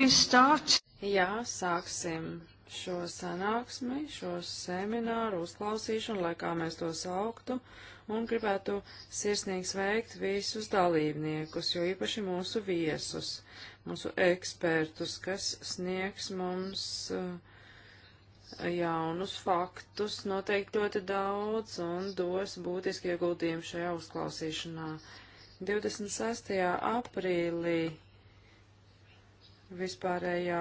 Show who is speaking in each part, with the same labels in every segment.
Speaker 1: Jā, sāksim šo sanāksmi, šo semināru, uzklausīšanu, lai kā mēs to sauktu, un gribētu sirsnīgi sveikt visus dalībniekus, jo īpaši mūsu viesus, mūsu ekspertus, kas sniegs mums eh, jaunus faktus, noteikti ļoti daudz, un dos būtiski ieguldījumu šajā uzklausīšanā. 26. aprīlī vispārējā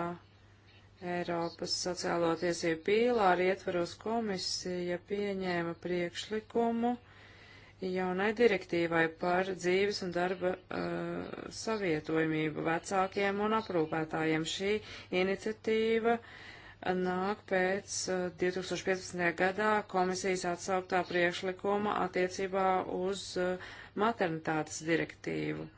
Speaker 1: Eiropas sociālo tiesību pīlāra ietvaros komisija pieņēma priekšlikumu jaunai direktīvai par dzīves un darba uh, savietojumību vecākiem un aprūpētājiem. Šī iniciatīva nāk pēc uh, 2015. gadā komisijas atsauktā priekšlikuma attiecībā uz uh, maternitātes direktīvu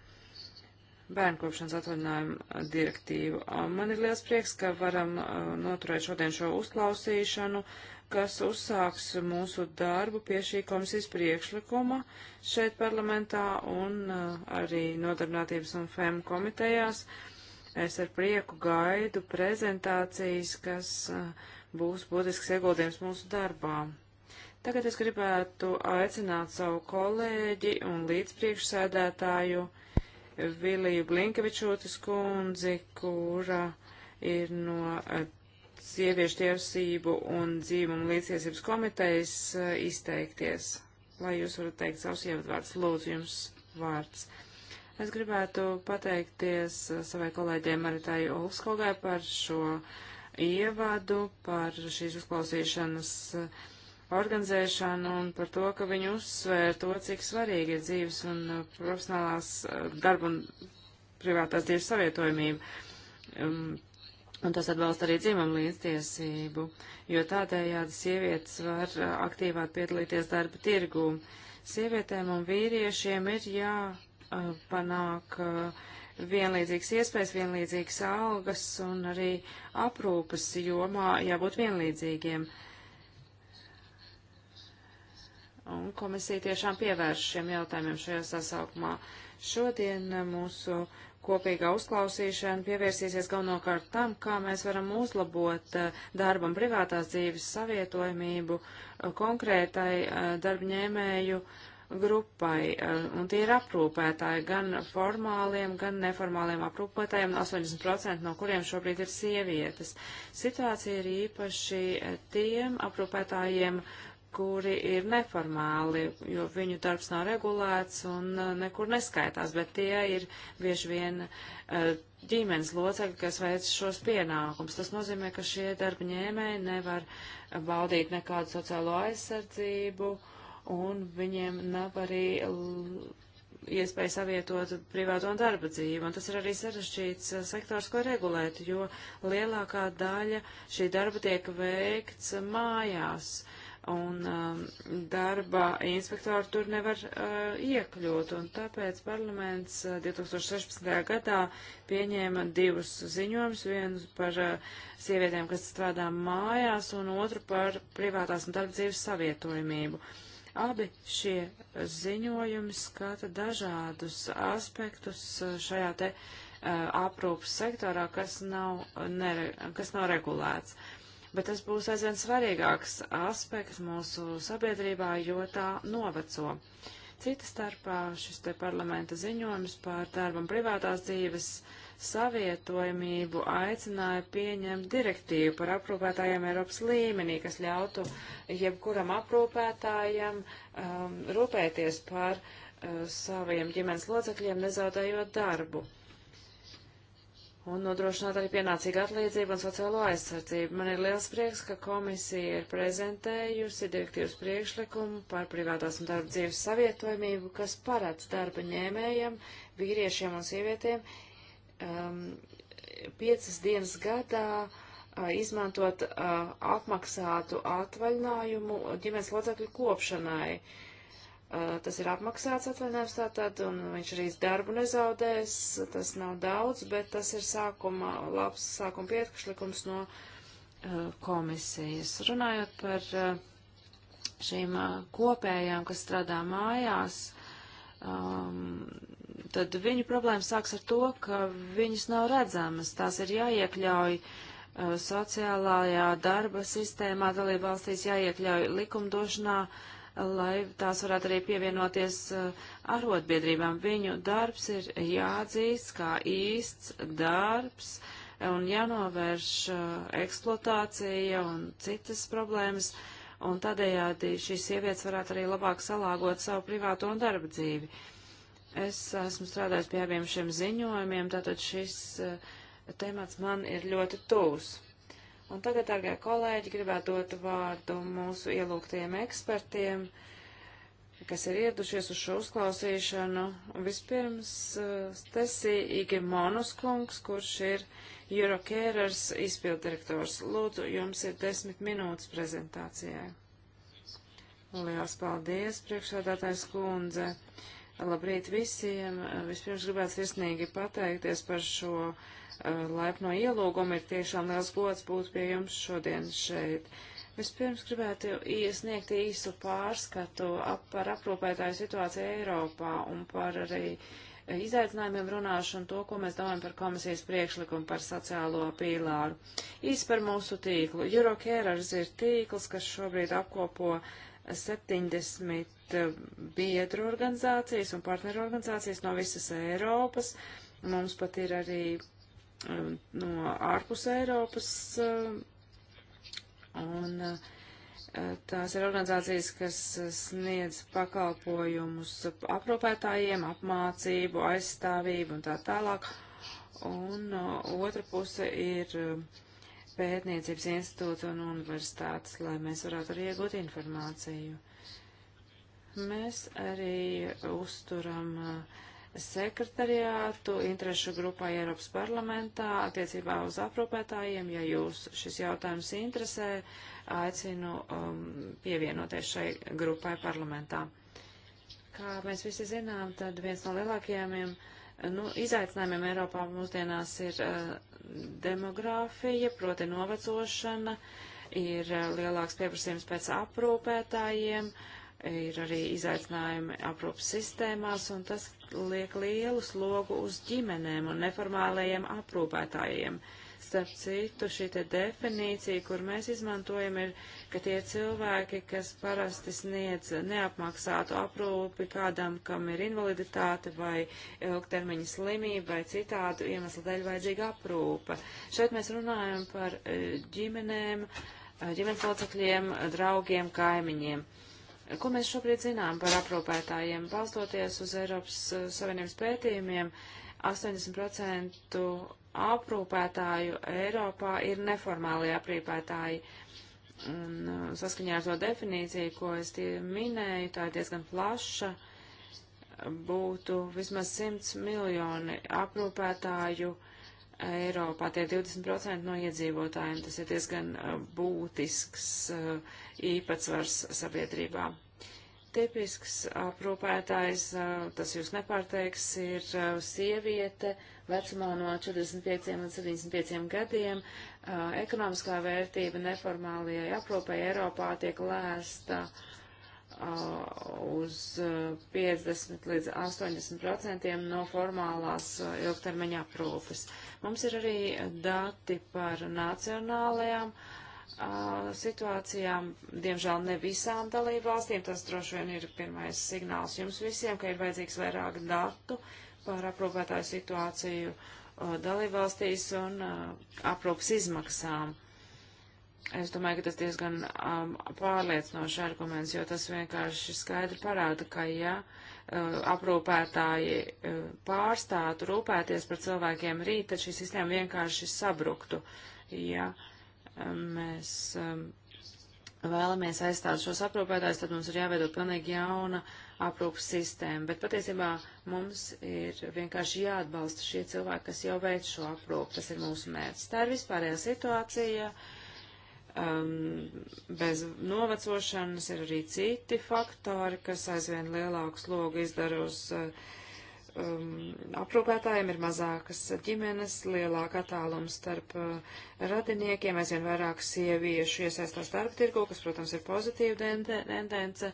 Speaker 1: bērnu kopšanas atvaļinājumu direktīvu. Man ir liels prieks, ka varam noturēt šodien šo uzklausīšanu, kas uzsāks mūsu darbu pie šī komisijas priekšlikuma šeit parlamentā un arī nodarbinātības un FEM komitejās. Es ar prieku gaidu prezentācijas, kas būs būtisks ieguldījums mūsu darbā. Tagad es gribētu aicināt savu kolēģi un līdzpriekšsēdētāju uh, Viliju Blinkevičūtis kundzi, kura ir no eh, sieviešu tiesību un dzīvumu līdztiesības komitejas eh, izteikties. Lai jūs varat teikt savus ievadvārdus, lūdzu jums vārds. Es gribētu pateikties eh, savai kolēģei Maritai Olskogai par šo ievadu, par šīs uzklausīšanas uh, organizēšanu un par to, ka viņi uzsvēr to, cik svarīgi ir dzīves un uh, profesionālās uh, darba un privātās dzīves savietojamība. Um, Un tas atbalsta arī dzimumu līdztiesību, jo tādējādi sievietes var uh, aktīvāk piedalīties darba tirgū. Sievietēm un vīriešiem ir jāpanāk vienlīdzīgas iespējas, vienlīdzīgas algas un arī aprūpas jomā jābūt vienlīdzīgiem. Uh, un komisija tiešām pievērš šiem jautājumiem šajā sasaukumā. Šodien eh, mūsu kopīgā uzklausīšana pievērsīsies galvenokārt tam, kā mēs varam uzlabot eh, darbam privātās dzīves savietojamību eh, konkrētai darbņēmēju grupai, un tie ir aprūpētāji gan formāliem, gan neformāliem aprūpētājiem, 80% no kuriem šobrīd ir sievietes. Situācija ir īpaši tiem aprūpētājiem, uh, kuri ir neformāli, jo viņu darbs nav regulēts un uh, nekur neskaitās, bet tie ir bieži vien uh, ģimenes locekļi, kas veic šos pienākumus. Tas nozīmē, ka šie darba ņēmēji nevar baudīt nekādu sociālo aizsardzību un viņiem nav arī iespēja savietot privāto un darba dzīvi. Un tas ir arī sarežģīts uh, sektors, ko regulēt, jo lielākā daļa šī darba tiek veikts mājās. Uh, un um, darba inspektori tur nevar uh, iekļūt, un tāpēc parlaments uh, 2016. gadā pieņēma divus ziņojumus, vienu par uh, sievietēm, kas strādā mājās, un otru par privātās un darba dzīves savietojumību. Abi šie ziņojumi skata dažādus aspektus uh, šajā te uh, aprūpas sektorā, kas nav, ne, kas nav regulēts. Uh, bet tas būs aizvien svarīgāks aspekts mūsu sabiedrībā, jo tā noveco. Cita starpā šis te parlamenta ziņojums par darba un privātās dzīves savietojamību aicināja pieņemt direktīvu par aprūpētājiem Eiropas līmenī, kas ļautu jebkuram aprūpētājam um, rūpēties par uh, saviem ģimenes locekļiem, nezaudējot darbu un nodrošināt arī pienācīgu atlīdzību un sociālo aizsardzību. Man ir liels prieks, ka komisija ir prezentējusi direktīvas priekšlikumu par privātās un darba dzīves savietojamību, kas paredz darba ņēmējiem, vīriešiem un sievietiem um, piecas dienas gadā uh, izmantot uh, apmaksātu atvaļinājumu ģimenes locekļu kopšanai. Uh, Eh, tas ir apmaksāts atvaļinājums tātad, un viņš arī darbu nezaudēs, tas nav daudz, bet tas ir sākuma, labs sākuma pietkušlikums no uh, komisijas. Runājot par uh, šīm uh, kopējām, kas strādā mājās, um, tad viņu problēmas sāks ar to, ka viņas nav redzamas, tās ir jāiekļauj sociālājā darba sistēmā, dalībvalstīs jāiekļauj likumdošanā, uh, lai tās varētu arī pievienoties eh, arotbiedrībām. Viņu darbs ir jāatzīst kā īsts darbs un jānovērš eh, eksploatācija un citas problēmas, un tādējādi šīs sievietes varētu arī labāk salāgot savu privāto un darba dzīvi. Es esmu strādājis pie abiem šiem ziņojumiem, tātad šis eh, temats man ir ļoti tūs. Un tagad, dārgie kolēģi, gribētu dot vārdu mūsu ielūgtajiem ekspertiem, kas ir ieradušies uz šo uzklausīšanu. Vispirms eh, Stesī Ige Monuskungs, kurš ir Eurocārers izpildirektors. Lūdzu, jums ir desmit minūtes prezentācijai. Lielas paldies, priekšsādātājs kundze. Labrīt visiem. Vispirms gribētu sirsnīgi pateikties par šo uh, Eh, laipno ielūgumu. Ir tiešām liels gods būt pie jums šodien šeit. Vispirms gribētu iesniegt īsu pārskatu ap, par aprūpētāju situāciju Eiropā un par arī izaicinājumiem runāšanu to, ko mēs domājam par komisijas priekšlikumu par sociālo pīlāru. Īs par mūsu tīklu. Eurocarers ir tīkls, kas šobrīd apkopo 70 eh, biedru organizācijas un partneru organizācijas no visas Eiropas. Mums pat ir arī Um, no ārpus Eiropas, um, un uh, tās ir organizācijas, kas uh, sniedz pakalpojumus aprūpētājiem, apmācību, aizstāvību un tā tālāk. Un uh, otra puse ir um, pētniecības institūts un universitātes, lai mēs varētu arī iegūt informāciju. Mēs arī uzturam uh, sekretariātu interešu grupā Eiropas parlamentā attiecībā uz aprūpētājiem. Ja jūs šis jautājums interesē, aicinu um, pievienoties šai grupai parlamentā. Kā mēs visi zinām, tad viens no lielākajiem nu, izaicinājumiem Eiropā mūsdienās ir uh, demogrāfija, proti novecošana, ir uh, lielāks pieprasījums pēc aprūpētājiem. Uh, ir arī izaicinājumi aprūpas sistēmās, un tas liek lielu slogu uz ģimenēm un neformālajiem aprūpētājiem. Starp citu, šī te definīcija, kur mēs izmantojam, ir, ka tie cilvēki, kas parasti sniedz neapmaksātu aprūpi kādam, kam ir invaliditāte vai ilgtermiņa slimība vai citādu iemeslu dēļ vajadzīga aprūpa. Šeit mēs runājam par eh, ģimenēm, eh, ģimenes locekļiem, draugiem, kaimiņiem. Uh, Ko mēs šobrīd zinām par aprūpētājiem? Balstoties uz Eiropas eh, Savienības pētījumiem, 80% aprūpētāju Eiropā ir neformālie aprūpētāji. Un eh, saskaņā ar to definīciju, ko es minēju, tā ir diezgan plaša, būtu vismaz 100 miljoni aprūpētāju uh, Eiropā tie 20% no iedzīvotājiem, tas ir diezgan uh, būtisks uh, īpatsvars sabiedrībā. Tipisks aprūpētājs, uh, tas jūs nepārteiks, ir sieviete vecumā no 45 līdz 75 gadiem. Ekonomiskā vērtība neformālajai aprūpei Eiropā tiek lēsta uh, uz 50 eh, līdz 80% no formālās eh, ilgtermiņa aprūpes. Mums ir arī dati par nacionālajām eh, situācijām, diemžēl ne visām dalībvalstīm. Tas droši vien ir pirmais signāls jums visiem, ka ir vajadzīgs vairāk datu par aprūpētāju situāciju dalībvalstīs un aprūpas izmaksām. Es domāju, ka tas diezgan um, pārliecinošs arguments, jo tas vienkārši skaidri parāda, ka ja uh, aprūpētāji uh, pārstātu rūpēties par cilvēkiem rīt, tad šī sistēma vienkārši sabruktu. Ja um, mēs um, vēlamies aizstāt šos aprūpētājus, tad mums ir jāveido pilnīgi jauna aprūpas sistēma. Bet patiesībā mums ir vienkārši jāatbalsta šie cilvēki, kas jau veic šo aprūpu. Tas ir mūsu mērķis. Tā ir vispārējā situācija. Uh, um, bez novecošanas ir arī citi faktori, kas aizvien lielāku slogu izdara uz uh, um, aprūpētājiem, ir mazākas ģimenes, lielāka attālums starp uh, radiniekiem, aizvien vairāk sieviešu iesaistās darba tirgu, kas, protendence, protams, ir pozitīva tendence. Ten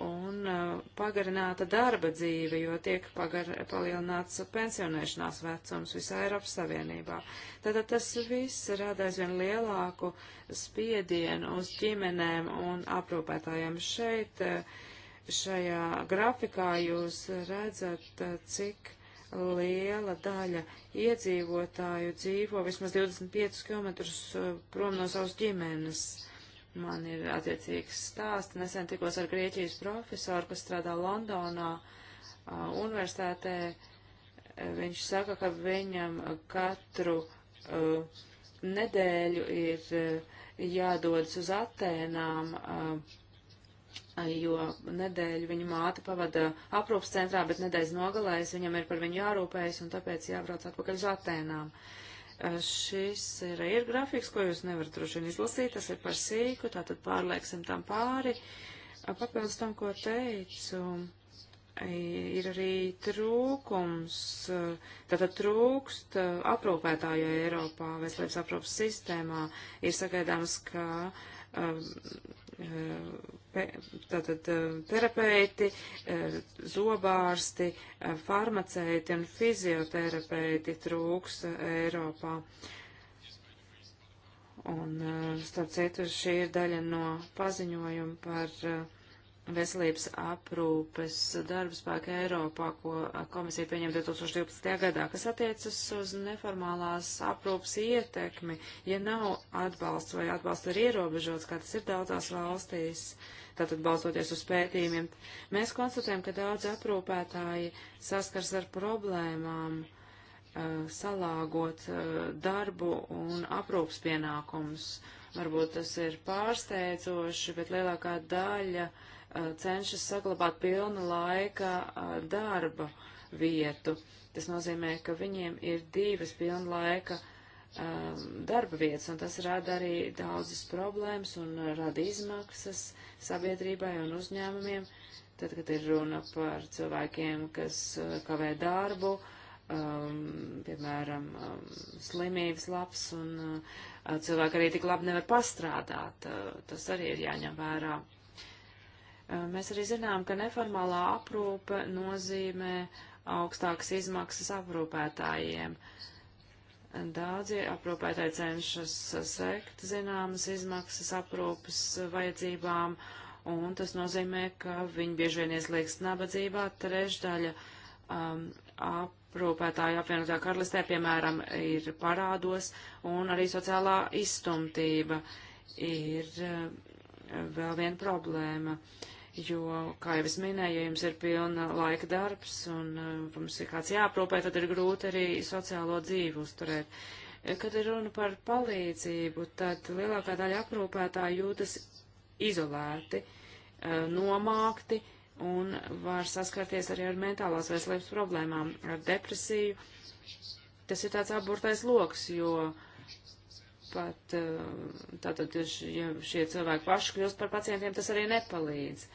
Speaker 1: un uh, pagarināta darba dzīve, jo tiek pagar, palielināts pensionēšanās vecums visā Eiropas Savienībā. Tātad tas viss rada aizvien lielāku spiedienu uz ģimenēm un aprūpētājiem. Šeit, uh, šajā grafikā jūs redzat, uh, cik liela daļa iedzīvotāju dzīvo vismaz 25 km prom no savas ģimenes. Uh, Man ir attiecīgs stāsts. Nesen tikos ar Grieķijas profesoru, kas strādā Londonā uh, universitātē. Viņš saka, ka viņam katru uh, nedēļu ir uh, jādodas uz Atēnām, jo nedēļu viņa māte pavada aprūpas centrā, bet nedēļas nogalēs viņam ir par viņu jārūpējas un tāpēc jābrauc atpakaļ uz Atēnām. Uh, Šis ir, ir grafiks, ko jūs nevarat droši vien izlasīt, tas ir par sīku, tātad pārlieksim tam pāri. Papildus tam, ko teicu, ir arī trūkums, tātad trūkst aprūpētāju Eiropā, veselības aprūpas sistēmā. Ir sagaidāms, ka uh, uh, tātad eh, terapeiti, eh, zobārsti, eh, farmaceiti un fizioterapeiti trūks Eiropā. Un, starp citu, šī ir daļa no paziņojuma par uh, veselības aprūpes darba spēka Eiropā, ko komisija pieņem 2012. gadā, kas attiecas uz neformālās aprūpes ietekmi, ja nav atbalsts vai atbalsts ir ierobežots, kā tas ir daudzās valstīs, tātad balstoties uz pētījumiem, mēs konstatējam, ka daudz aprūpētāji saskars ar problēmām eh, salāgot eh, darbu un aprūpas pienākumus. Varbūt tas ir pārsteidzoši, bet lielākā daļa uh, Uh, cenšas saglabāt pilna laika uh, darba vietu. Tas nozīmē, ka viņiem ir divas pilna laika um, darba vietas, un tas rada arī daudzas problēmas un rada izmaksas sabiedrībai un uzņēmumiem. Tad, kad ir runa par cilvēkiem, kas uh, kavē darbu, um, piemēram, um, slimības labs, un uh, cilvēki arī tik labi nevar pastrādāt. Uh, tas arī ir jāņem vērā. Mēs arī zinām, ka neformālā aprūpe nozīmē augstākas izmaksas aprūpētājiem. Daudzie aprūpētāji cenšas sekt zināmas izmaksas aprūpes vajadzībām, un tas nozīmē, ka viņi bieži vien ieslīgst nabadzībā. Trešdaļa um, aprūpētāju apvienotā karalistē, piemēram, ir parādos, un arī sociālā izstumtība ir uh, vēl viena problēma. Uh, jo, kā jau es minēju, ja jums ir pilna laika darbs un uh, mums ir kāds jāprūpē, tad ir grūti arī sociālo dzīvi uzturēt. Kad ir runa par palīdzību, tad lielākā daļa aprūpētāji jūtas izolēti, uh, nomākti un var saskarties arī ar mentālās veselības problēmām, ar depresiju. Tas ir tāds apburtais loks, jo uh, pat, eh, tātad, ja šie cilvēki paši kļūst par pacientiem, tas arī nepalīdz.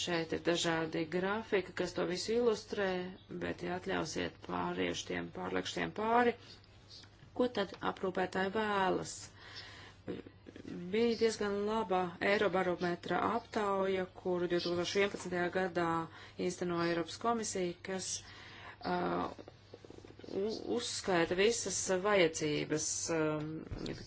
Speaker 1: Šeit ir dažādi grafika, kas to visu ilustrē, bet, ja atļausiet pāriešu tiem pārlekšķiem pāri, ko tad aprūpētāji vēlas? Bija diezgan laba Eirobarometra aptauja, kuru 2011. gadā īstenoja Eiropas komisija, kas uh, uzskaita visas vajadzības. Um,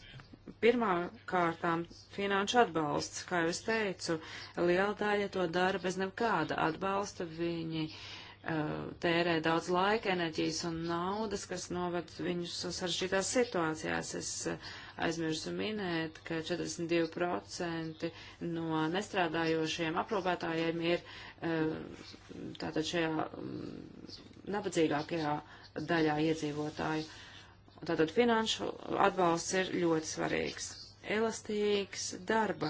Speaker 1: Pirmā kārtām finanšu atbalsts, kā jau es teicu, liela daļa to dara bez nekāda atbalsta. Viņi uh, tērē daudz laika, enerģijas un naudas, kas noved viņus sarežģītās situācijās. Es uh, aizmirsu minēt, ka 42% no nestrādājošiem aprūpētājiem ir uh, tātad šajā mm, nabadzīgākajā daļā iedzīvotāju. Tātad finanšu atbalsts ir ļoti svarīgs. Elastīgs darba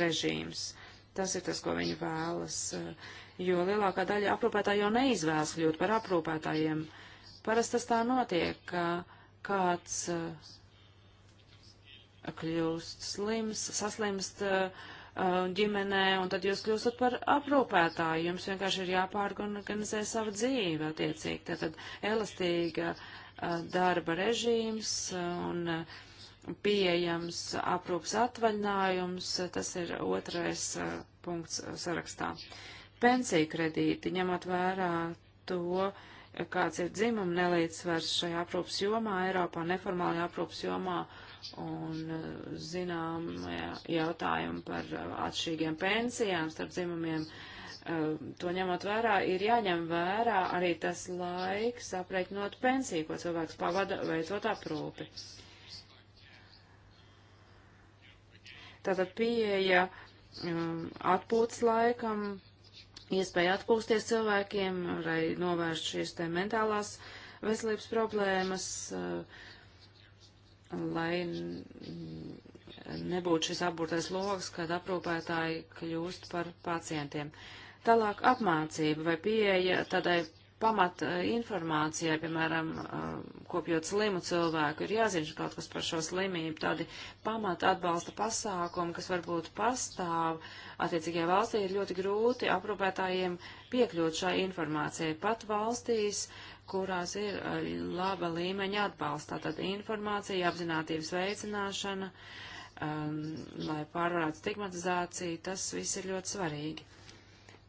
Speaker 1: režīms. Tas ir tas, ko viņi vēlas, eh, jo lielākā daļa aprūpētāju jau neizvēlas kļūt par aprūpētājiem. Parasti tas tā notiek, ka kāds eh, kļūst slims, saslimst, uh, Uh, ģimenē, un tad jūs kļūstat par aprūpētāju. Jums vienkārši ir jāpārorganizē savu dzīvi attiecīgi. Tātad elastīga uh, darba režīms uh, un pieejams aprūpas atvaļinājums, tas ir otrais punkts sarakstā. Pensija kredīti, ņemot vērā to, kāds ir dzimuma nelīdzsvars šajā aprūpas jomā, Eiropā neformālajā aprūpas jomā, uh, un zinām jautājumu par atšķirīgiem pensijām starp dzimumiem. Eh, to ņemot vērā, ir jāņem vērā arī tas laiks aprēķinot pensiju, ko cilvēks pavada veicot aprūpi. Tātad pieeja eh, atpūtas laikam, iespēja atpūsties cilvēkiem, lai novērst šīs te mentālās veselības problēmas, uh, lai nebūtu šis apburtais logs, kad aprūpētāji kļūst par pacientiem. Tālāk apmācība vai pieeja tādai pamat eh, informācijai, piemēram, eh, kopjot slimu cilvēku, ir jāzina kaut kas par šo slimību, tādi pamat atbalsta pasākumi, kas varbūt pastāv attiecīgajā valstī, ir ļoti grūti aprūpētājiem piekļūt šai informācijai. Pat valstīs, uh, kurās ir eh, laba līmeņa atbalsta. Tātad informācija, apzinātības veicināšana, um, lai pārvarētu stigmatizāciju, tas viss ir ļoti svarīgi.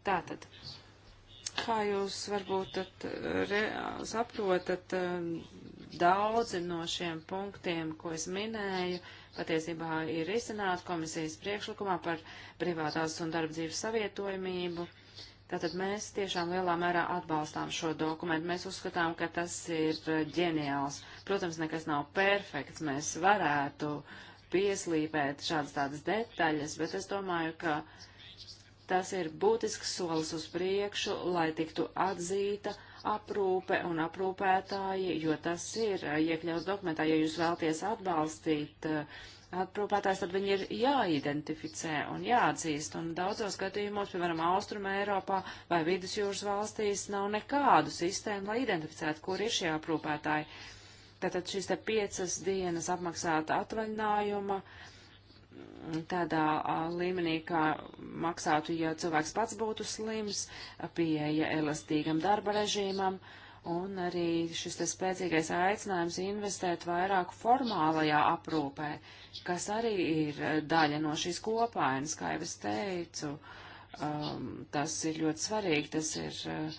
Speaker 1: Tātad, kā jūs varbūt at, eh, re, saprotat, ehm, daudzi no šiem punktiem, ko es minēju, patiesībā ir izcināti komisijas priekšlikumā par privātās un darbdzīves savietojamību. Uh, Tātad mēs tiešām lielā mērā atbalstām šo dokumentu. Mēs uzskatām, ka tas ir ģeniāls. Protams, nekas nav perfekts. Mēs varētu pieslīpēt šādas tādas detaļas, bet es domāju, ka tas ir būtisks solis uz priekšu, lai tiktu atzīta aprūpe un aprūpētāji, jo tas ir iekļauts dokumentā. Ja jūs vēlties atbalstīt uh, aprūpētājs, tad viņi ir jāidentificē un jāatzīst. Un daudzos gadījumos, piemēram, Austruma Eiropā vai Vidusjūras valstīs, nav nekādu sistēmu, lai identificētu, kur ir šie aprūpētāji. Tātad šīs te piecas dienas apmaksāta atvaļinājuma tādā a, līmenī, kā maksātu, ja cilvēks pats būtu slims, pieeja elastīgam darba režīmam un arī šis te spēcīgais aicinājums investēt vairāk formālajā aprūpē. Uh, kas arī ir eh, daļa no šīs kopainas, kā jau es teicu. Um, tas ir ļoti svarīgi, tas ir uh,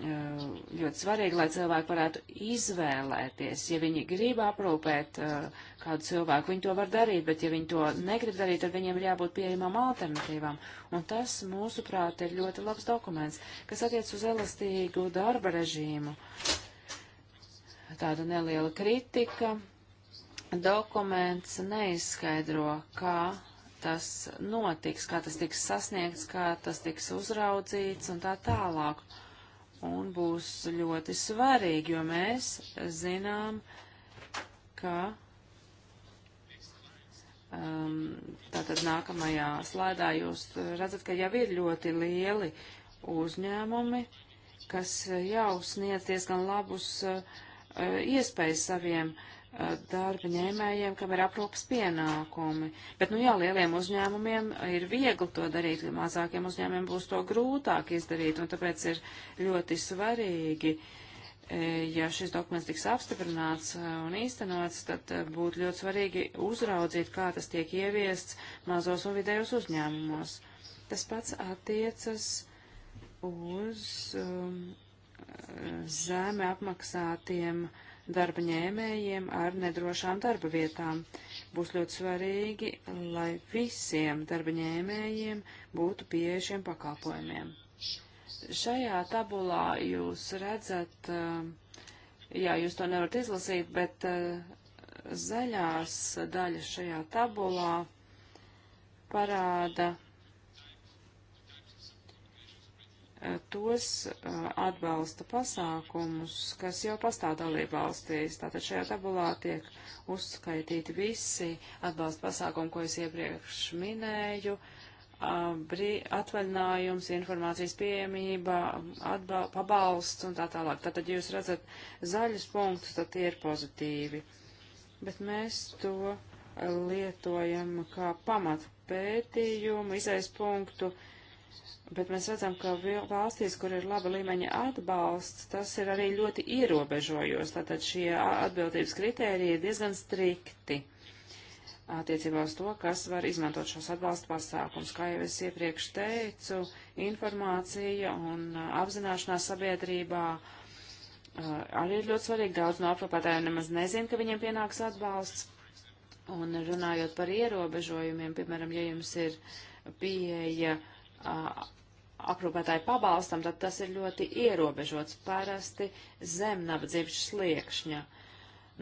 Speaker 1: ļoti svarīgi, lai cilvēki varētu izvēlēties. Ja viņi grib aprūpēt uh, kādu cilvēku, viņi to var darīt, bet ja viņi to negrib darīt, tad viņiem ir jābūt pieejamām alternatīvām. Un tas, mūsuprāt, ir ļoti labs dokuments, kas attiec uz elastīgu darba režīmu. Tāda neliela kritika dokuments neizskaidro, kā tas notiks, kā tas tiks sasniegts, kā tas tiks uzraudzīts un tā tālāk. Un būs ļoti svarīgi, jo mēs zinām, ka um, tātad nākamajā slaidā jūs redzat, ka jau ir ļoti lieli uzņēmumi, kas jau sniedz diezgan labus uh, iespējas saviem uh, darba ņēmējiem, kam ir aprūpas pienākumi. Bet, nu jā, lieliem uzņēmumiem ir viegli to darīt, mazākiem uzņēmumiem būs to grūtāk izdarīt, un tāpēc ir ļoti svarīgi, e, ja šis dokuments tiks apstiprināts e, un īstenots, tad e, būtu ļoti svarīgi uzraudzīt, kā tas tiek ieviests mazos un vidējos uzņēmumos. Tas pats attiecas uz um, zeme apmaksātiem uh, darba ņēmējiem ar nedrošām darba vietām. Būs ļoti svarīgi, lai visiem darba ņēmējiem būtu pieejušiem pakalpojumiem. Šajā tabulā jūs redzat, jā, jūs to nevarat izlasīt, bet zaļās daļas šajā tabulā parāda tos atbalsta pasākumus, kas jau pastāv dalība valstīs. Tātad šajā tabulā tiek uzskaitīti visi atbalsta pasākumi, ko es iepriekš minēju, atvaļinājums, informācijas pieejamība, pabalsts un tā tālāk. Tātad, ja jūs redzat zaļus punktus, tad tie ir pozitīvi. Bet mēs to lietojam kā pamatu pētījumu, izaispunktu Bet mēs redzam, ka valstīs, kur ir laba līmeņa atbalsts, tas ir arī ļoti ierobežojos. Tātad šie atbildības kritēriji ir diezgan strikti attiecībā uz to, kas var izmantot šos atbalsta pasākums. Kā jau es iepriekš teicu, informācija un apzināšanās sabiedrībā arī ir ļoti svarīgi. Daudz no apropētājiem nemaz nezin, ka viņiem pienāks atbalsts. Un runājot par ierobežojumiem, piemēram, ja jums ir pieeja. Uh, aprūpētāju pabalstam, tad tas ir ļoti ierobežots parasti zem nabadzības sliekšņa.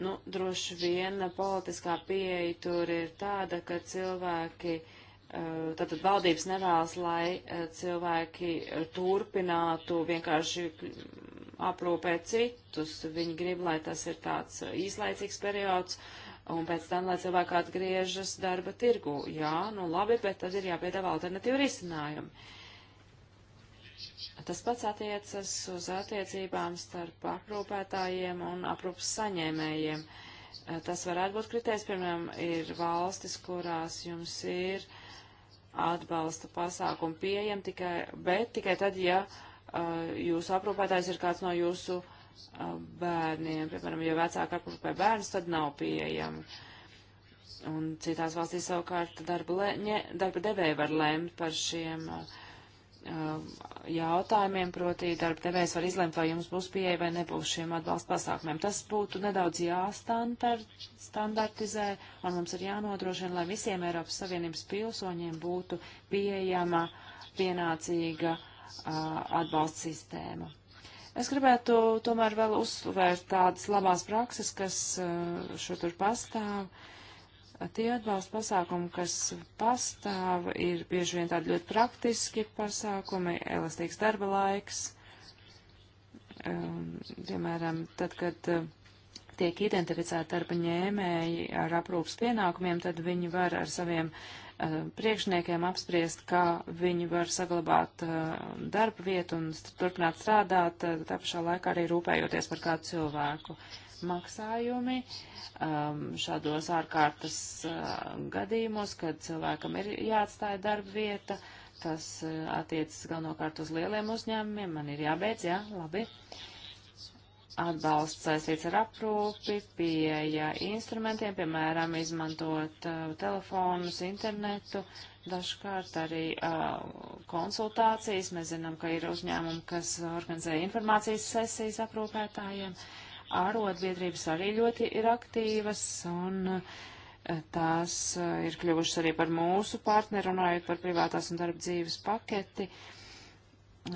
Speaker 1: Nu, droši vien politiskā pieeja tur ir tāda, ka cilvēki, tātad eh, valdības nevēlas, lai eh, cilvēki turpinātu vienkārši aprūpēt citus. Viņi grib, lai tas ir tāds īslaicīgs periods, un pēc tam, lai cilvēki atgriežas darba tirgu. Jā, nu labi, bet tad ir jāpiedāvā alternatīva risinājumi. Tas pats attiecas uz attiecībām starp aprūpētājiem un aprūpas saņēmējiem. Eh, tas varētu būt kritērijs, piemēram, ir valstis, kurās jums ir atbalsta pasākumu pieejam, tikai, bet tikai tad, ja eh, jūsu aprūpētājs ir kāds no jūsu eh, bērniem. Piemēram, ja vecāki aprūpē bērnus, tad nav pieejami. Un citās valstīs savukārt darba, le, ne, darba devēja var lemt par šiem uh, Um, jautājumiem, proti darba devējs var izlemt, vai jums būs pieeja vai nebūs šiem atbalsta pasākumiem. Tas būtu nedaudz jāstandartizē, un mums ir jānodrošina, lai visiem Eiropas Savienības pilsoņiem būtu pieejama pienācīga uh, atbalsta sistēma. Es gribētu tomēr vēl uzsvērt tādas labās prakses, kas uh, šo tur pastāv. Uh, Tie atbalsta pasākumi, kas pastāv, ir bieži vien tādi ļoti praktiski pasākumi, elastīgs darba laiks. Um, piemēram, tad, kad uh, tiek identificēti darba ņēmēji ar aprūpas pienākumiem, tad viņi var ar saviem uh, priekšniekiem apspriest, kā viņi var saglabāt uh, darba vietu un st turpināt strādāt, uh, tā pašā laikā arī rūpējoties par kādu cilvēku. Uh, maksājumi um, šādos ārkārtas uh, gadījumos, kad cilvēkam ir jāatstāja darba vieta. Tas uh, attiecas galvenokārt uz lieliem uzņēmumiem. Man ir jābeidz, jā, labi. Atbalsts saistīts ar aprūpi, pieeja instrumentiem, piemēram, izmantot uh, telefonus, internetu, dažkārt arī uh, konsultācijas. Mēs zinām, ka ir uzņēmumi, kas organizē informācijas sesijas aprūpētājiem. Uh, Ārotbiedrības arī ļoti ir aktīvas un e, tās e, ir kļuvušas arī par mūsu partneri, runājot par privātās un darba dzīves paketi.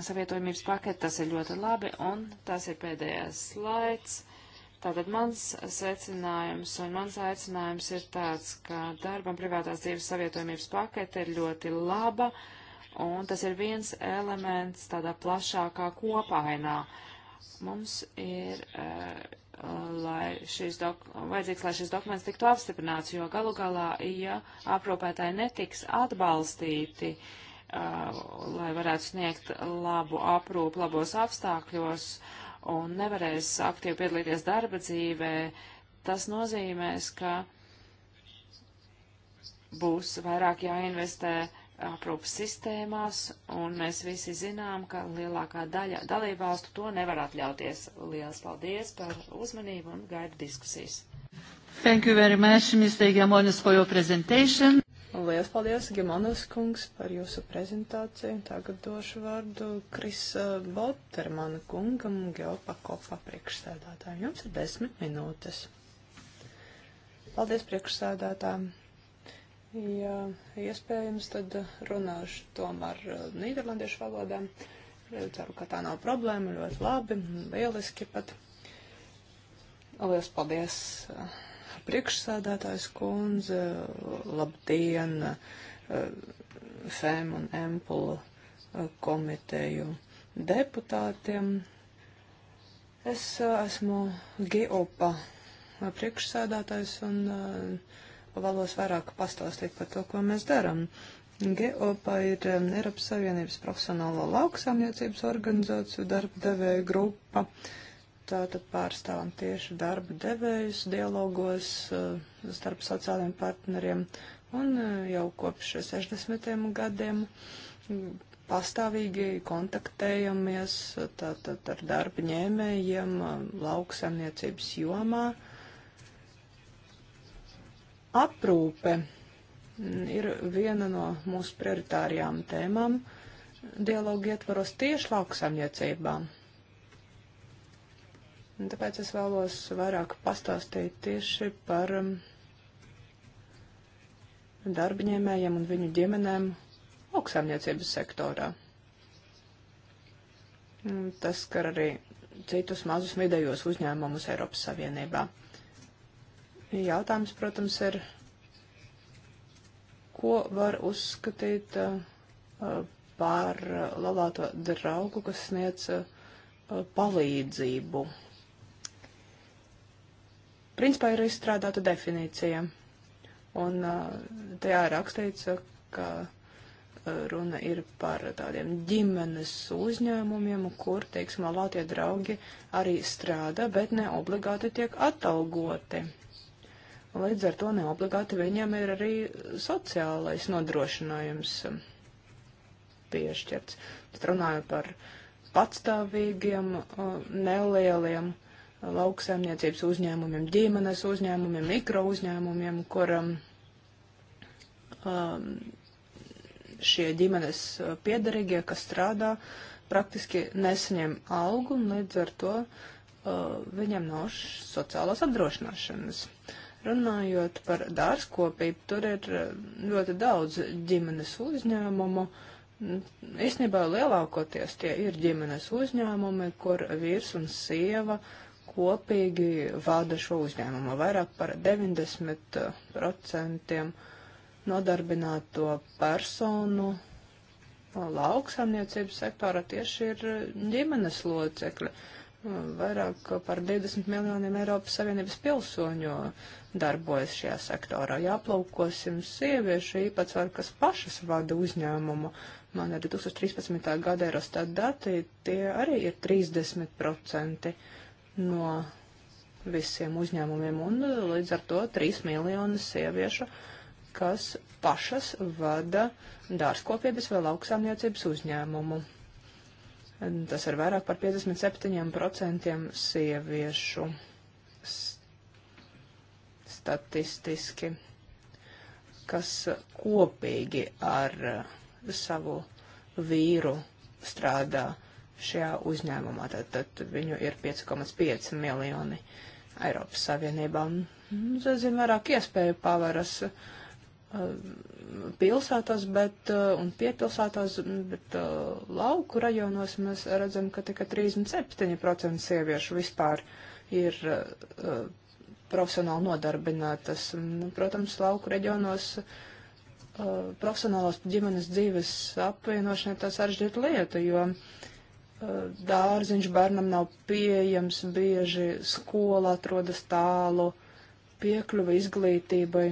Speaker 1: Savietojumības paketi tas ir ļoti labi un tas ir pēdējais slaids. Tātad mans secinājums un mans aicinājums ir tāds, ka darba un privātās dzīves savietojumības pakete ir ļoti laba, un tas ir viens elements tādā plašākā kopainā. Uh, Mums ir eh, lai šis dok vajadzīgs, lai šis dokuments tiktu apstiprināts, jo galu galā, ja aprūpētāji netiks atbalstīti, eh, lai varētu sniegt labu aprūpu labos apstākļos un nevarēs aktīvi piedalīties darba dzīvē, tas nozīmēs, ka būs vairāk jāinvestē uh, aprūpas sistēmās, un mēs visi zinām, ka lielākā daļa dalībvalstu to nevar
Speaker 2: atļauties. Lielas paldies par uzmanību un gaidu diskusijas.
Speaker 3: Thank you very much, Mr. Gamonis, for your presentation.
Speaker 2: Lielas paldies, Gemanas kungs, par jūsu prezentāciju. Tagad došu vārdu Kris uh, Botermana kungam, Geopa Kopā priekšsēdātājiem. Jums ir desmit minūtes. Paldies priekšsēdātājiem. Ja iespējams, tad eh, runāšu tomēr eh, nīderlandiešu valodā. Ceru, ka tā nav problēma. Ļoti labi, lieliski pat. Lielas paldies eh, priekšsādātājs kundze. Labdien, FEM un EMPL komiteju deputātiem. Es esmu GEOPA priekšsādātājs un uh, vēlos vairāk pastāstīt par to, ko mēs darām. GEOPA ir um, Eiropas Savienības profesionālo lauksaimniecības organizāciju darba devēja grupa. Tātad pārstāvam tieši darba devējus dialogos uh, starp sociāliem partneriem un uh, jau kopš 60. gadiem pastāvīgi kontaktējamies uh, tātad ar darba ņēmējiem lauksaimniecības jomā. Aprūpe ir viena no mūsu prioritārijām tēmām dialogu ietvaros tieši lauksaimniecībām. Tāpēc es vēlos vairāk pastāstīt tieši par um, darbiņēmējiem un viņu ģimenēm lauksaimniecības sektorā. Tas skar arī citus mazus vidējos uzņēmumus Eiropas Savienībā. Jautājums, protams, ir, ko var uzskatīt uh, par labāto draugu, kas sniedz uh, palīdzību. Principā ir izstrādāta definīcija, un uh, tajā rakstīts, ka runa ir par tādiem ģimenes uzņēmumiem, kur, teiksim, labātie draugi arī strādā, bet ne obligāti tiek atalgoti. Līdz ar to neobligāti viņam ir arī sociālais nodrošinājums um, piešķirts. Tad runāju par patstāvīgiem, um, nelieliem uh, lauksaimniecības uzņēmumiem, ģimenes uzņēmumiem, mikro uzņēmumiem, kuram um, šie ģimenes uh, piedarīgie, kas strādā, praktiski nesaņem algu un līdz ar to uh, viņam nav sociālās apdrošināšanas. Uh, Runājot par dārzkopību, tur ir eh, ļoti daudz ģimenes uzņēmumu. Īsnībā lielākoties tie ir ģimenes uzņēmumi, kur vīrs un sieva kopīgi vada šo uzņēmumu. Vairāk par 90% eh, nodarbināto personu eh, lauksaimniecības sektora tieši ir ģimenes locekļi. Uh, vairāk par 20 miljoniem Eiropas Savienības pilsoņu darbojas šajā sektorā. Ja aplaukosim sieviešu īpatsvaru, kas pašas vada uzņēmumu, man ir 2013. gada Eurostat dati, tie arī ir 30% no visiem uzņēmumiem un uh, līdz ar to 3 miljoni sieviešu, kas pašas vada dārzkopības vai lauksāmniecības uzņēmumu. Tas ir vairāk par 57% sieviešu statistiski, kas kopīgi ar uh, savu vīru strādā šajā uzņēmumā. Tad, tad viņu ir 5,5 miljoni Eiropas Savienībā. Tas mm, ir vairāk iespēju pavaras. Uh, Uh, pilsētās, bet uh, un piepilsētās, bet uh, lauku rajonos mēs redzam, ka tikai 37% sieviešu vispār ir profesionāli nodarbinātas. Nu, protams, lauku reģionos profesionālās ģimenes dzīves apvienošana ir tā sarežģīta lieta, jo dārziņš bērnam nav pieejams, bieži skola atrodas tālu, piekļuva izglītībai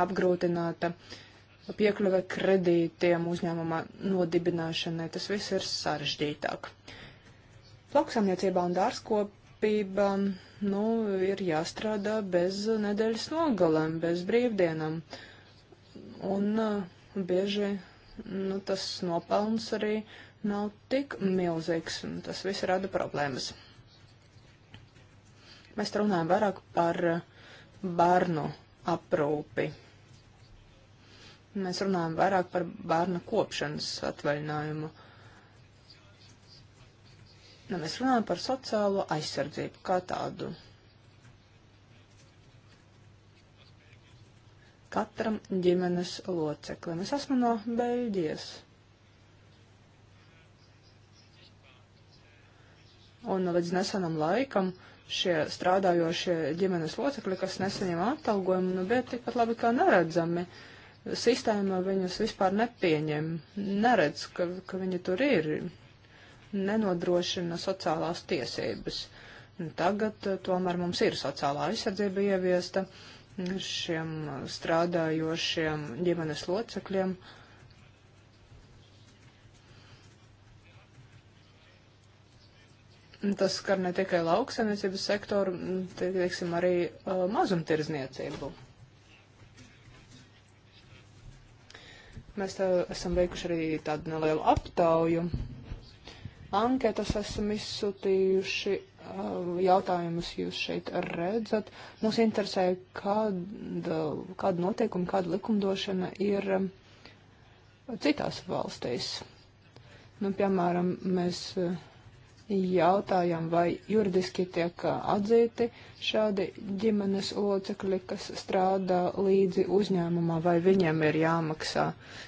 Speaker 2: apgrūtināta piekļuve kredītiem uzņēmuma nodibināšanai. Tas viss ir sarežģītāk. Lauksaimniecībā un dārzkopībā nu, ir jāstrādā bez nedēļas nogalēm, bez brīvdienām. Un uh, bieži nu, tas nopelns arī nav tik milzīgs, un tas viss rada problēmas. Mēs runājam vairāk par uh, bērnu aprūpi. Mēs runājam vairāk par bērna kopšanas atvaļinājumu. Nu, mēs runājam par sociālo aizsardzību kā tādu. Katram ģimenes loceklim. Es esmu no Beļģijas. Un līdz nesenam laikam šie strādājošie ģimenes locekļi, kas nesaņem atalgojumu, nu, bija tikpat labi kā neredzami. Uh, sistēma viņus vispār nepieņem, neredz, ka, ka viņi tur ir, nenodrošina sociālās tiesības. Tagad eh, tomēr mums ir sociālā aizsardzība ieviesta šiem eh, strādājošiem ģimenes locekļiem. Tas skar ne tikai lauksaimniecības sektoru, mm, te, teiksim, arī eh, mazumtirzniecību. Mēs esam veikuši arī tādu nelielu aptauju. Anketas esam izsūtījuši, um, jautājumus jūs šeit redzat. Mums interesē, kāda, kāda noteikuma, kāda likumdošana ir um, citās valstīs. Nu, piemēram, mēs jautājam, vai juridiski tiek atzīti šādi ģimenes locekļi, kas strādā līdzi uzņēmumā, vai viņiem ir jāmaksā,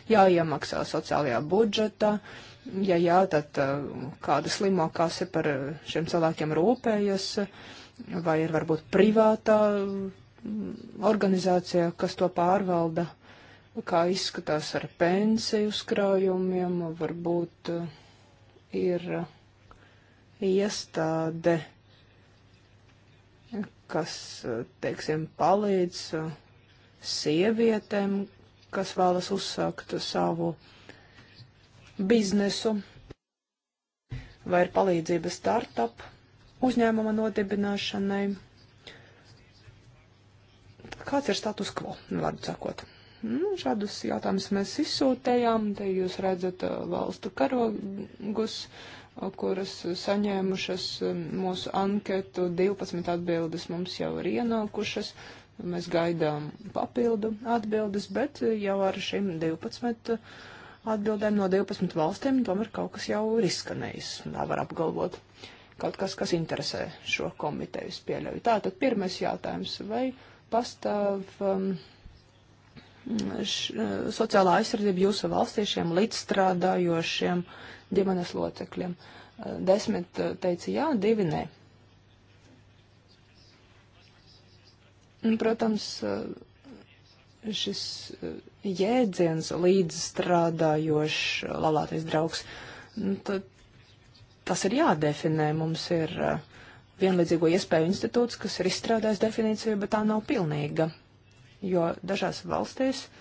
Speaker 2: jāiemaksā sociālajā budžetā. Ja jā, tad kāda slimo kase par šiem cilvēkiem rūpējas, vai ir varbūt privātā organizācija, kas to pārvalda, kā izskatās ar pensiju skrājumiem, varbūt ir iestāde, kas, teiksim, palīdz sievietēm, kas vēlas uzsākt savu biznesu, vai ir palīdzība startup uzņēmuma nodibināšanai. Kāds ir status quo, vārdu sakot? Nu, šādus jautājumus mēs izsūtējām, te jūs redzat uh, valstu karogus, kuras saņēmušas um, mūsu anketu, 12 atbildes mums jau ir ienākušas, mēs gaidām papildu atbildes, bet uh, jau ar šīm 12 uh, atbildēm no 12 valstīm tomēr kaut kas jau ir izskanējis, tā var apgalvot. Kaut kas, kas interesē šo komiteju, es pieļauju. Tātad pirmais jautājums, vai pastāv um, š, uh, sociālā aizsardzība jūsu valstī šiem līdzstrādājošiem uh, ģimenes locekļiem. Eh, desmit eh, teica jā, divi nē. Protams, eh, šis jēdziens līdzstrādājošs lalātais draugs, nu, tad tas ir jādefinē. Mums ir vienlīdzīgo iespēju institūts, kas ir izstrādājis definīciju, bet tā nav pilnīga. Jo dažās valstīs uh,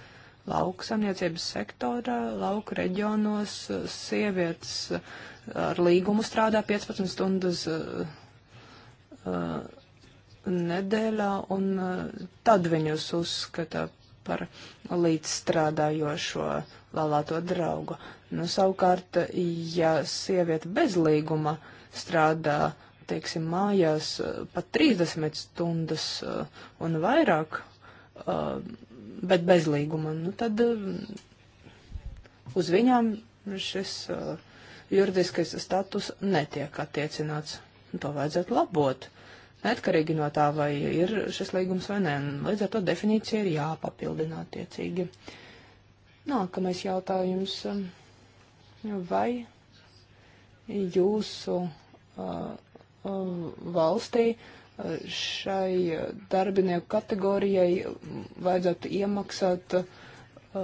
Speaker 2: lauksamniecības sektora, lauku reģionos eh, sievietes eh, ar līgumu strādā 15 stundas uh, nedēļā, un uh, tad viņus uzskata par līdzstrādājošo lalāto draugu. Nu, savukārt, ja sieviete bez līguma strādā, teiksim, mājās pat 30 stundas uh, un vairāk, uh, bet bez līguma, nu tad eh, uz viņām šis eh, juridiskais status netiek attiecināts. Nu, to vajadzētu labot, neatkarīgi no tā, vai ir šis līgums vai nē. Līdz ar to definīcija ir jāpapildina attiecīgi. Nākamais jautājums. Eh, vai jūsu uh, uh, valstī uh, šai darbinieku kategorijai vajadzētu iemaksāt uh,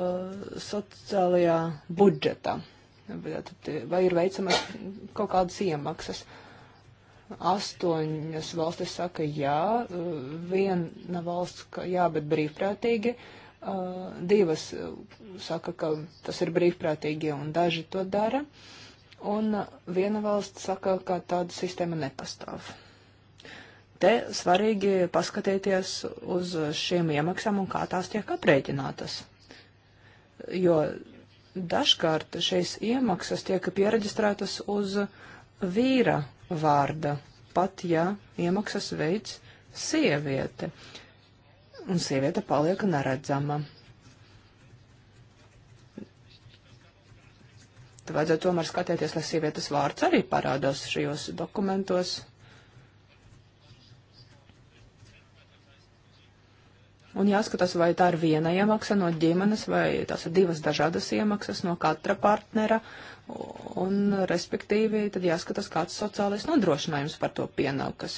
Speaker 2: sociālajā budžetā. Vai ir veicamas kaut kādas iemaksas? Astoņas valstis saka jā, viena valsts ka jā, bet brīvprātīgi. Uh, divas saka, ka tas ir brīvprātīgi un daži to dara. Un viena valsts saka, ka tāda sistēma nepastāv. Te svarīgi paskatīties uz šīm iemaksām un kā tās tiek aprēķinātas. Jo dažkārt šīs iemaksas tiek pieregistrētas uz vīra vārda, pat ja iemaksas veids sieviete. Un sieviete paliek neredzama. Tad vajadzētu tomēr skatīties, lai sievietes vārds arī parādās šajos dokumentos. Un jāskatās, vai tā ir viena iemaksa no ģimenes, vai tās ir divas dažādas iemaksas no katra partnera, un, respektīvi, tad jāskatās, kāds sociālais nodrošinājums par to pienākas.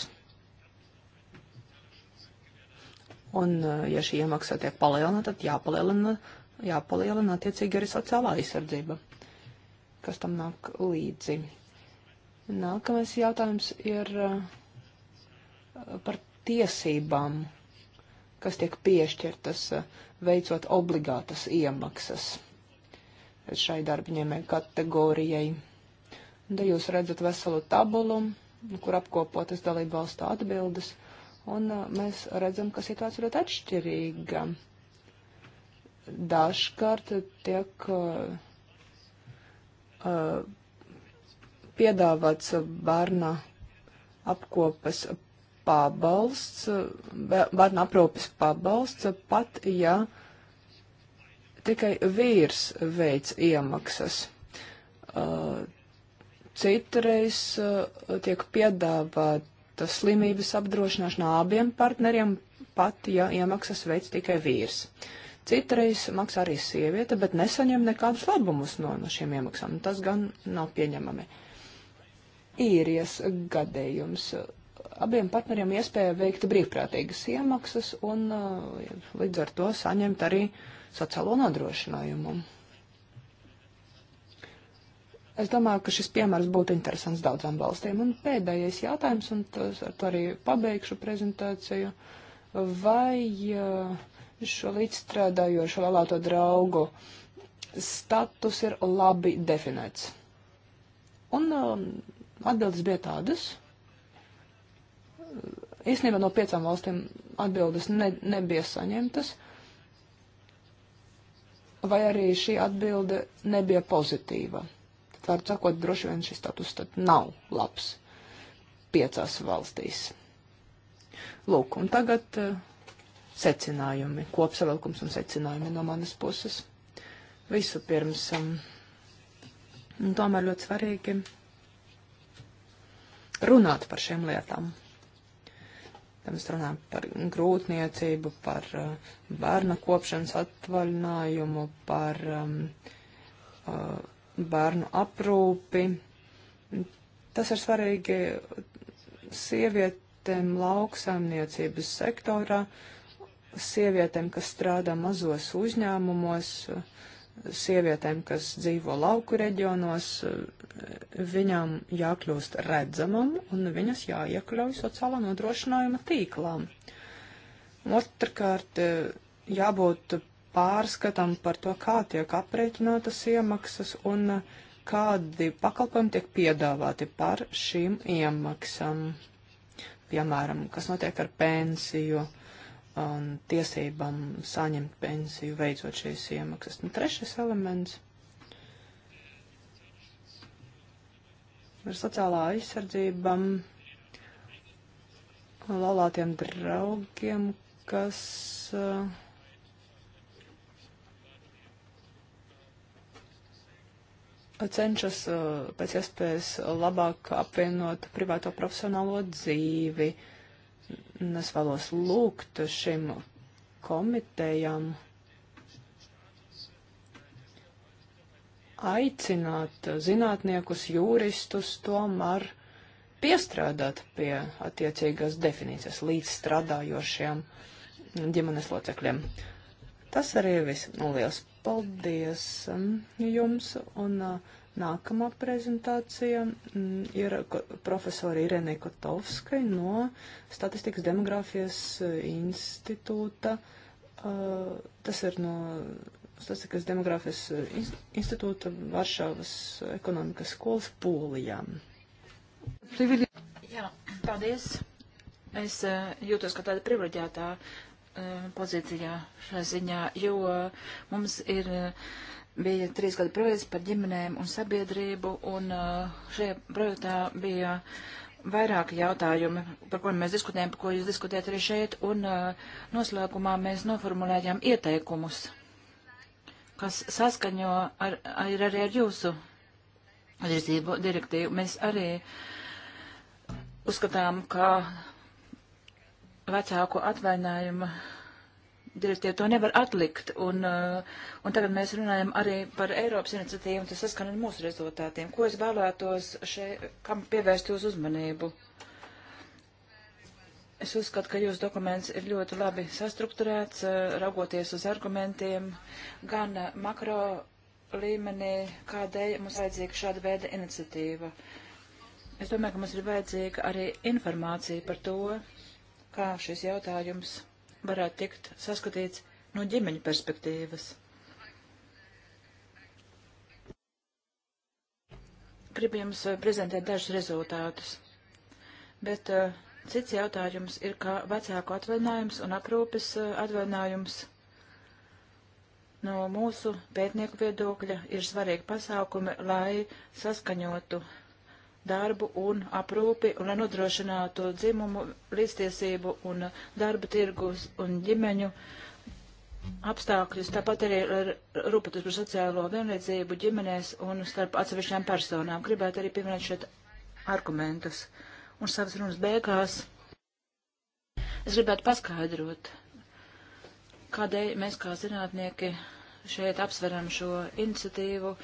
Speaker 2: Un, ja šī iemaksa tiek palielināta, tad jāpalielina, jāpalielina attiecīgi arī sociālā aizsardzība, kas tam nāk līdzi. Nākamais jautājums ir eh, par tiesībām kas tiek piešķirtas eh, veicot obligātas iemaksas šai darbiņēmē kategorijai. Un te jūs redzat veselu tabulu, kur apkopotas dalību valstu atbildes, un eh, mēs redzam, ka situācija ļoti atšķirīga. Dažkārt tiek uh, piedāvāts bērna apkopes pabalsts, bērnu aprūpes pabalsts, pat ja tikai vīrs veic iemaksas. Uh, citreiz uh, tiek piedāvāta slimības apdrošināšana abiem partneriem, pat ja iemaksas veic tikai vīrs. Citreiz maksā arī sieviete, bet nesaņem nekādus labumus no, no šiem iemaksām. Tas gan nav pieņemami. Īrijas gadījums abiem partneriem iespēja veikt brīvprātīgas iemaksas un uh, līdz ar to saņemt arī sociālo nodrošinājumu. Es domāju, ka šis piemērs būtu interesants daudzām valstīm. Un pēdējais jautājums, un tas, ar to arī pabeigšu prezentāciju, vai uh, šo līdzstrādājošo vēlēto draugu status ir labi definēts? Un um, atbildes bija tādas īstenībā no piecām valstīm atbildes ne, nebija saņemtas, vai arī šī atbilde nebija pozitīva. Tad, var sakot, droši vien šis status tad nav labs piecās valstīs. Lūk, un tagad uh, secinājumi, kopsavilkums un secinājumi no manas puses. Visu pirms, um, un tomēr ļoti svarīgi runāt par šiem lietām. Tad mēs runājam par grūtniecību, par uh, bērna kopšanas atvaļinājumu, par um, uh, bērnu aprūpi. Tas ir svarīgi sievietēm lauksaimniecības sektorā, sievietēm, kas strādā mazos uzņēmumos, uh, sievietēm, kas dzīvo lauku reģionos, eh, viņām jākļūst redzamam un viņas jāiekļauj sociālā nodrošinājuma tīklā. Otrakārt, eh, jābūt pārskatam par to, kā tiek aprēķinātas iemaksas un eh, kādi pakalpojumi tiek piedāvāti par šīm iemaksām. Piemēram, kas notiek ar pensiju, uh, un tiesībām saņemt pensiju, veicot šīs iemaksas. Un trešais elements ir sociālā aizsardzība laulātiem draugiem, kas uh, cenšas uh, pēc iespējas labāk apvienot privāto profesionālo dzīvi. Uh, Un es vēlos lūgt šim komitejam aicināt zinātniekus, juristus tomēr piestrādāt pie attiecīgās definīcijas līdz strādājošiem ģimenes locekļiem. Tas arī viss. Nu, liels paldies um, jums un uh, Nākamā prezentācija mm, ir profesora Irēnei Kotovskai no Statistikas demogrāfijas eh, institūta. Eh, tas ir no Statistikas demogrāfijas eh, institūta Varšavas ekonomikas skolas Polijā.
Speaker 3: Jā, paldies. Es jūtos kā tāda privileģētā pozīcijā šajā ziņā, jo mums ir bija trīs gadu projekts par ģimenēm un sabiedrību, un uh, šajā projektā bija vairāki jautājumi, par kuriem mēs diskutējam, par ko jūs diskutējat arī šeit, un uh, noslēgumā mēs noformulējām ieteikumus, kas saskaņo ar, ar, arī ar jūsu atzīvo direktīvu. Mēs arī uzskatām, ka vecāku atvainājumu direktīvu to nevar atlikt. Un, uh, un tagad mēs runājam arī par Eiropas iniciatīvu, un tas saskan ar mūsu rezultātiem. Ko es vēlētos šeit, kam pievērst jūs uzmanību? Es uzskatu, ka jūsu dokuments ir ļoti labi sastrukturēts, uh, raugoties uz argumentiem, gan makro līmenī, kādēļ mums vajadzīga šāda veida iniciatīva. Es domāju, ka mums ir vajadzīga arī informācija par to, kā šis jautājums varētu tikt saskatīts no ģimeņa perspektīvas. Gribu jums eh, prezentēt dažus rezultātus, bet uh, cits jautājums ir, kā vecāku atvaļinājums un aprūpes uh, atvaļinājums no mūsu pētnieku viedokļa ir svarīgi pasākumi, lai saskaņotu darbu un aprūpi, un lai nodrošinātu dzimumu, līdztiesību un darba tirgus un ģimeņu apstākļus, tāpat arī rūpētos par sociālo vienlīdzību ģimenēs un starp atsevišķām personām. Gribētu arī pieminēt šeit argumentus. Un savas runas beigās es gribētu paskaidrot, kādēļ mēs kā zinātnieki šeit apsveram šo iniciatīvu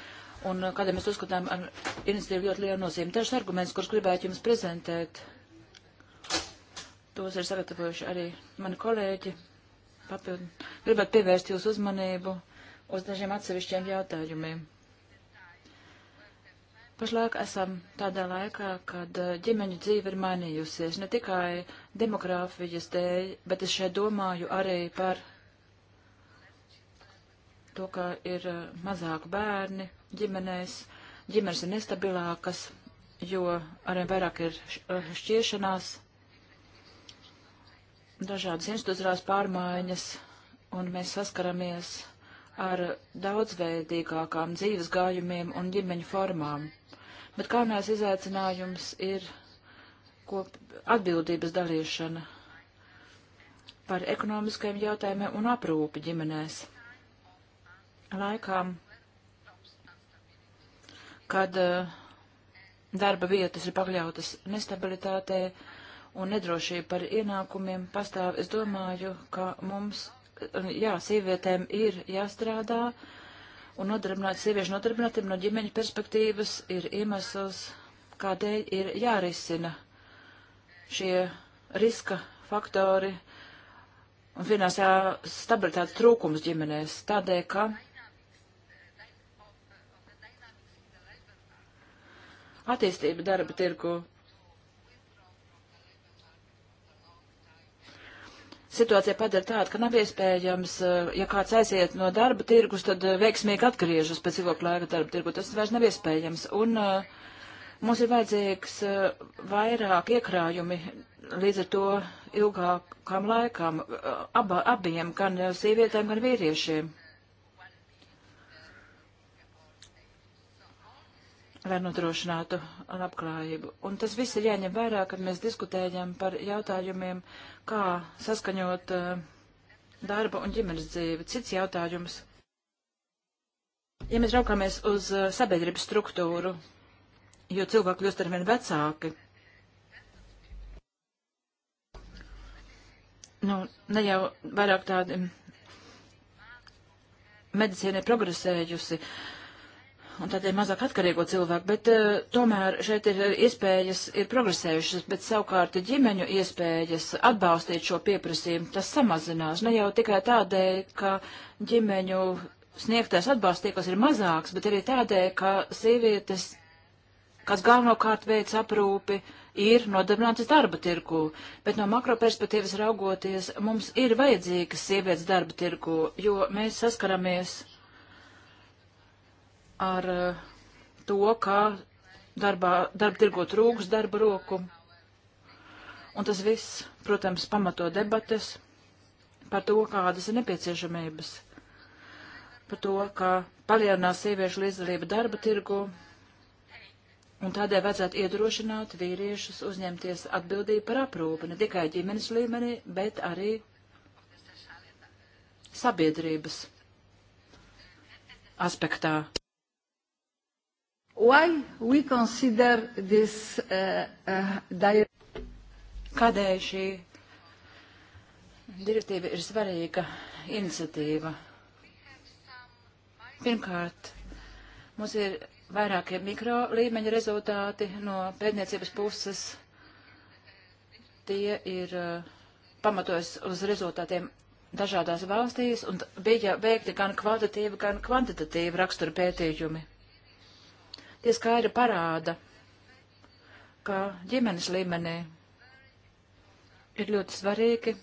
Speaker 3: un uh, kādiem mēs uzskatām ar iniciatīvu ļoti lielu nozīmi. Dažs arguments, kurus gribētu jums prezentēt, tos ir sagatavojuši arī mani kolēģi. Papildu. Gribētu pievērst jūsu uzmanību uz dažiem atsevišķiem jautājumiem. Pašlaik esam tādā laikā, kad uh, ģimeņu dzīve ir mainījusies ne tikai demogrāfijas dēļ, bet es šeit domāju arī par to, ka ir uh, mazāk bērni, ģimenēs, ģimenes ir nestabilākas, jo arvien vairāk ir eh, šķiešanās, dažādas institucionālās pārmaiņas, un mēs saskaramies ar daudzveidīgākām dzīves gājumiem un ģimeņu formām. Bet galvenais izaicinājums ir kop atbildības dalīšana par ekonomiskajiem jautājumiem un aprūpi ģimenēs. Laikām, kad uh, darba vietas ir pakļautas nestabilitātē un nedrošība par ienākumiem pastāv, es domāju, ka mums, jā, sievietēm ir jāstrādā, un nodarbināt, sieviešu nodarbinātiem no ģimeņa perspektīvas ir iemesls, kādēļ ir jārisina šie riska faktori un finansiālā stabilitātes trūkums ģimenēs, tādēļ, ka attīstība darba tirgu. Situācija padara tāda, ka nav iespējams, eh, ja kāds aiziet no darba tirgus, tad eh, veiksmīgi atgriežas pēc ilgāka laika darba tirgu. Tas vairs nav iespējams. Un uh, mums ir vajadzīgs uh, vairāk iekrājumi līdz ar to ilgākām laikām uh, abā, abiem, gan sievietēm, gan vīriešiem. lai nodrošinātu labklājību. Un tas viss ir jāņem vērā, kad mēs diskutējam par jautājumiem, kā saskaņot uh, darba un ģimenes dzīvi. Cits jautājums. Ja mēs raukāmies uz uh, sabiedrības struktūru, jo cilvēki kļūst arvien vecāki, nu, ne jau vairāk tādi medicīna ir progresējusi, uh, un tādēļ mazāk atkarīgo cilvēku, bet uh, tomēr šeit ir eh, iespējas, ir progresējušas, bet savukārt ģimeņu iespējas atbalstīt šo pieprasījumu, tas samazinās. Ne jau tikai tādēļ, ka ģimeņu sniegtais atbalsts tiekos ir mazāks, bet arī tādēļ, ka sievietes, kas galvenokārt veids aprūpi, ir nodarbinātas darba tirgu, bet no makroperspektīvas raugoties, mums ir vajadzīgas sievietes darba tirgu, jo mēs saskaramies ar eh, to, kā darbā, darba tirgo trūks darba roku. Un tas viss, protams, pamato debates par to, kādas ir nepieciešamības, par to, kā palielinās sieviešu līdzdalība darba tirgu, un tādēļ vajadzētu iedrošināt vīriešus uzņemties atbildību par aprūpi, ne tikai ģimenes līmenī, bet arī sabiedrības aspektā. Why we consider this uh, uh, directive? Kādēļ šī direktīva ir svarīga iniciatīva? Pirmkārt, mums ir vairākie mikro līmeņa rezultāti no pētniecības puses. Tie ir uh, pamatojas uz rezultātiem dažādās valstīs un bija veikti gan kvalitatīvi, gan kvantitatīvi rakstura pētījumi tie skaidri parāda, ka ģimenes līmenī ir ļoti svarīgi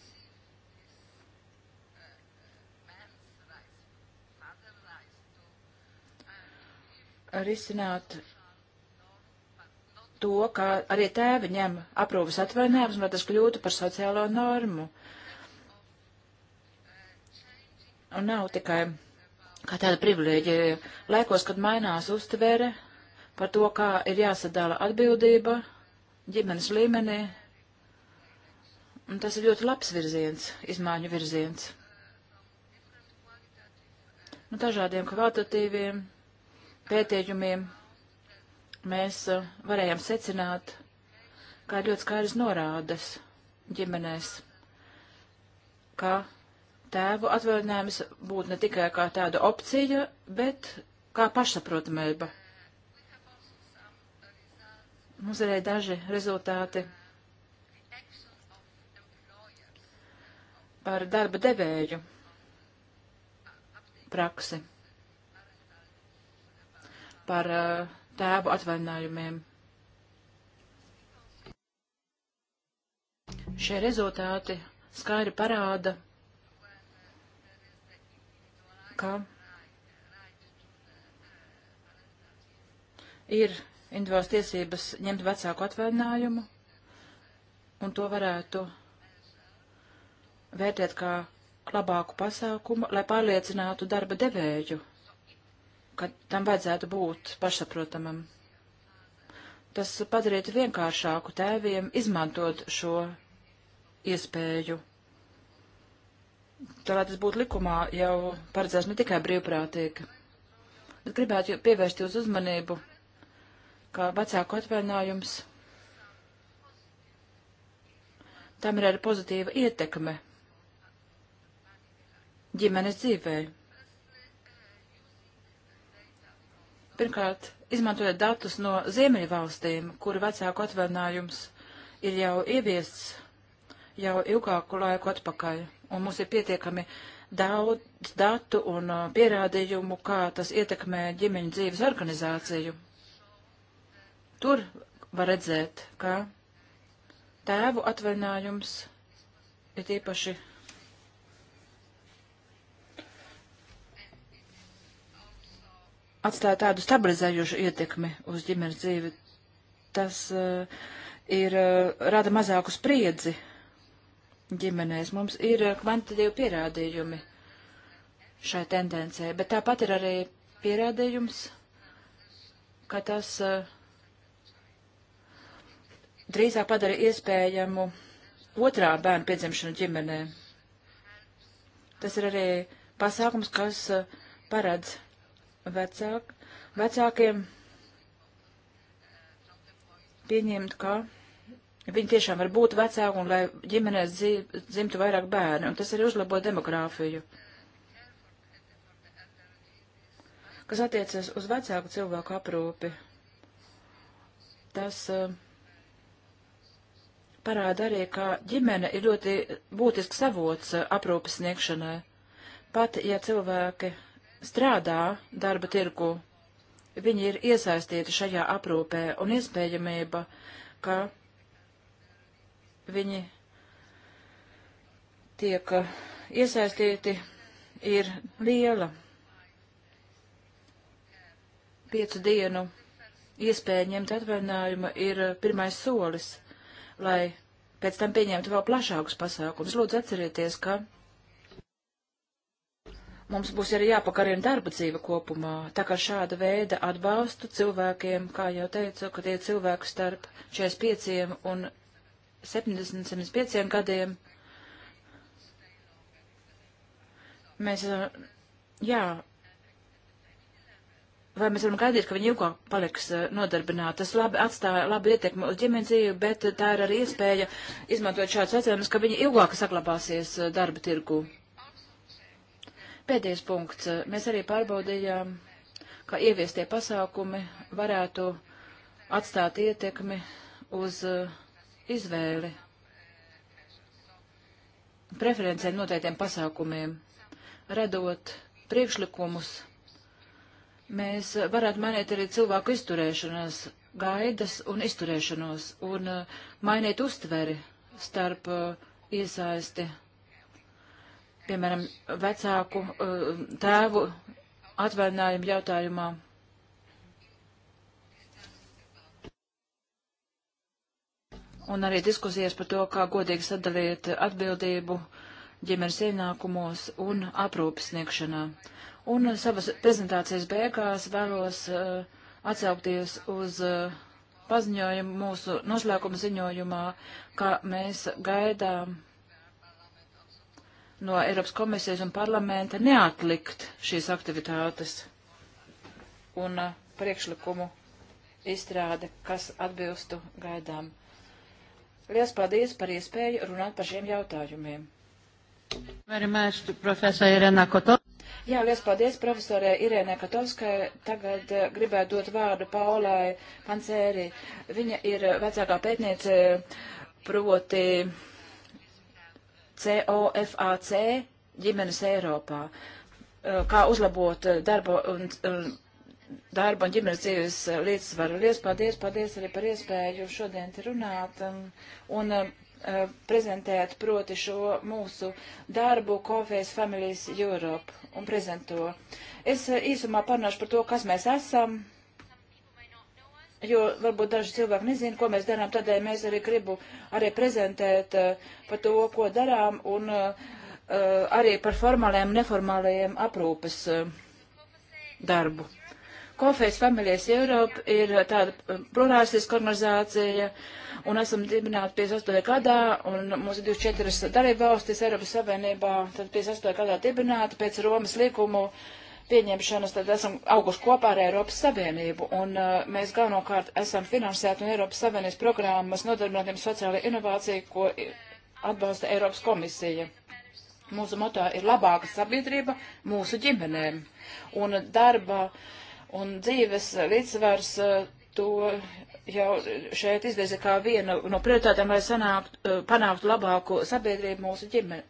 Speaker 3: risināt to, ka arī tēvi ņem aprūpas atvainājumus, lai tas kļūtu par sociālo normu. Un nav tikai kā tāda privilēģija. Laikos, kad mainās uztvere, par to, kā ir jāsadala atbildība ģimenes līmenī. Un tas ir ļoti labs virziens, izmaiņu virziens. Nu, dažādiem kvalitatīviem pētījumiem mēs uh, varējām secināt, kā ļoti skaidrs norādes ģimenēs, ka tēvu atvaļinājums būtu ne tikai kā tāda opcija, bet kā pašsaprotamība Mums ir arī daži rezultāti par darba devēju praksi, par uh, tēvu atvainājumiem. Šie rezultāti skaidri parāda, ka ir individuālas tiesības ņemt vecāku atvaļinājumu, un to varētu vērtēt kā labāku pasākumu, lai pārliecinātu darba devēju, ka tam vajadzētu būt pašsaprotamam. Tas padarītu vienkāršāku tēviem izmantot šo iespēju. Tā lai tas būtu likumā jau paredzēts ne tikai brīvprātīgi. Bet gribētu pievērst jūs uzmanību kā vecāku atvainājums. Tam ir arī pozitīva ietekme ģimenes dzīvē. Pirmkārt, izmantojot datus no Ziemeļvalstīm, kuru vecāku atvainājums ir jau ieviests jau ilgāku laiku atpakaļ, un mums ir pietiekami daudz datu un uh, pierādījumu, kā tas ietekmē ģimeņu dzīves organizāciju. Tur var redzēt, ka tēvu atvaļinājums ir īpaši atstāja tādu stabilizējušu ietekmi uz ģimenes dzīvi. Tas uh, ir, uh, rada mazāku spriedzi ģimenēs. Mums ir uh, kvantitīvi pierādījumi šai tendencē, bet tāpat ir arī pierādījums, ka tas uh, drīzāk padara iespējamu otrā bērna piedzimšanu ģimenē. Tas ir arī pasākums, kas uh, paredz vecāk, vecākiem pieņemt, ka viņi tiešām var būt vecāki un lai ģimenēs dzīv, dzimtu vairāk bērnu, un tas arī uzlabo demogrāfiju. Kas attiecas uz vecāku cilvēku aprūpi, tas uh, parāda arī, ka ģimene ir ļoti būtisks avots eh, aprūpas sniegšanai. Pat, ja cilvēki strādā darba tirgu, viņi ir iesaistīti šajā aprūpē un iespējamība, ka viņi tiek eh, iesaistīti, ir liela. Piecu dienu iespēja ņemt atvainājumu ir eh, pirmais solis lai pēc tam pieņemtu vēl plašākus pasākumus. Lūdzu, atcerieties, ka mums būs arī jāpakarina darba dzīve kopumā, tā kā šāda veida atbalstu cilvēkiem, kā jau teicu, ka tie cilvēki starp 45 un 70, 75 gadiem. Mēs, jā, vai mēs varam gaidīt, ka viņi ilgāk paliks eh, nodarbināti. Tas labi atstāja labu ietekmi uz ģimenes dzīvi, bet eh, tā ir arī iespēja izmantot šādus secinājumus, ka viņi ilgāk saglabāsies eh, darba tirgu. Pēdējais punkts. Mēs arī pārbaudījām, ka ieviestie pasākumi varētu atstāt ietekmi uz izvēli preferencēm noteiktiem pasākumiem, radot priekšlikumus mēs varētu mainīt arī cilvēku izturēšanās, gaidas un izturēšanos, un uh, mainīt uztveri starp uh, iesaisti, piemēram, vecāku uh, tēvu atvainājumu jautājumā. Un arī diskusijas par to, kā godīgi sadalīt atbildību ģimenes ienākumos un aprūpas sniegšanā. Uh, Un savas prezentācijas beigās vēlos uh, atsaukties uz uh, paziņojumu mūsu noslēguma ziņojumā, ka mēs gaidām no Eiropas komisijas un parlamenta neatlikt šīs aktivitātes un uh, priekšlikumu izstrāde, kas atbilstu gaidām. Lielas paldies par iespēju runāt par šiem jautājumiem. Vienmēr profesora Irena Koto. Jā, liels paldies profesorē Irēnē Katovskai. Tagad uh, gribētu dot vārdu Paulai Pancēri. Viņa ir vecākā pētniece proti COFAC ģimenes Eiropā. Uh, kā uzlabot darba un, un darba un ģimenes dzīves eh, līdzsvaru. Liels paldies, paldies arī par iespēju šodien te runāt. Um, un, un um, Eh, prezentēt proti šo mūsu darbu Coffee's Families Europe un prezento. Es eh, īsumā parunāšu par to, kas mēs esam, jo varbūt daži cilvēki nezina, ko mēs darām, tādēļ mēs arī gribu arī prezentēt eh, par to, ko darām un arī par formālajiem, neformālajiem aprūpes darbu. Kofejas familijas Eiropa ir tāda um, plurālistiska organizācija, un esam dibināti 58. gadā, un mums ir 24 darība valstis Eiropas Savienībā, tad 58. gadā dibināti pēc Romas līkumu pieņemšanas, tad esam auguši kopā ar Eiropas Savienību, un uh, mēs galvenokārt esam finansēti no Eiropas Savienības programmas nodarbinātiem sociālai inovācija, ko atbalsta Eiropas komisija. Mūsu motā ir labāka sabiedrība mūsu ģimenēm, un darba uh, un dzīves līdzsvars uh, to jau šeit izvirza kā vienu no prioritātēm, lai sanākt, uh, panākt labāku sabiedrību mūsu ģimene,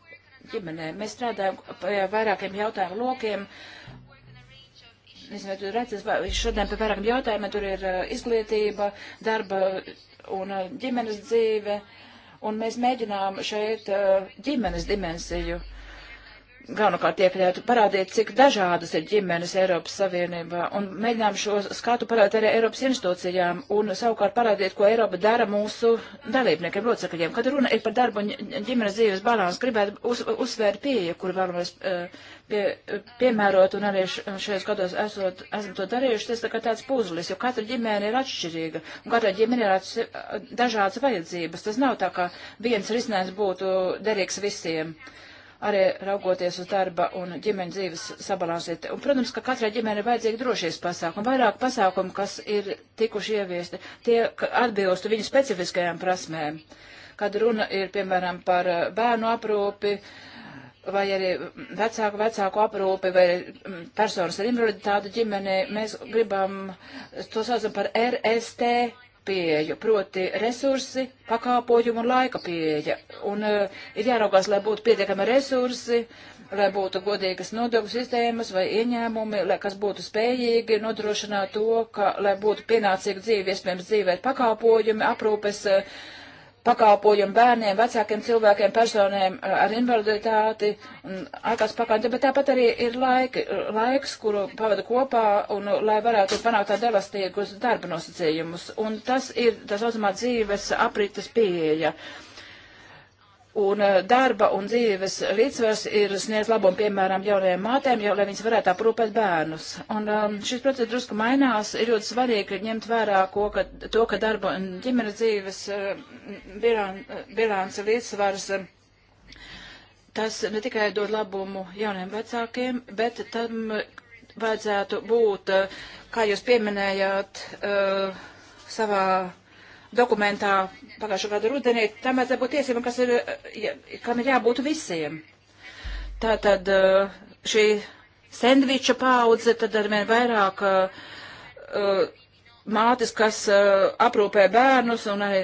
Speaker 3: ģimenē. Mēs strādājam pie vairākiem jautājumu lokiem. Nezinu, vai tu redzi, šodien pie vairākiem jautājumiem tur ir uh, izglītība, darba un ģimenes dzīve. Un mēs mēģinām šeit ģimenes dimensiju uh, galvenokārt iekļautu, parādīt, cik dažādas ir ģimenes Eiropas Savienībā, un mēģinām šo skatu parādīt arī Eiropas institūcijām, un savukārt parādīt, ko Eiropa dara mūsu dalībniekiem, locekļiem. Kad runa ir par darbu un ģimenes dzīves balansu, gribētu uz, uzsvērt pieeja, kur vēlamies eh, pie, piemērot, un arī šajos gados esot, esam to darījuši, tas tā kā tāds puzlis, jo katra ģimene ir atšķirīga, un katra ģimene ir atšķir, eh, dažādas vajadzības. Tas nav tā, ka viens risinājums būtu derīgs visiem. Uh, arī raugoties uz darba un ģimeņa dzīves sabalansēt. Un, protams, ka katrai ģimenei ir vajadzīgi drošies pasākumi, vairāk pasākumu, kas ir tikuši ieviesti, tie atbilstu viņu specifiskajām prasmēm. Kad runa ir, piemēram, par bērnu aprūpi, vai arī vecāku vecāku aprūpi, vai personas ar invaliditāti ģimenei, mēs gribam, to saucam par RST pieeju, proti resursi, pakāpojumu un laika pieeja. Un uh, ir jāraugās, lai būtu pietiekami resursi, lai būtu godīgas nodokļu sistēmas vai ieņēmumi, lai kas būtu spējīgi nodrošināt to, ka, lai būtu pienācīgi dzīvi, iespējams dzīvēt pakāpojumi, aprūpes. Uh, pakalpojumu bērniem, vecākiem cilvēkiem, personiem eh, ar invaliditāti, ārkārtas pakalpojumu, bet tāpat arī ir laiki, laiks, kuru pavada kopā, un nu, lai varētu panākt tādu elastīgus darba nosacījumus. Un tas ir, tas nozīmē, dzīves aprites pieeja. Uh, un eh, darba un dzīves līdzsvars ir sniedz labumu, piemēram, jaunajām mātēm, jau, lai viņas varētu aprūpēt bērnus. Un um, šis process drusku mainās, ir ļoti svarīgi ņemt vērā ko, ka, to, ka darba un ģimenes dzīves uh, eh, bilāns līdzsvars. Eh, tas ne tikai dod labumu jauniem vecākiem, bet tam vajadzētu būt, kā jūs pieminējāt, uh, savā dokumentā pagājušā gada rudenī, tam vajadzētu būt tiesībām, kas ir, jā, kam ir jābūt visiem. Tātad eh, šī sendviča paudze, tad arvien vairāk uh, mātes, kas uh, aprūpē bērnus un uh,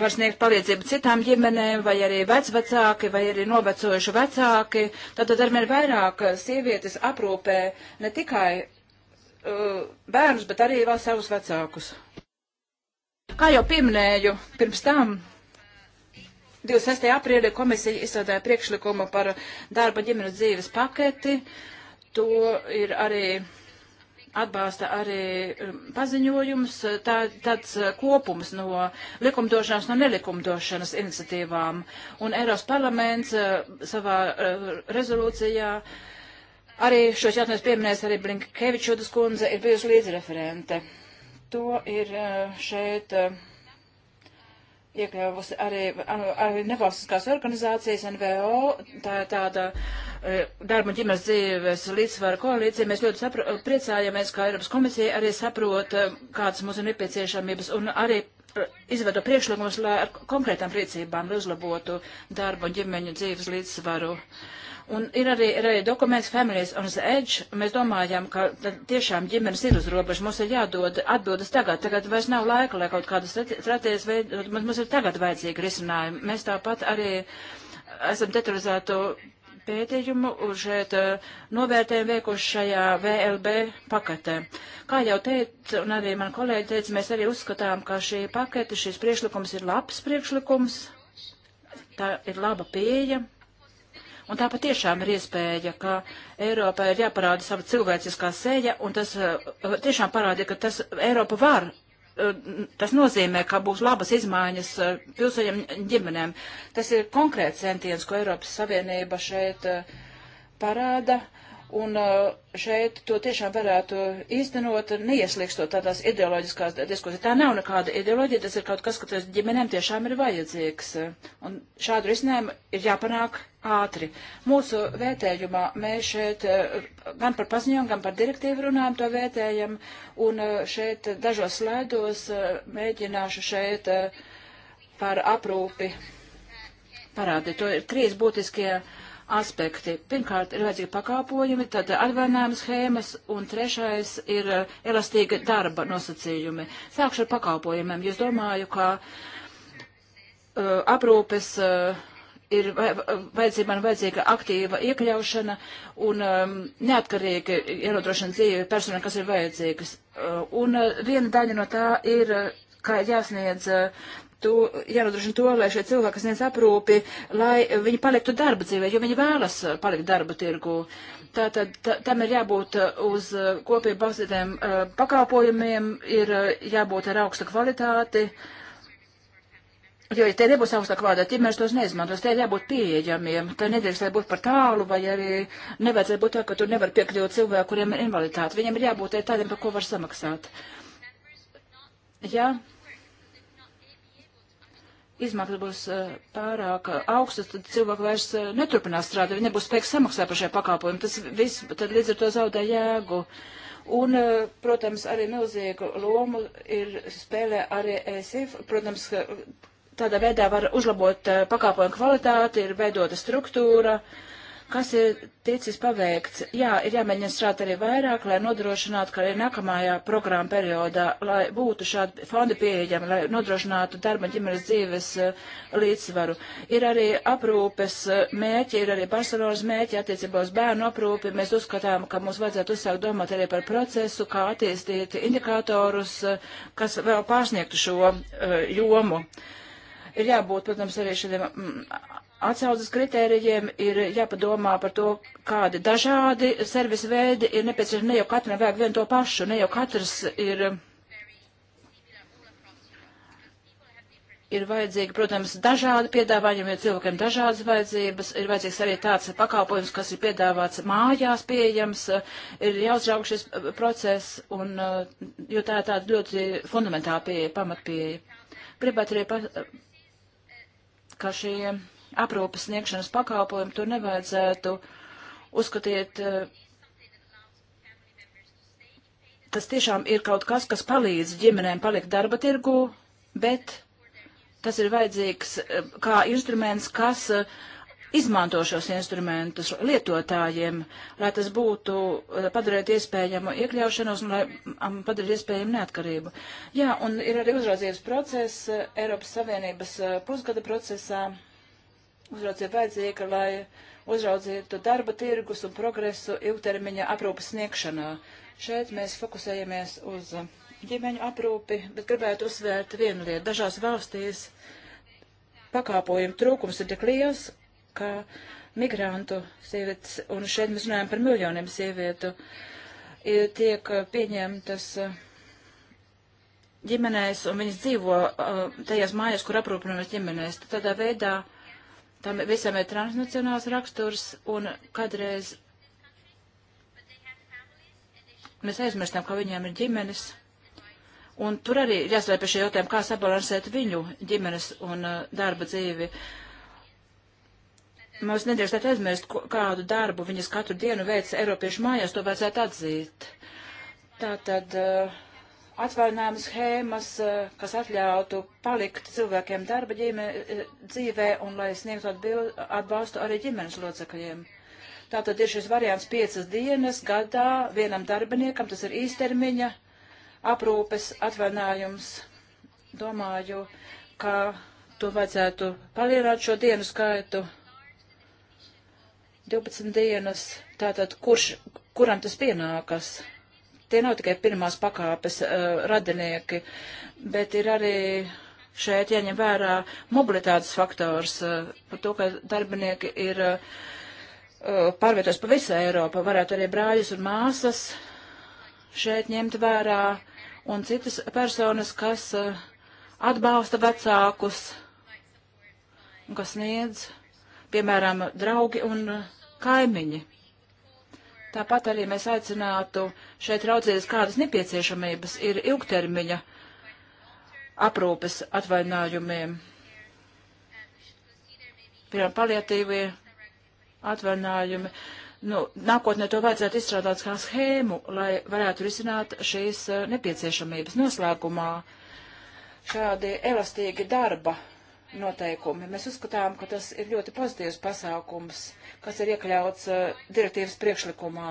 Speaker 3: var sniegt palīdzību citām ģimenēm, vai arī vecvecāki, vai arī novecojuši vecāki. Tātad arvien vairāk sievietes aprūpē ne tikai bērnus, bet arī vēl savus vecākus. Kā jau pieminēju, pirms tam 26. aprīlī komisija izstrādāja priekšlikumu par darba ģimenes dzīves paketi. To ir arī atbalsta arī um, paziņojums, tā, tāds uh, kopums no likumdošanas, no nelikumdošanas iniciatīvām. Un Eiros parlaments uh, savā uh, rezolūcijā arī šos jautājumus pieminēs arī Blinkevičūdas kundze ir bijusi līdzreferente to ir šeit iekļāvusi arī, arī nevalstiskās organizācijas, NVO, tā ir tāda darba un ģimenes dzīves līdzsvara koalīcija. Mēs ļoti sapra, priecājamies, ka Eiropas komisija arī saprot, kādas mums ir nepieciešamības un arī izvedo priekšlikumus, lai ar konkrētām rīcībām uzlabotu darba un ģimeņu dzīves līdzsvaru. Uh, Un ir arī, ir arī dokuments Families on the Edge. Mēs domājam, ka tiešām ģimenes ir uz robežas. Mums ir jādod atbildes tagad. Tagad vairs nav laika, lai kaut kādas stratēģijas veidot. Mums ir tagad vajadzīgi risinājumi. Mēs tāpat arī esam detalizēto pētījumu šeit eh, novērtējumu veikuši šajā VLB paketē. Kā jau teicu, un arī man kolēģi teica, mēs arī uzskatām, ka šī pakete, šis priekšlikums ir labs priekšlikums, tā ir laba pieeja, Un tā patiešām ir iespēja, ka Eiropā ir jāparāda sava cilvēciskā sēja, un tas eh, tiešām parāda, ka tas Eiropa var eh, tas nozīmē, ka būs labas izmaiņas eh, pilsoņiem ģimenēm. Tas ir konkrēts centiens, ko Eiropas Savienība šeit parāda, Un uh, šeit to tiešām varētu īstenot, neieslīgstot tādās ideoloģiskās diskusijās. Tā nav nekāda ideoloģija, tas ir kaut kas, kas ģimenēm tiešām ir vajadzīgs. Un šādu risinājumu ir jāpanāk ātri. Mūsu vērtējumā mēs šeit uh, gan par paziņojumu, gan par direktīvu runājam, to vērtējam. Un uh, šeit dažos slaidos mēģināšu šeit par aprūpi parādīt. To ir trīs būtiskie. Uh, aspekti. Pirmkārt, ir vajadzīgi pakāpojumi, tad atvainājuma schēmas, un trešais ir eh, elastīga darba nosacījumi. Sākšu ar pakāpojumiem, jo es domāju, ka uh, aprūpes uh, ir vajadzīga, man vajadzīga aktīva iekļaušana un um, neatkarīgi ierodrošana dzīve personai, kas ir vajadzīgas. Uh, un uh, viena daļa no tā ir, uh, ka jāsniedz uh, to, jānodrošina to, lai šie cilvēki sniedz aprūpi, lai viņi paliktu darba dzīvē, jo viņi vēlas uh, palikt darba tirgu. Tātad tā, tam ir jābūt uh, uz uh, kopību balstītiem uh, pakalpojumiem, ir jābūt ar augstu kvalitāti. Jo, ja te nebūs augstā kvalitāte, ģimenes tos neizmantos, te ir jābūt pieejamiem, te nedrīkst, lai būtu par tālu, vai arī nevajadzētu būt tā, ka tur nevar piekļūt cilvēku, kuriem ir invaliditāte. Viņiem ir jābūt tādiem, par ko var samaksāt. Jā. Ja? izmaksas būs eh, pārāk eh, augstas, tad cilvēki vairs eh, neturpinās strādāt, viņi nebūs spējīgi samaksāt par šiem pakāpojumiem. Tas viss tad līdz ar to zaudē jēgu. Un, protams, arī milzīgu lomu ir spēlē arī ESIF. Protams, tādā veidā var uzlabot pakāpojumu kvalitāti, ir veidota struktūra. Uh, Kas ir ticis paveikts? Jā, ir jāmēģina strādāt arī vairāk, lai nodrošinātu, ka arī nākamajā programma periodā, lai būtu šādi fondi pieejami, lai nodrošinātu darba ģimenes dzīves eh, līdzsvaru. Ir arī aprūpes eh, mērķi, ir arī Barcelonas mērķi attiecībā uz bērnu aprūpi. Mēs uzskatām, ka mums vajadzētu uzsākt domāt arī par procesu, kā attīstīt indikātorus, eh, kas vēl pārsniegtu šo uh, jomu. Ir jābūt, protams, arī šādiem mm, atsaucas kritērijiem ir jāpadomā par to, kādi dažādi servisa veidi ir nepieciešami. Ne jau katram vajag vien to pašu, ne jau katrs ir. Ir vajadzīgi, protams, dažādi piedāvājumi, jo cilvēkiem dažādas vajadzības. Ir vajadzīgs arī tāds pakalpojums, kas ir piedāvāts mājās pieejams, ir jāuzrauga šis process, un, jo tā ir tāda ļoti fundamentāla pieeja, pamatpieeja. Gribētu arī, pa, ka šie. Šī aprūpas sniegšanas pakalpojumu, tur nevajadzētu uzskatīt, eh, tas tiešām ir kaut kas, kas palīdz ģimenēm palikt darba tirgu, bet tas ir vajadzīgs eh, kā instruments, kas eh, izmanto šos instrumentus lietotājiem, lai tas būtu padarīt iespējamu iekļaušanos un lai mm, padarīt iespējamu neatkarību. Jā, un ir arī uzraudzības process Eiropas Savienības pusgada procesā. Uzraudzība vajadzīga, lai uzraudzītu darba tirgus un progresu ilgtermiņa aprūpas sniegšanā. Šeit mēs fokusējamies uz ģimeņu aprūpi, bet gribētu uzsvērt vienu lietu. Dažās valstīs pakāpojumu trūkums ir tik liels, ka migrantu sievietes, un šeit mēs runājam par miljoniem sievietu, tiek pieņemtas ģimenēs, un viņas dzīvo uh, tajās mājās, kur aprūpinamas ģimenēs. Tādā veidā Tam visam ir transnacionāls raksturs, un kādreiz mēs aizmirstam, ka viņiem ir ģimenes. Un tur arī ir jāstrādā pie šī jautājuma, kā sabalansēt viņu ģimenes un uh, darba dzīvi. Mums nedrīkstētu aizmirst, ko, kādu darbu viņas katru dienu veic Eiropiešu mājās, to vajadzētu atzīt. Tātad uh, atvaļinājuma schēmas, eh, kas atļautu palikt cilvēkiem darba ģime, eh, dzīvē un lai sniegtu atbalstu arī ģimenes locekļiem. Tātad ir šis variants piecas dienas gadā vienam darbiniekam, tas ir īstermiņa aprūpes atvaļinājums. Domāju, ka to vajadzētu palielināt šo dienu skaitu. 12 dienas, tātad kurš, kuram tas pienākas? tie nav tikai pirmās pakāpes uh, radinieki, bet ir arī šeit jāņem vērā mobilitātes faktors, uh, par to, ka darbinieki ir uh, pārvietojas pa visu Eiropu, varētu arī brāļus un māsas šeit ņemt vērā un citas personas, kas uh, atbalsta vecākus un kas sniedz, piemēram, draugi un kaimiņi. Tāpat arī mēs aicinātu šeit raudzīties, kādas nepieciešamības ir ilgtermiņa aprūpes atvaļinājumiem. Piemēram, paliatīvie atvaļinājumi. Nu, nākotnē to vajadzētu izstrādāt kā schēmu, lai varētu risināt šīs eh, nepieciešamības noslēgumā. Šādi elastīgi darba noteikumi. Mēs uzskatām, ka tas ir ļoti pozitīvs pasākums, kas ir iekļauts uh, direktīvas priekšlikumā.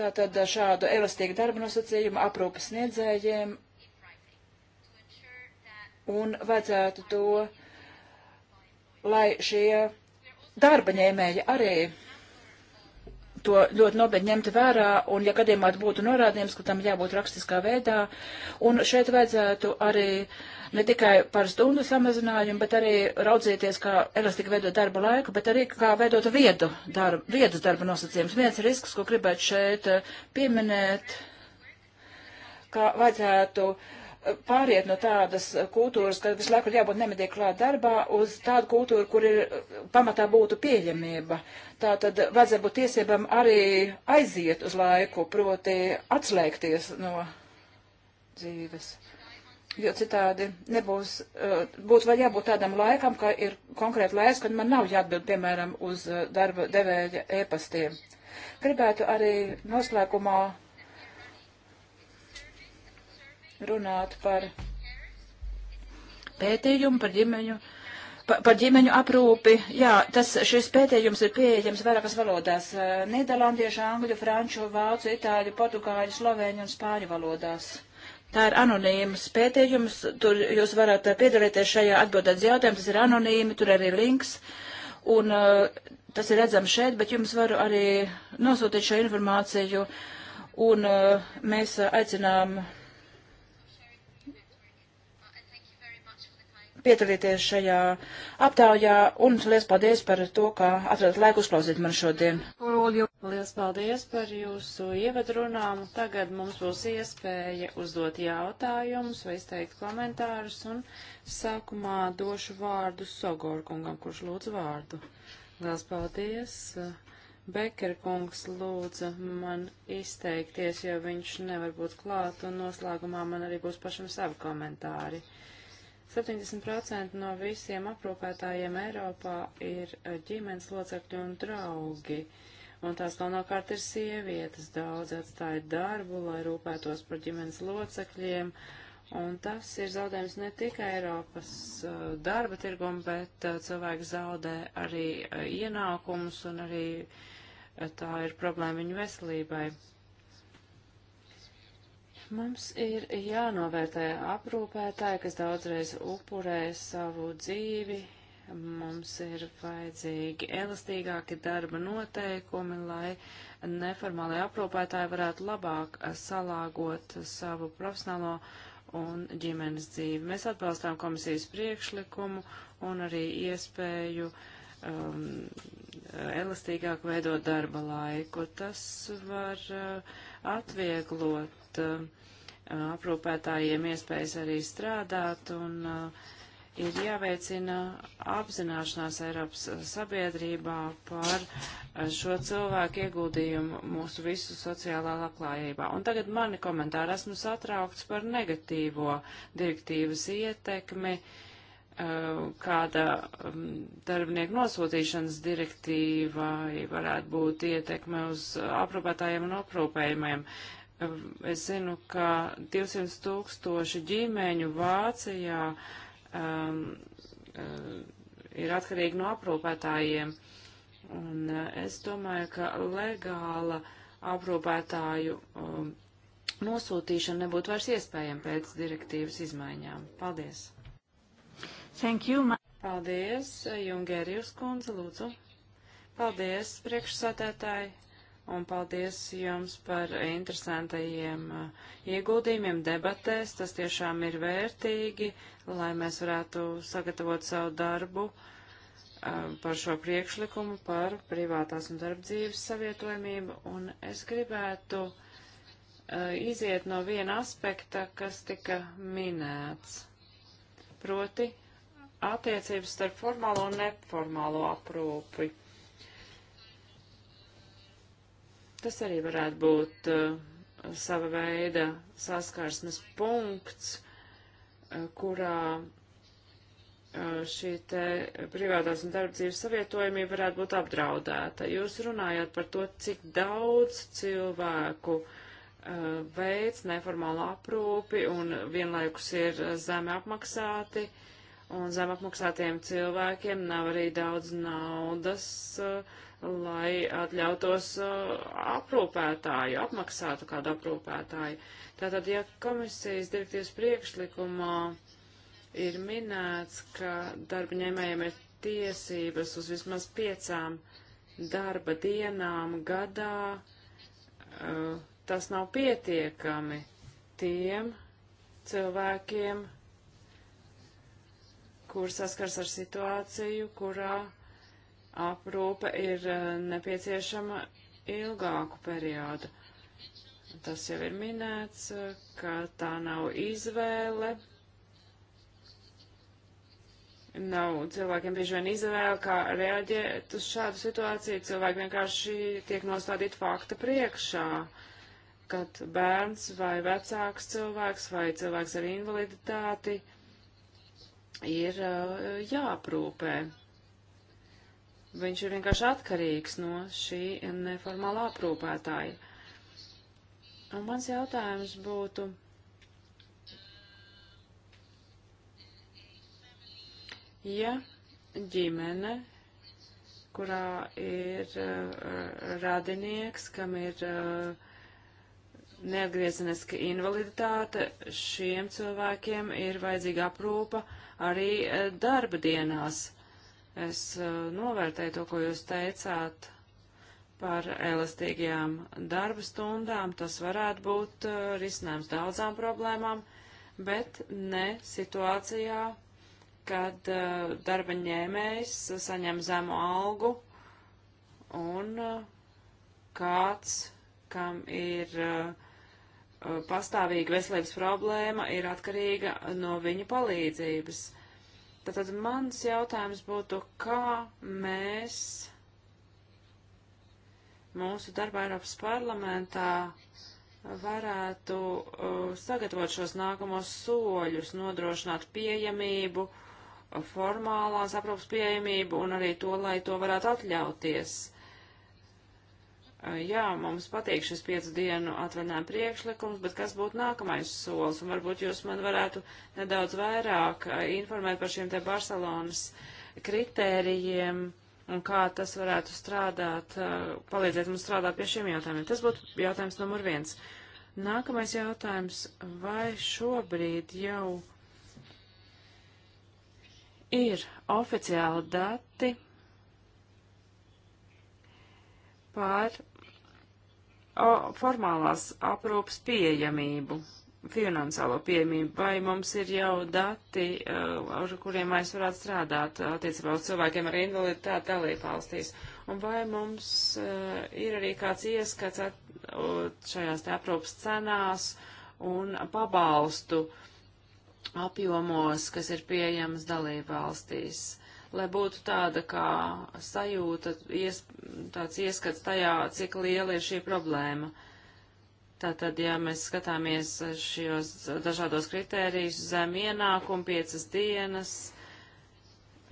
Speaker 3: Tātad uh, šādu elastīgu darba nosacījumu aprūpas sniedzējiem un vajadzētu to, lai šie darba ņēmēji arī to ļoti nopietni ņemt vērā, un ja gadījumā būtu norādījums, ka tam jābūt rakstiskā veidā, un šeit vajadzētu arī ne tikai par stundu samazinājumu, bet arī raudzīties, kā elastīgi veidot darba laiku, bet arī kā veidot viedu darbu, viedus darba nosacījumus. Viens risks, ko gribētu šeit pieminēt, kā vajadzētu uh, pāriet no tādas kultūras, ka visu laiku ir jābūt nemedīgi klāt darbā, uz tādu kultūru, kur ir pamatā būtu pieņemība. Tā tad vajadzētu būt tiesībām arī aiziet uz laiku, proti atslēgties no dzīves. Jo citādi nebūs, eh, būtu vēl jābūt tādam laikam, ka ir konkrēti laiks, kad man nav jāatbild, piemēram, uz eh, darba devēja ēpastiem. Gribētu arī noslēgumā runāt par pētījumu, par ģimeņu. Pa, par ģimeņu aprūpi, jā, tas, šis pētījums ir pieejams vairākas valodās eh, - nīderlandiešu, angļu, franču, vācu, itāļu, portugāļu, slovēņu un spāņu valodās. Tā ir anonīmas pētījums, tur jūs varat eh, piedalīties šajā atbildēt jautājumu, tas ir anonīmi, tur arī links, un uh, tas ir redzams šeit, bet jums varu arī nosūtīt šo informāciju, un uh, mēs aicinām. Uh, piedalīties šajā aptaujā, un liels paldies par to, ka atradat laiku uzklausīt mani šodien.
Speaker 1: Liels paldies par jūsu ievadrunām. Tagad mums būs iespēja uzdot jautājumus vai izteikt komentārus, un sākumā došu vārdu Sogorkungam, kurš lūdz vārdu. Liels paldies! Bekerkungs lūdza man izteikties, jo viņš nevar būt klāt, un noslēgumā man arī būs pašam savi komentāri. Uh, 70% no visiem aprūpētājiem Eiropā ir e, ģimenes locekļi un draugi, un tās galvenokārt ir sievietes. Daudz atstāja darbu, lai rūpētos par ģimenes locekļiem, un tas ir zaudējums ne tikai Eiropas uh, darba tirgumu, bet uh, cilvēki zaudē arī uh, ienākumus, un arī tā ir problēma viņu veselībai. Mums ir jānovērtē aprūpētāji, kas daudzreiz upurē savu dzīvi. Mums ir vajadzīgi elastīgāki darba noteikumi, lai neformālai aprūpētāji varētu labāk salāgot savu profesionālo un ģimenes dzīvi. Mēs atbalstām komisijas priekšlikumu un arī iespēju um, elastīgāk veidot darba laiku. Tas var uh, atvieglot dot um, aprūpētājiem iespējas arī strādāt un uh, ir jāveicina apzināšanās Eiropas sabiedrībā par uh, šo cilvēku ieguldījumu mūsu visu sociālā labklājībā. Un tagad mani komentāri esmu satraukts par negatīvo direktīvas ietekmi uh, kāda um, darbinieku nosūtīšanas direktīva varētu būt ietekme uz aprūpētājiem un aprūpējumiem. Es zinu, ka 200 tūkstoši ģimeņu Vācijā um, ir atkarīgi no aprūpētājiem. Un e, es domāju, ka legāla aprūpētāju um, nosūtīšana nebūtu vairs iespējama pēc direktīvas izmaiņām. Paldies! Thank you. Ma Paldies, Jungērijus kundze, lūdzu. Paldies, priekšsādētāji un paldies jums par interesantajiem uh, ieguldījumiem debatēs. Tas tiešām ir vērtīgi, lai mēs varētu sagatavot savu darbu uh, par šo priekšlikumu par privātās un darba dzīves savietojamību, un es gribētu uh, iziet no viena aspekta, kas tika minēts, proti attiecības starp formālo un neformālo aprūpi. Tas arī varētu būt uh, sava veida saskarsmes punkts, uh, kurā uh, šī te privātās un darba dzīves savietojumība varētu būt apdraudēta. Jūs runājāt par to, cik daudz cilvēku uh, veids neformālu aprūpi un vienlaikus ir zemi apmaksāti, un zem apmaksātiem cilvēkiem nav arī daudz naudas uh, lai atļautos uh, aprūpētāju, apmaksātu kādu aprūpētāju. Tātad, ja komisijas direktīvas priekšlikumā ir minēts, ka darba ņēmējiem ir tiesības uz vismaz piecām darba dienām gadā, uh, tas nav pietiekami tiem cilvēkiem, kur saskars ar situāciju, kurā uh, aprūpe ir eh, nepieciešama ilgāku periodu. Tas jau ir minēts, ka tā nav izvēle. Nav cilvēkiem bieži vien izvēle, kā reaģēt uz šādu situāciju. Cilvēki vienkārši tiek nostādīti fakta priekšā, kad bērns vai vecāks cilvēks vai cilvēks ar invaliditāti ir eh, jāprūpē. Viņš ir vienkārši atkarīgs no šī neformālā aprūpētāja. Un mans jautājums būtu, ja ģimene, kurā ir uh, radinieks, kam ir uh, neatgriezeniska invaliditāte, šiem cilvēkiem ir vajadzīga aprūpa arī uh, darba dienās. Uh, Es eh, novērtēju to, ko jūs teicāt par elastīgajām darba stundām. Tas varētu būt eh, risinājums daudzām problēmām, bet ne situācijā, kad eh, darba ņēmējs saņem zemu algu un kāds, kam ir pastāvīga veselības problēma, ir atkarīga no viņa palīdzības. Uh, Tātad mans jautājums būtu, kā mēs mūsu darbā Eiropas parlamentā varētu uh, sagatavot šos nākamos soļus, nodrošināt pieejamību, formālās aprūpas pieejamību un arī to, lai to varētu atļauties jā, mums patīk šis piecu dienu atvaļinājuma priekšlikums, bet kas būtu nākamais solis? Un varbūt jūs man varētu nedaudz vairāk informēt par šiem te Barcelonas kritērijiem un kā tas varētu strādāt, palīdzēt mums strādāt pie šiem jautājumiem. Tas būtu jautājums numur viens. Nākamais jautājums, vai šobrīd jau ir oficiāli dati par formālās aprūpas pieejamību, finansiālo pieejamību, vai mums ir jau dati, e, ar kuriem mēs varētu strādāt e, attiecībā uz cilvēkiem ar invaliditāti dalībvalstīs, un vai mums e, ir arī kāds ieskats at, šajās te aprūpas cenās un pabalstu apjomos, kas ir pieejams dalībvalstīs. valstīs lai būtu tāda kā sajūta, ies, tāds ieskats tajā, cik liela ir šī problēma. Tātad, ja mēs skatāmies šos dažādos kritērijus, zem ienākumu, piecas dienas,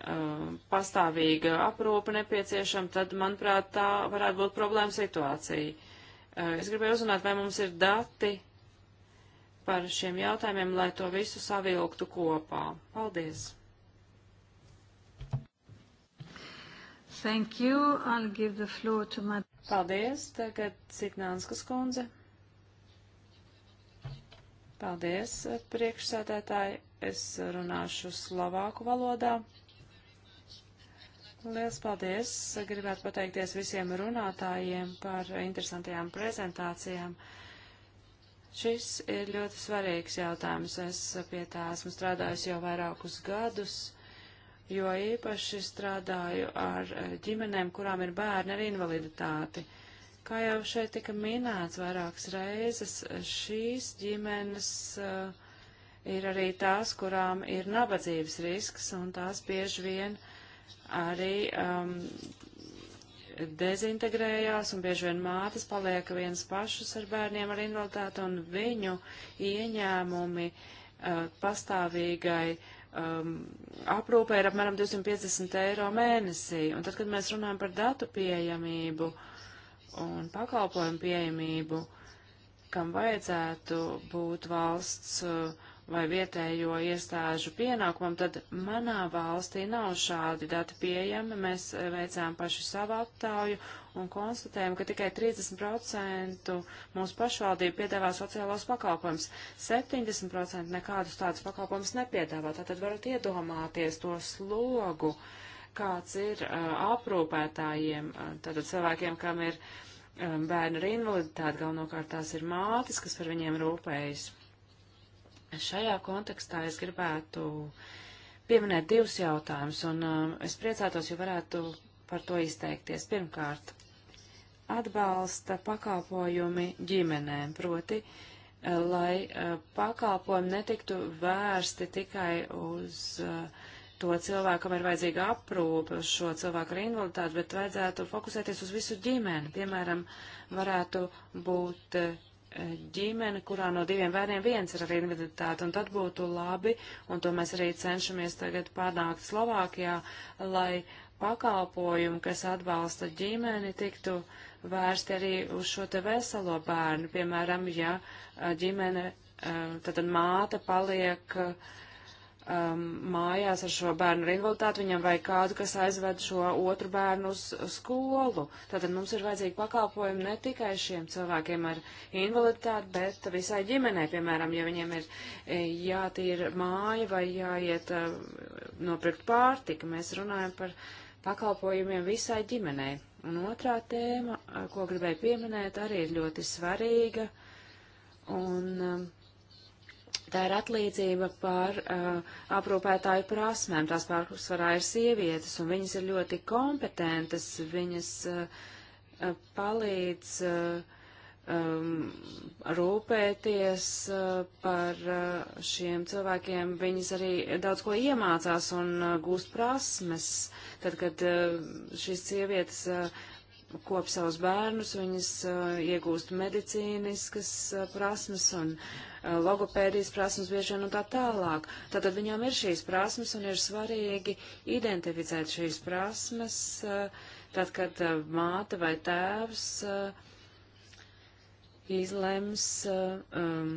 Speaker 1: um, pastāvīga aprūpa nepieciešama, tad, manuprāt, tā varētu būt problēma situācija. Uh, es gribēju uzzināt, vai mums ir dati par šiem jautājumiem, lai to visu savilktu kopā. Paldies! Thank you. I'll give the floor to my... Paldies. Tagad Citnānskas kundze. Paldies, priekšsēdētāji. Es runāšu slovāku valodā. Liels paldies! Gribētu pateikties visiem runātājiem par interesantajām prezentācijām. Šis ir ļoti svarīgs jautājums. Es pie tā esmu strādājusi jau vairākus gadus jo īpaši strādāju ar eh, ģimenēm, kurām ir bērni ar invaliditāti. Kā jau šeit tika minēts vairākas reizes, šīs ģimenes uh, ir arī tās, kurām ir nabadzības risks, un tās bieži vien arī um, dezintegrējās, un bieži vien mātes paliek viens pašas ar bērniem ar invaliditāti, un viņu ieņēmumi uh, pastāvīgai uh, um, aprūpē ir apmēram 250 eiro mēnesī. Un tad, kad mēs runājam par datu pieejamību un pakalpojumu pieejamību, kam vajadzētu būt valsts uh, vai vietējo iestāžu pienākumam, tad manā valstī nav šādi dati pieejami. Mēs eh, veicām paši savu aptauju un konstatējam, ka tikai 30% mūsu pašvaldību piedāvā sociālos pakalpojumus, 70% nekādus tādus pakalpojumus nepiedāvā. Tātad varat iedomāties to slogu, kāds ir uh, aprūpētājiem, eh, tātad cilvēkiem, kam ir um, bērni ar invaliditāti, galvenokārt tās ir mātes, kas par viņiem rūpējas. Šajā kontekstā es gribētu pieminēt divus jautājumus, un um, es priecātos, ja varētu par to izteikties. Pirmkārt, atbalsta pakāpojumi ģimenēm, proti, uh, lai uh, pakāpojumi netiktu vērsti tikai uz uh, to cilvēkam ir vajadzīga aprūpe uz šo cilvēku ar invaliditāti, bet vajadzētu fokusēties uz visu ģimeni. Piemēram, varētu būt uh, ģimene, kurā no diviem bērniem viens ir ar invaliditāti, un tad būtu labi, un to mēs arī cenšamies tagad panākt Slovākijā, lai pakalpojumi, kas atbalsta ģimeni, tiktu vērsti arī uz šo te veselo bērnu. Piemēram, ja ģimene, eh, tad māte paliek uh, um, mājās ar šo bērnu ar invaliditāti, viņam vajag kādu, kas aizved šo otru bērnu uz skolu. Tātad mums ir vajadzīgi pakalpojumi ne tikai šiem cilvēkiem ar invaliditāti, bet visai ģimenei, piemēram, ja viņiem ir e, jātīra māja vai jāiet uh, nopirkt pārtika. Mēs runājam par pakalpojumiem visai ģimenei. Un otrā tēma, e, ko gribēju pieminēt, arī ir ļoti svarīga. Un, um, Tā ir atlīdzība par uh, aprūpētāju prasmēm. Tās pārsvarā ir sievietes, un viņas ir ļoti kompetentas. Viņas uh, uh, palīdz uh, um, rūpēties uh, par uh, šiem cilvēkiem. Viņas arī daudz ko iemācās un uh, gūst prasmes. Tad, kad uh, šīs sievietes uh, kop savus bērnus, viņas uh, iegūst medicīniskas uh, prasmes un Eh, logopēdijas prasmes bieži vien un tā tālāk. Tātad viņām ir šīs prasmes un ir svarīgi identificēt šīs prasmes, eh, tad, kad eh, māte vai tēvs izlems um,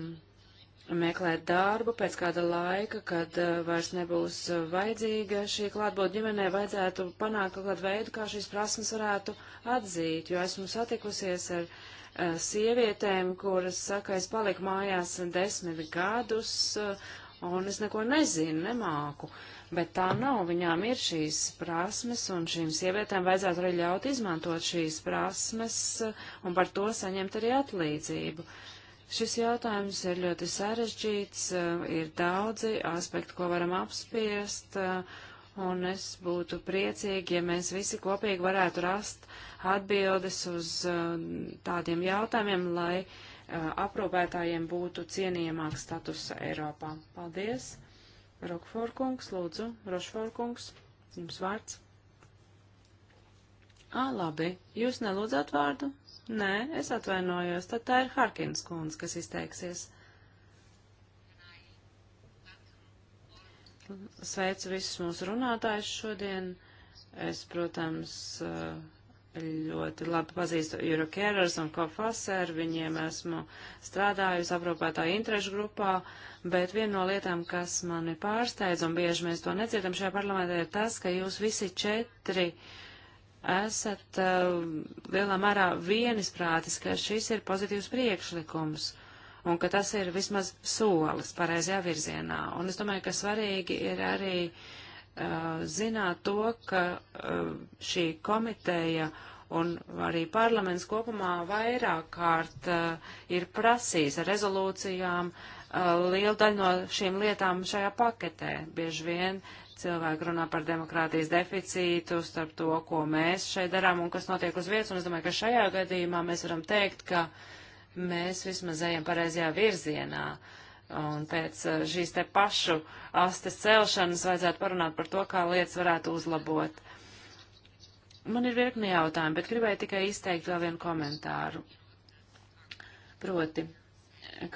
Speaker 1: meklēt darbu pēc kāda laika, kad uh, vairs nebūs uh, vajadzīga šī klātbūt ģimenē, vajadzētu panākt kaut kādu veidu, kā šīs prasmes varētu atzīt, jo esmu satikusies ar uh, Eh, sievietēm, kuras saka, es paliku mājās desmit gadus eh, un es neko nezinu, nemāku. Bet tā nav, viņām ir šīs prasmes, un šīm sievietēm vajadzētu arī ļaut izmantot šīs prasmes eh, un par to saņemt arī atlīdzību. Šis jautājums ir ļoti sarežģīts, ir daudzi aspekti, ko varam apspiest, un es būtu priecīgi, ja mēs visi kopīgi varētu rast atbildes uz um, tādiem jautājumiem, lai uh, aprūpētājiem būtu cienījamāks status Eiropā. Paldies! Rokforkungs, lūdzu, Rošforkungs, jums vārds. Ā, labi, jūs nelūdzat vārdu? Nē, es atvainojos, tad tā ir Harkins kundze, kas izteiksies. Sveicu visus mūsu runātājus šodien. Es, protams, eh, ļoti labi pazīstu Eurocarers un Kofaser, viņiem esmu strādājusi aprūpētāju interešu grupā, bet viena no lietām, kas mani pārsteidz, un bieži mēs to nedzirdam šajā parlamentā, ir tas, ka jūs visi četri esat uh, lielā mērā vienisprātis, ka šis ir pozitīvs priekšlikums. Uh, un ka tas ir vismaz solis pareizajā virzienā. Un es domāju, ka svarīgi ir arī uh, zināt to, ka uh, šī komiteja un arī parlaments kopumā vairāk kārt uh, ir prasījis ar rezolūcijām uh, lielu daļu no šīm lietām šajā paketē. Bieži vien cilvēki runā par demokrātijas deficītu, starp to, ko mēs šeit darām un kas notiek uz vietas. Un es domāju, ka šajā gadījumā mēs varam teikt, ka uh, mēs vismaz ejam pareizajā virzienā. Un pēc eh, šīs te pašu astes celšanas vajadzētu parunāt par to, kā lietas varētu uzlabot. Man ir virkni jautājumi, bet gribēju tikai izteikt vēl vienu komentāru. Proti,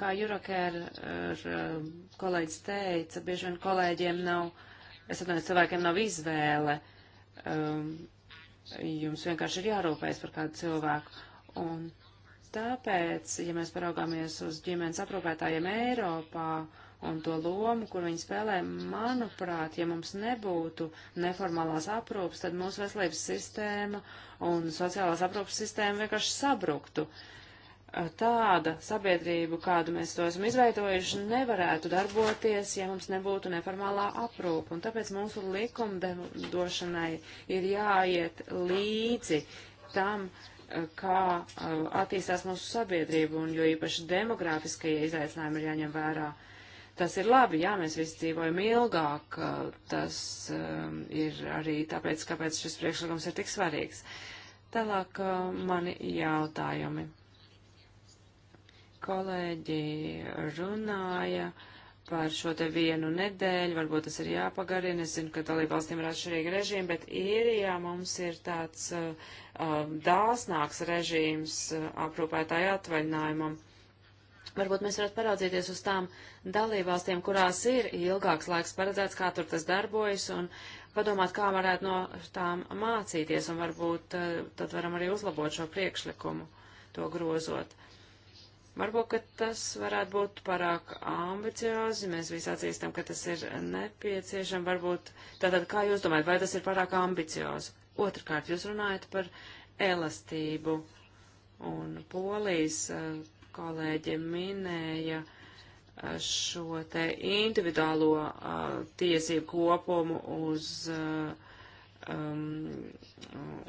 Speaker 1: kā Jurokēra eh, kolēģis teica, bieži vien kolēģiem nav, es atvainojos, cilvēkiem nav izvēle. Um, jums vienkārši ir jārūpējas par kādu cilvēku. Un Tāpēc, ja mēs paraugāmies uz ģimenes aprūpētājiem Eiropā, un to lomu, kur viņi spēlē, manuprāt, ja mums nebūtu neformālās aprūpas, tad mūsu veselības sistēma un sociālās aprūpas sistēma vienkārši sabruktu. Tāda sabiedrība, kādu mēs to esam izveidojuši, nevarētu darboties, ja mums nebūtu neformālā aprūpa. Un tāpēc mūsu likumdošanai ir jāiet līdzi tam, kā uh, attīstās mūsu sabiedrība, un jo īpaši demografiskajie izaicinājumi ir jāņem vērā. Tas ir labi, jā, mēs visi dzīvojam ilgāk, uh, tas um, ir arī tāpēc, kāpēc šis priekšlikums ir tik svarīgs. Tālāk uh, mani jautājumi. Kolēģi runāja. Uh, par šo te vienu nedēļu, varbūt tas ir jāpagarina, es zinu, ka dalībvalstīm ir atšķirīgi režīmi, bet īrijā mums ir tāds uh, um, dāsnāks režīms uh, aprūpētāju atvaļinājumam. Varbūt mēs varētu paraudzīties uz tām dalībvalstīm, kurās ir ilgāks laiks paredzēts, kā tur tas darbojas, un padomāt, kā varētu no tām mācīties, un varbūt uh, tad varam arī uzlabot šo priekšlikumu, to grozot. Varbūt, ka tas varētu būt pārāk ambiciozi, mēs visi atzīstam, ka tas ir nepieciešams, varbūt, tātad, kā jūs domājat, vai tas ir pārāk ambiciozi? Otrkārt, jūs runājat par elastību, un polijas eh, kolēģi minēja eh, šo te individuālo a, eh, tiesību kopumu uz a, um,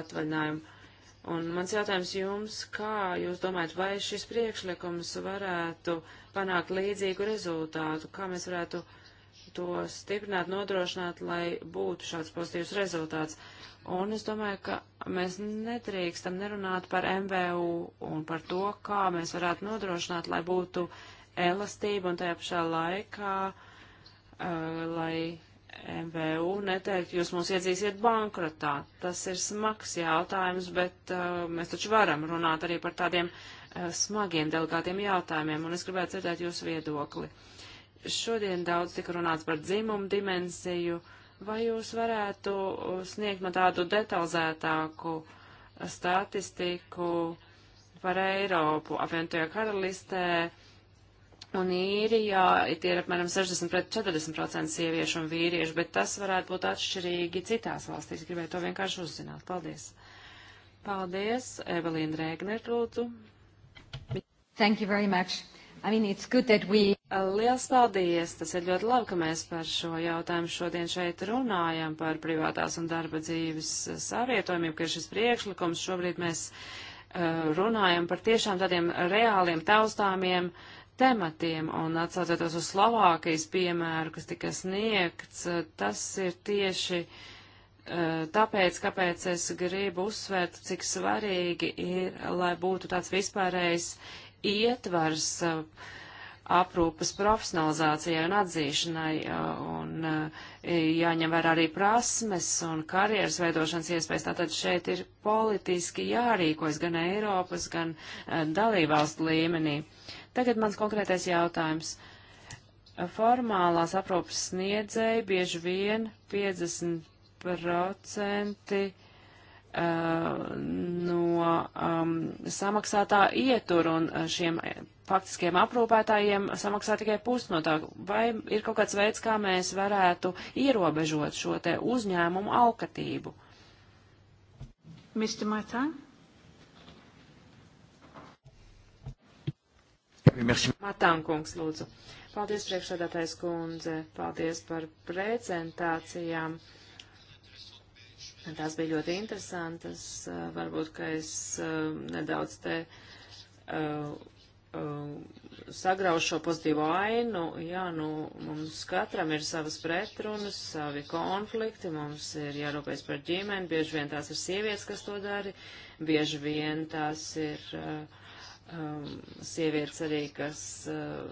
Speaker 1: atvaļinājumu Un mans jautājums jums, kā jūs domājat, vai šis priekšlikums varētu panākt līdzīgu rezultātu, kā mēs varētu to stiprināt, nodrošināt, lai būtu šāds pozitīvs rezultāts. Un es domāju, ka mēs nedrīkstam nerunāt par MVU un par to, kā mēs varētu nodrošināt, lai būtu elastība un tajā pašā laikā, uh, lai MVU neteikt, jūs mūs iedzīsiet bankrotā. Tas ir smags jautājums, bet uh, mēs taču varam runāt arī par tādiem uh, smagiem, delikātiem jautājumiem, un es gribētu dzirdēt jūsu viedokli. Šodien daudz tika runāts par dzimumu dimensiju. Vai jūs varētu uh, sniegt man tādu detalizētāku uh, statistiku par Eiropu, apvienotajā karalistē? Uh, un īrijā tie ir apmēram 60 pret 40% sieviešu un vīriešu, bet tas varētu būt atšķirīgi citās valstīs. Gribēju to vienkārši uzzināt. Paldies. Paldies. Evelīna Rēgner, lūdzu. Thank you very much. I mean, it's good that we... Liels paldies! Tas ir ļoti labi, ka mēs par šo jautājumu šodien šeit runājam, par privātās un darba dzīves savietojumību, ka šis priekšlikums šobrīd mēs uh, runājam par tiešām tādiem reāliem taustāmiem uh, tematiem, un atsaucoties uz Slovākijas piemēru, kas tika sniegts, eh, tas ir tieši eh, tāpēc, kāpēc es gribu uzsvērt, cik svarīgi ir, lai būtu tāds vispārējs ietvars eh, aprūpas profesionalizācijai un atzīšanai, un jāņem vērā arī prasmes un karjeras veidošanas iespējas. Tātad šeit ir politiski jārīkojas gan Eiropas, gan dalībvalstu līmenī. Tagad mans konkrētais jautājums. Formālās aprūpas sniedzēji bieži vien 50% uh, no um, samaksātā ietur un uh, šiem faktiskiem aprūpētājiem samaksā tikai pusi no tā. Vai ir kaut kāds veids, kā mēs varētu ierobežot šo te uzņēmumu alkatību? Mr. Martin? Merci. Matānkungs, lūdzu. Paldies, priekšsēdātais kundze. Paldies par prezentācijām. Tās bija ļoti interesantas. Uh, varbūt, ka es uh, nedaudz te uh, sagraušu šo pozitīvo ainu. Jā, nu, mums katram ir savas pretrunas, savi konflikti, mums ir jārūpējas par ģimeni, bieži vien tās ir sievietes, kas to dara, bieži vien tās ir uh, um, sievietes arī, kas uh,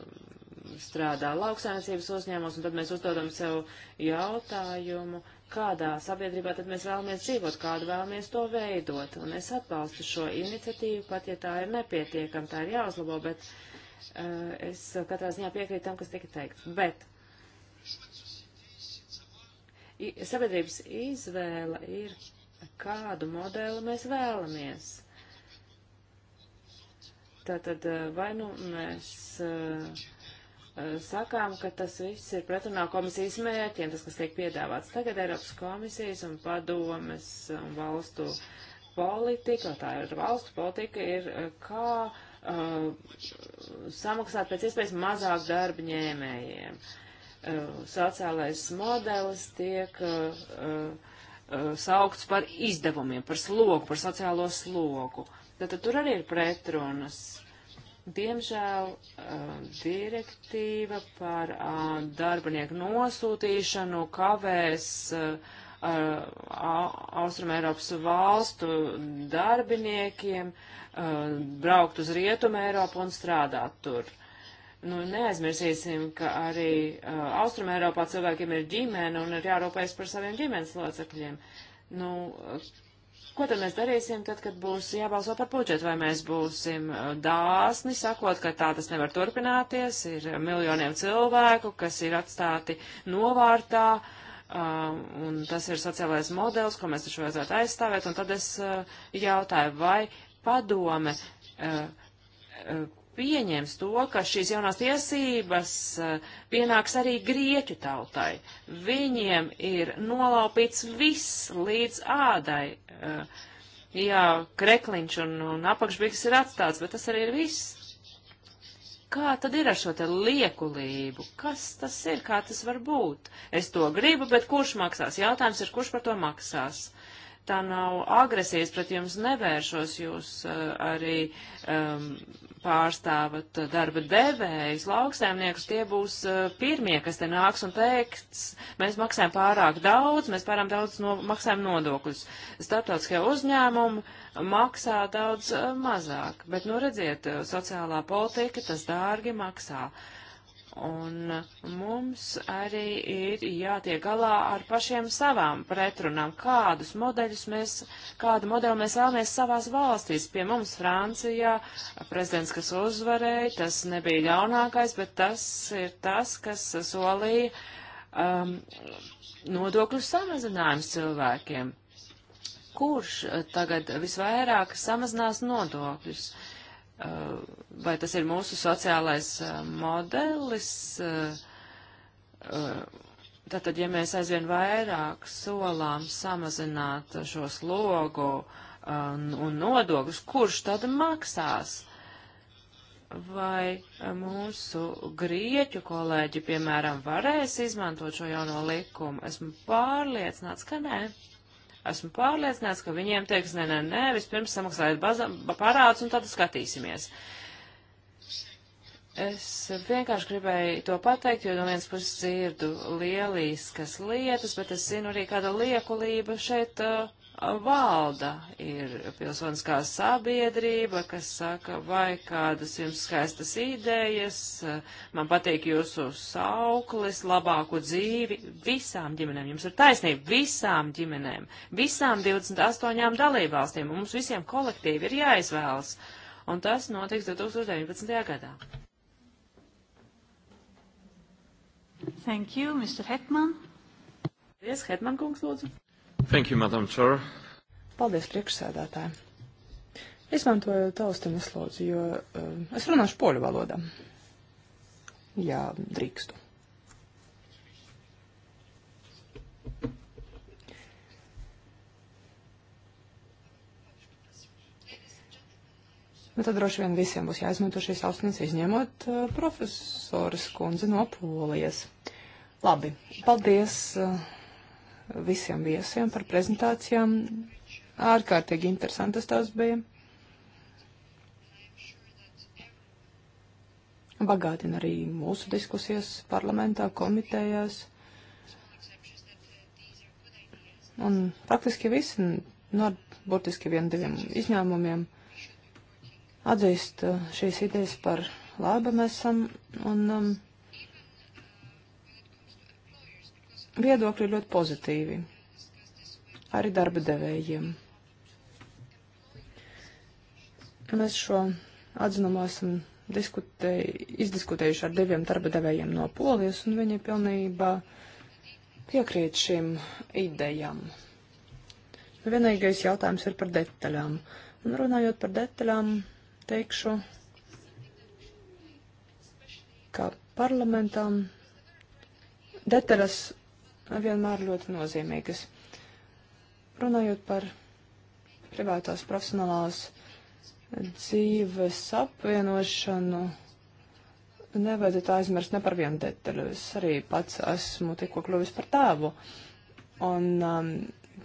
Speaker 1: strādā lauksainiecības uzņēmumos, un tad mēs uzdodam sev jautājumu, kādā sabiedrībā tad mēs vēlamies dzīvot, kādu vēlamies to veidot. Un es atbalstu šo iniciatīvu, pat ja tā ir nepietiekama, tā ir jāuzlabo, bet uh, es katrā ziņā piekrītu tam, kas tika teikts. Bet sabiedrības izvēle ir, kādu modeli mēs vēlamies Tātad eh, vai nu mēs eh, eh, sakām, ka tas viss ir pretrunā komisijas mērķiem, tas, kas tiek piedāvāts tagad Eiropas komisijas un padomes un valstu politika, tā ir valstu politika, ir kā uh, samaksāt pēc iespējas mazāk darba ņēmējiem. Uh, sociālais modelis tiek uh, saukts par izdevumiem, par slogu, par sociālo slogu. Uh, Tātad tur arī ir pretrunas. Diemžēl uh, direktīva par uh, darbinieku nosūtīšanu kavēs uh, uh Austrum Eiropas valstu darbiniekiem uh, braukt uz Rietumu Eiropu un strādāt tur. Nu, neaizmirsīsim, ka arī uh, Austrum Eiropā cilvēkiem ir ģimene un ir jārūpējas par saviem ģimenes locekļiem. Nu, Ko tad mēs darīsim, tad, kad būs jābalso par budžetu? Vai mēs būsim uh, dāsni, sakot, ka tā tas nevar turpināties, ir miljoniem cilvēku, kas ir atstāti novārtā, um, un tas ir sociālais modelis, ko mēs taču vajadzētu aizstāvēt, un tad es uh, jautāju, vai padome. Uh, uh, pieņems to, ka šīs jaunās tiesības uh, pienāks arī grieķu tautai. Viņiem ir nolaupīts viss līdz ādai, uh, jā, krekliņš un, un apakšbiks ir atstāts, bet tas arī ir viss. Kā tad ir ar šo te liekulību? Kas tas ir? Kā tas var būt? Es to gribu, bet kurš maksās? Jautājums ir, kurš par to maksās? Tā nav agresijas pret jums nevēršos, jūs uh, arī um, pārstāvat darba devējus, lauksēmniekus, tie būs uh, pirmie, kas te nāks un teiks, mēs maksājam pārāk daudz, mēs pārāk daudz no, maksājam nodokļus. Startautiskie uzņēmumi maksā daudz uh, mazāk, bet, nu redziet, uh, sociālā politika tas dārgi maksā. Uh, Un mums arī ir jātiek galā ar pašiem savām pretrunām, kādus modeļus mēs, kādu modelu mēs vēlamies savās valstīs. Pie mums Francijā prezidents, kas uzvarēja, tas nebija ļaunākais, bet tas ir tas, kas solīja um, nodokļu samazinājums cilvēkiem. Kurš tagad visvairāk samazinās nodokļus? Uh, Eh, vai tas ir mūsu sociālais eh, modelis. Eh, tātad, ja mēs aizvien vairāk solām samazināt šo slogu un nodokļus, kurš tad maksās? Vai mūsu grieķu kolēģi, piemēram, varēs izmantot šo jauno likumu? Esmu pārliecināts, ka nē. Esmu pārliecināts, ka viņiem teiks, nē, nē, nē, vispirms samaksājiet baza, parāds un tad skatīsimies. Es vienkārši gribēju to pateikt, jo no vienas puses dzirdu lieliskas lietas, bet es zinu arī kādu liekulību šeit uh, valda. Ir pilsoniskā sabiedrība, kas saka, vai kādas jums skaistas idejas, man patīk jūsu sauklis, labāku dzīvi. Visām ģimenēm, jums ir taisnība, visām ģimenēm, visām 28 dalībvalstīm, mums visiem kolektīvi ir jāizvēlas. Un tas notiks 2019. gadā.
Speaker 2: Thank you, Mr. Hetman. Yes, Hetman kungs, lūdzu. Thank you,
Speaker 1: Madam Chair.
Speaker 2: Paldies, priekšsēdētāji. Izmantoju taustinu slodzi, jo uh, es runāšu poļu valodā. Jā, drīkstu. Nu, tad droši vien visiem būs jāizmanto šīs austiņas, izņemot uh, profesoras kundzi no Polijas. Labi, paldies. Uh, visiem viesiem par prezentācijām. Ārkārtīgi interesantas tās bija. Bagātina arī mūsu diskusijas parlamentā, komitejās. Un praktiski visi, nu, ar burtiski vienu diviem izņēmumiem, atzīst uh, šīs idejas par labu mēs esam. Un, um, viedokļi ir ļoti pozitīvi arī darba devējiem. Mēs šo atzinumu esam diskutē, izdiskutējuši ar diviem darba devējiem no Polijas, un viņi pilnībā piekrīt šīm idejām. Vienīgais jautājums ir par detaļām. Un runājot par detaļām, teikšu, ka parlamentam detaļas vienmēr ļoti nozīmīgas. Runājot par privātās profesionālās dzīves apvienošanu, nevajadzētu aizmirst ne par vienu detaļu. Es arī pats esmu tikko kļuvis par tēvu. Un um,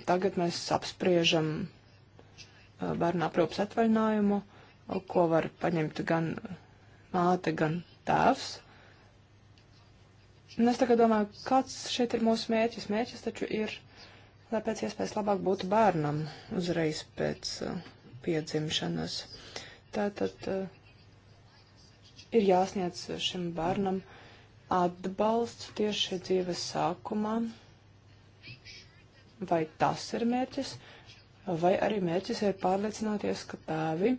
Speaker 2: tagad mēs apspriežam uh, bērnu aprūpas atvaļinājumu, ko var paņemt gan māte, gan tēvs. Un nu, es tagad domāju, kāds šeit ir mūsu mērķis. Mērķis taču ir, lai pēc iespējas labāk būtu bērnam uzreiz pēc uh, piedzimšanas. Tātad uh, ir jāsniedz šim bērnam atbalsts tieši dzīves sākumā. Vai tas ir mērķis? vai arī mērķis ir pārliecināties, ka tēvi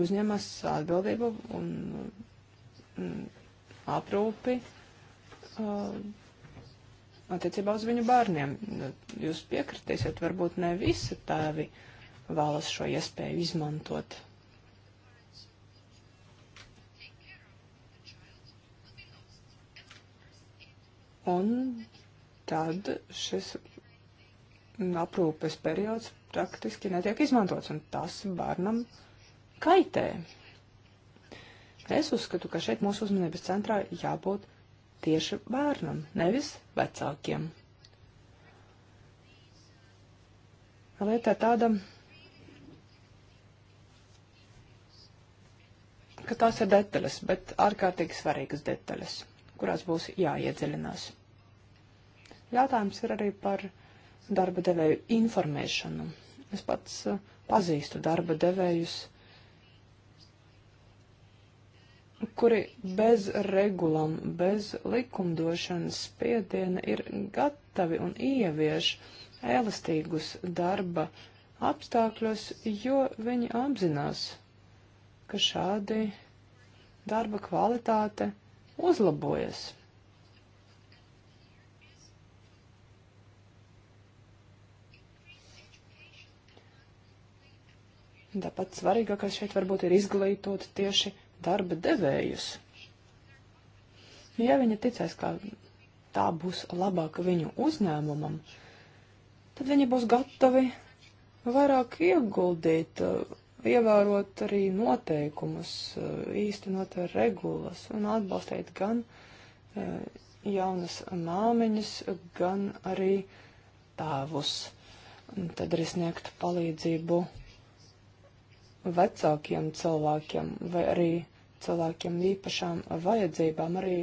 Speaker 2: uzņemas atbildību un aprūpi Uh, attiecībā uz viņu bērniem. Jūs piekritīsiet, varbūt ne visi tēvi vēlas šo iespēju izmantot. Un tad šis aprūpes periods praktiski netiek izmantots, un tas bērnam kaitē. Es uzskatu, ka šeit mūsu uzmanības centrā jābūt tieši bērnam, nevis vecākiem. Lieta tāda, ka tās ir detaļas, bet ārkārtīgi svarīgas detaļas, kurās būs jāiedziļinās. Jautājums ir arī par darba devēju informēšanu. Es pats uh, pazīstu darba devējus kuri bez regulām, bez likumdošanas spiediena ir gatavi un ievieš elastīgus darba apstākļos, jo viņi apzinās, ka šādi darba kvalitāte uzlabojas. Tāpat svarīgākais šeit varbūt ir izglītot tieši darba devējus. Ja viņi ticēs, ka tā būs labāka viņu uzņēmumam, tad viņi būs gatavi vairāk ieguldīt, eh, ievērot arī noteikumus, eh, īstenot regulas un atbalstīt gan eh, jaunas māmiņas, gan arī tēvus. Tad arī sniegt palīdzību vecākiem cilvēkiem vai arī cilvēkiem īpašām vajadzībām. Arī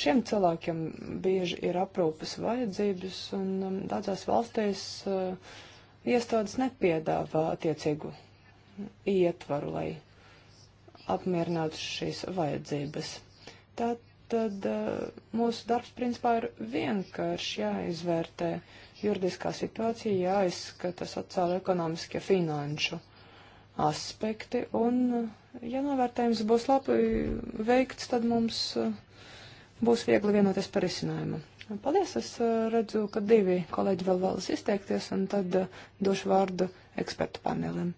Speaker 2: šiem cilvēkiem bieži ir aprūpas vajadzības, un um, daudzās valstīs uh, iestādes nepiedāvā attiecīgu ietvaru, lai apmierinātu šīs vajadzības. Tātad uh, mūsu darbs principā ir vienkārši jāizvērtē juridiskā situācija, jāizskata sociāla, ekonomiskie, finanšu uh, aspekti, un, ja novērtējums būs labi veikts, tad mums eh, būs viegli vienoties par izcinājumu. Paldies, es eh, redzu, ka divi kolēģi vēl vēlas izteikties, un tad eh, došu vārdu ekspertu panelim.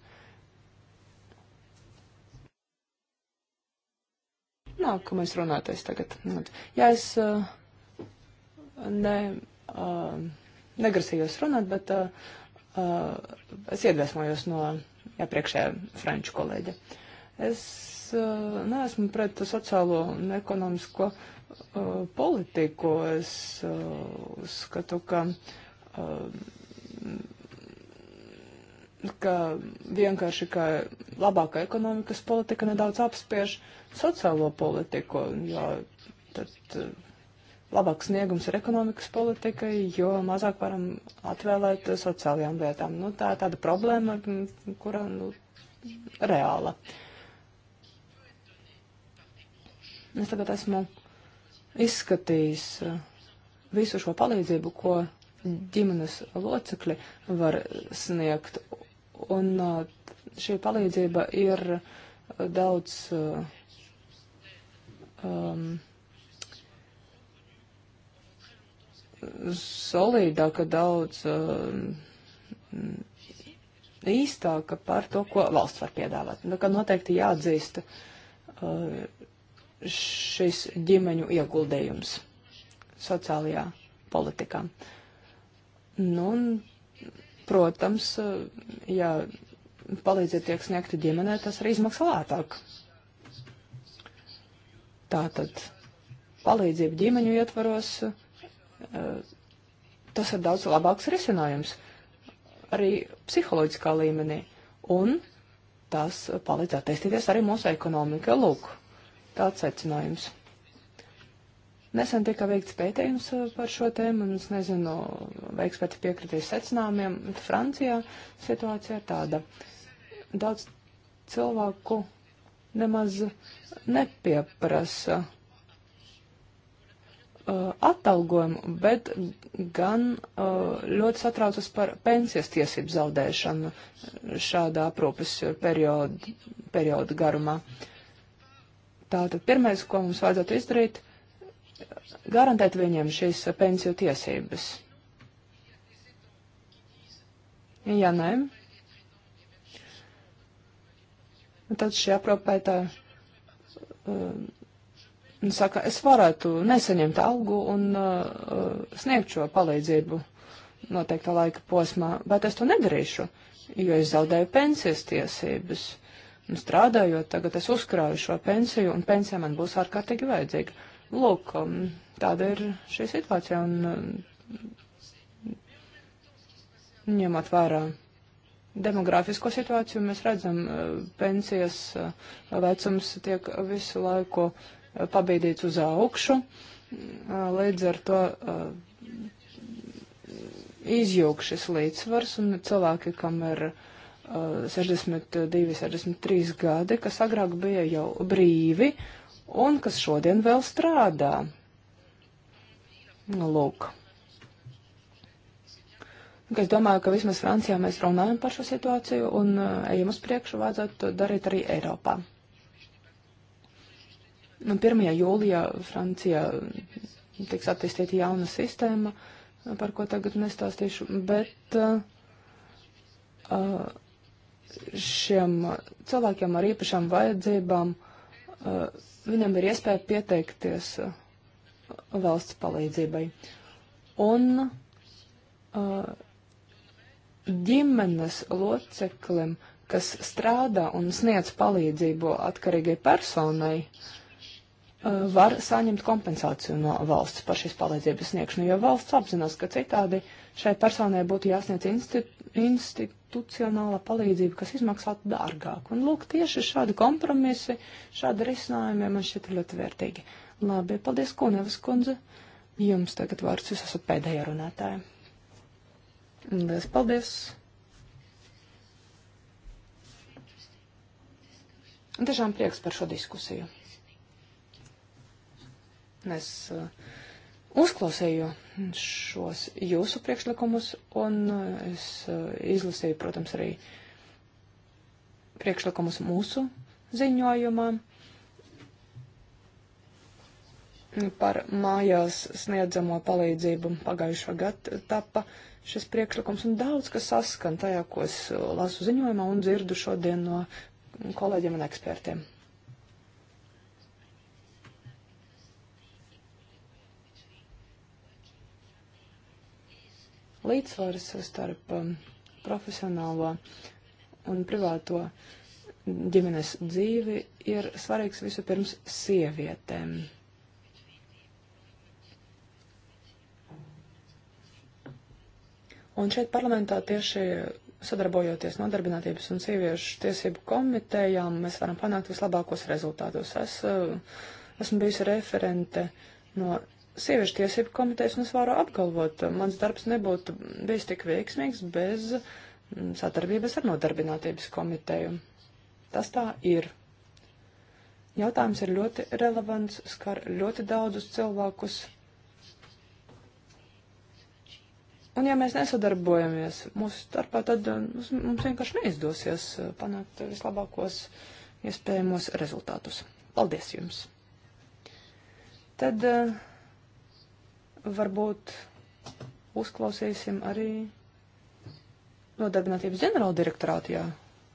Speaker 2: Nākamais runātais tagad. Jā, es ne, negrasījos runāt, bet es iedvesmojos no iepriekšējā franču kolēģe. Es uh, neesmu pret sociālo un ekonomisko uh, politiku. Es uh, eh, skatu, ka, ka vienkārši kā labāka ekonomikas politika nedaudz apspiež sociālo politiku, jo tad labāks sniegums ir ekonomikas politikai, jo mazāk varam atvēlēt sociālajām lietām. Nu, tā ir tāda problēma, kura nu, reāla. Es tagad esmu izskatījis uh, visu šo palīdzību, ko ģimenes locekļi var sniegt. Un uh, šī palīdzība ir uh, daudz. Um, solīdāka, daudz uh, īstāka par to, ko valsts var piedāvāt. Nu, ka noteikti jāatzīst uh, šis ģimeņu ieguldījums sociālajā politikā. Nu, un, protams, uh, ja palīdzība tiek sniegta ģimenē, tas arī izmaksā lētāk. Tātad palīdzība ģimeņu ietvaros uh, Eh, tas ir daudz labāks risinājums arī psiholoģiskā līmenī. Un tas palīdz attīstīties arī mūsu ekonomikai. Lūk, tāds secinājums. Nesen tika veikts pētījums eh, par šo tēmu, un es nezinu, vai eksperti piekritīs secinājumiem, bet Francijā situācija ir tāda. Daudz cilvēku nemaz nepieprasa uh, eh, uh, atalgojumu, bet gan uh, ļoti satraucas par pensijas tiesību zaudēšanu šādā aprūpes perioda, perioda garumā. Tātad pirmais, ko mums vajadzētu izdarīt, garantēt viņiem šīs pensiju tiesības. Ja nē, tad šī aprūpētāja. Uh, un nu, saka, es varētu nesaņemt algu un uh, uh, sniegt šo palīdzību noteikta laika posmā, bet es to nedarīšu, jo es zaudēju pensijas tiesības. Un nu, strādājot, tagad es uzkrāju šo pensiju, un pensija man būs ārkārtīgi vajadzīga. Lūk, um, tāda ir šī situācija, un uh, ņemot vērā demografisko situāciju, mēs redzam, uh, pensijas vecums tiek visu laiku uh, pabīdīts uz augšu, līdz ar to eh, izjūg šis līdzsvars un cilvēki, kam ir 62, eh, 63 gadi, kas agrāk bija jau brīvi un kas šodien vēl strādā. Nu, lūk. Es domāju, ka vismaz Francijā mēs runājam par šo situāciju un eh, ejam uz priekšu, vajadzētu to darīt arī Eiropā. 1. Nu, jūlijā Francijā mm, tiks attīstīta jauna sistēma, par ko tagad nestāstīšu, bet uh, uh, šiem cilvēkiem ar īpašām vajadzībām uh, viņam ir iespēja pieteikties uh, valsts palīdzībai. Un uh, ģimenes loceklim, kas strādā un sniedz palīdzību atkarīgai personai, uh, Uh, var saņemt kompensāciju no valsts par šīs palīdzības sniegšanu, jo valsts apzinās, ka citādi šai personai būtu jāsniedz institu institucionāla palīdzība, kas izmaksātu dārgāk. Un lūk, tieši šādi kompromisi, šādi risinājumi man šķiet ļoti vērtīgi. Labi, paldies, Kunevas kundze. Jums tagad vārds, jūs esat pēdējā runātāja. Lies, paldies. Un tiešām prieks par šo diskusiju. Es uh, uzklausīju šos jūsu priekšlikumus un uh, es uh, izlasīju, protams, arī priekšlikumus mūsu ziņojumā par mājās sniedzamo palīdzību pagājušā gada tapa šis priekšlikums un daudz, kas saskan tajā, ko es lasu ziņojumā un dzirdu šodien no kolēģiem un ekspertiem. līdzsvars starp um, profesionālo un privāto ģimenes dzīvi ir svarīgs vispirms sievietēm. Un šeit parlamentā tieši sadarbojoties nodarbinātības un sieviešu tiesību komitejām, mēs varam panākt vislabākos rezultātus. Es uh, esmu bijusi referente no sieviešu tiesību komitejas, un es varu apgalvot, mans darbs nebūtu bijis tik veiksmīgs bez mm, sadarbības ar nodarbinātības komiteju. Tas tā ir. Jautājums ir ļoti relevants, skar ļoti daudzus cilvēkus. Un ja mēs nesadarbojamies mūsu starpā, tad eh, mums, mums vienkārši neizdosies eh, panākt vislabākos iespējamos rezultātus. Paldies jums! Tad uh, varbūt uzklausīsim arī nodarbinātības ģenerāla direktorātu, ja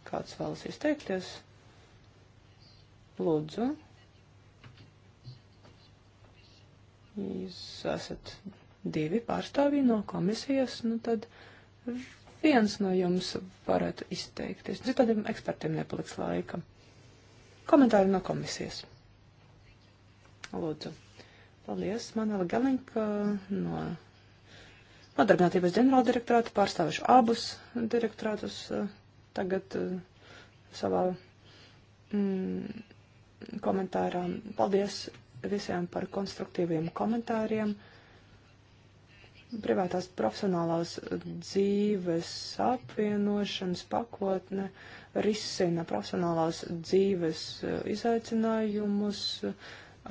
Speaker 2: kāds vēlas izteikties. Lūdzu. Jūs esat divi pārstāvji no komisijas, nu tad viens no jums varētu izteikties. Citādiem ekspertiem nepaliks laika. Komentāri no komisijas. Lūdzu. Paldies, Manela Galinka no Nodarbinātības ģenerāldirektorāta pārstāvišu abus direktorātus eh, tagad eh, savā mm, komentārā. Paldies visiem par konstruktīviem komentāriem. Privātās profesionālās dzīves apvienošanas pakotne risina profesionālās dzīves eh, izaicinājumus. Uh,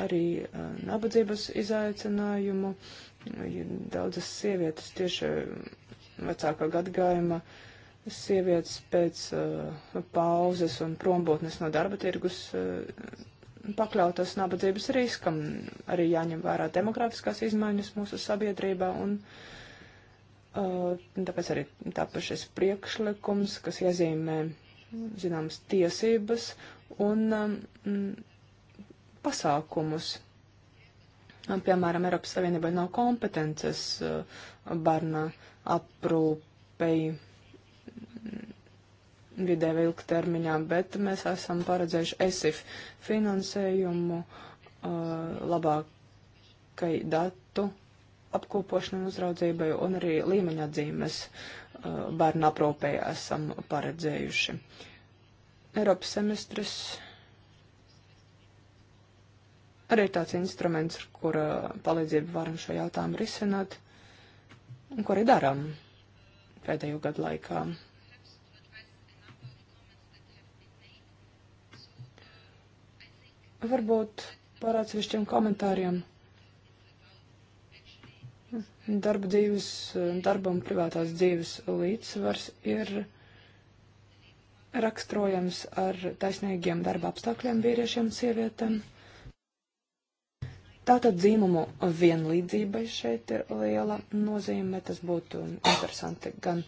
Speaker 2: arī uh, nabadzības izaicinājumu. Daudzas sievietes tieši um, vecākā gadgājuma sievietes pēc uh, pauzes un prombūtnes no darba tirgus uh, pakļautas nabadzības riskam. Arī jāņem vērā demografiskās izmaiņas mūsu sabiedrībā un uh, tāpēc arī tāpēc šis priekšlikums, kas iezīmē zināmas tiesības un um, pasākumus. Piemēram, Eiropas Savienībai nav kompetences uh, barna aprūpei mm, vidē vai ilgtermiņā, bet mēs esam paredzējuši ESIF finansējumu uh, labākai datu apkopošanai un uzraudzībai un arī līmeņa atzīmes uh, bērnu aprūpēji esam paredzējuši. Eiropas semestris arī tāds instruments, ar kura palīdzību varam šo jautājumu risināt un ko arī darām pēdējo gadu laikā. Varbūt par atsevišķiem komentāriem darba dzīves, darba un privātās dzīves līdzsvars ir raksturojams ar taisnīgiem darba apstākļiem vīriešiem un sievietēm. Uh, Tātad dzīmumu vienlīdzībai šeit ir liela nozīme. Tas būtu interesanti gan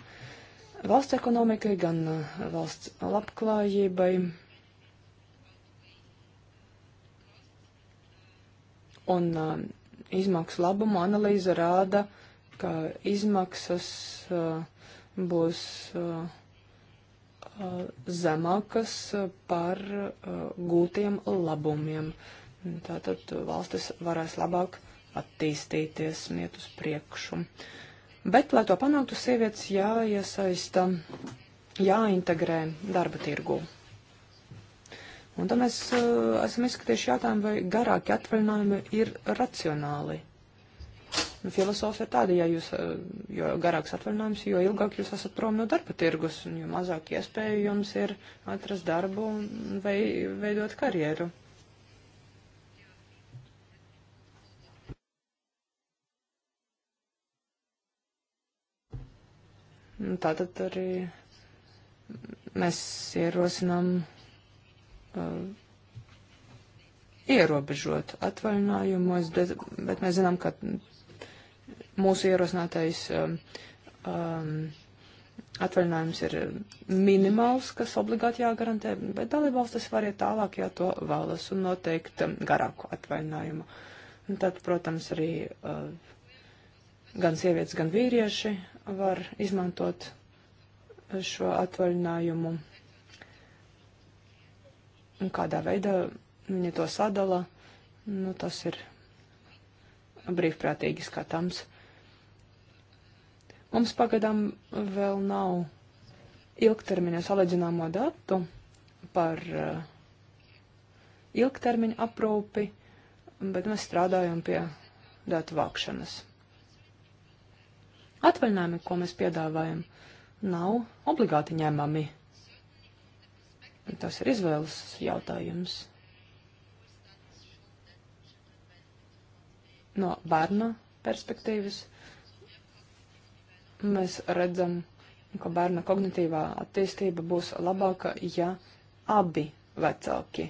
Speaker 2: valsts ekonomikai, gan eh, valsts labklājībai. Un uh, izmaksu labumu analīze rāda, ka izmaksas uh, būs uh, zemākas par uh, gūtiem labumiem. Uh, Tātad valstis varēs labāk attīstīties, iet uz priekšu. Bet, lai to panāktu, sievietes jāiesaista, jāintegrē darba tirgū. Un tad mēs uh, esam izskatījuši jautājumu, vai garāki atvaļinājumi ir racionāli. Nu, filosofija tāda, ja jūs, uh, jo garāks atvaļinājums, jo ilgāk jūs esat prom no darba tirgus, un jo mazāk iespēju jums ir atrast darbu vai veidot karjeru. Nu, tātad arī mēs ierosinām uh, ierobežot atvaļinājumus, bet, bet mēs zinām, ka mūsu ierosinātais um, um, atvaļinājums ir minimāls, kas obligāti jāgarantē, bet dalībvalstis var iet tālāk, ja to vēlas, un noteikti um, garāku atvaļinājumu. Un tad, protams, arī uh, gan sievietes, gan vīrieši var izmantot šo atvaļinājumu un kādā veidā viņi to sadala, nu, tas ir brīvprātīgi skatāms. Mums pagadām vēl nav ilgtermiņa salīdzināmo datu par uh, ilgtermiņa aprūpi, bet mēs strādājam pie datu vākšanas. Atvaļinājumi, ko mēs piedāvājam, nav obligāti ņemami. Tas ir izvēles jautājums. No bērna perspektīvas mēs redzam, ka bērna kognitīvā attīstība būs labāka, ja abi vecāki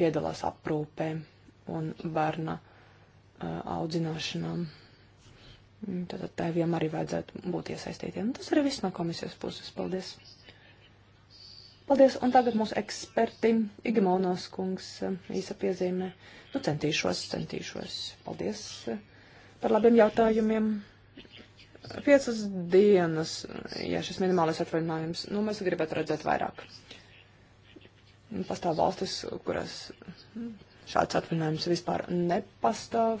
Speaker 2: piedalās aprūpē un bērna uh, eh, audzināšanām. Tātad tēviem arī vajadzētu būt iesaistītiem. Tas arī viss no komisijas puses. Paldies! Paldies! Un tagad mūsu eksperti Igimonos kungs īsa piezīmē. Nu, centīšos, centīšos. Paldies par labiem jautājumiem. Piecas dienas, ja šis minimālais atvaļinājums, nu, mēs gribētu redzēt vairāk. Pastāv valstis, kurās šāds atvaļinājums vispār nepastāv.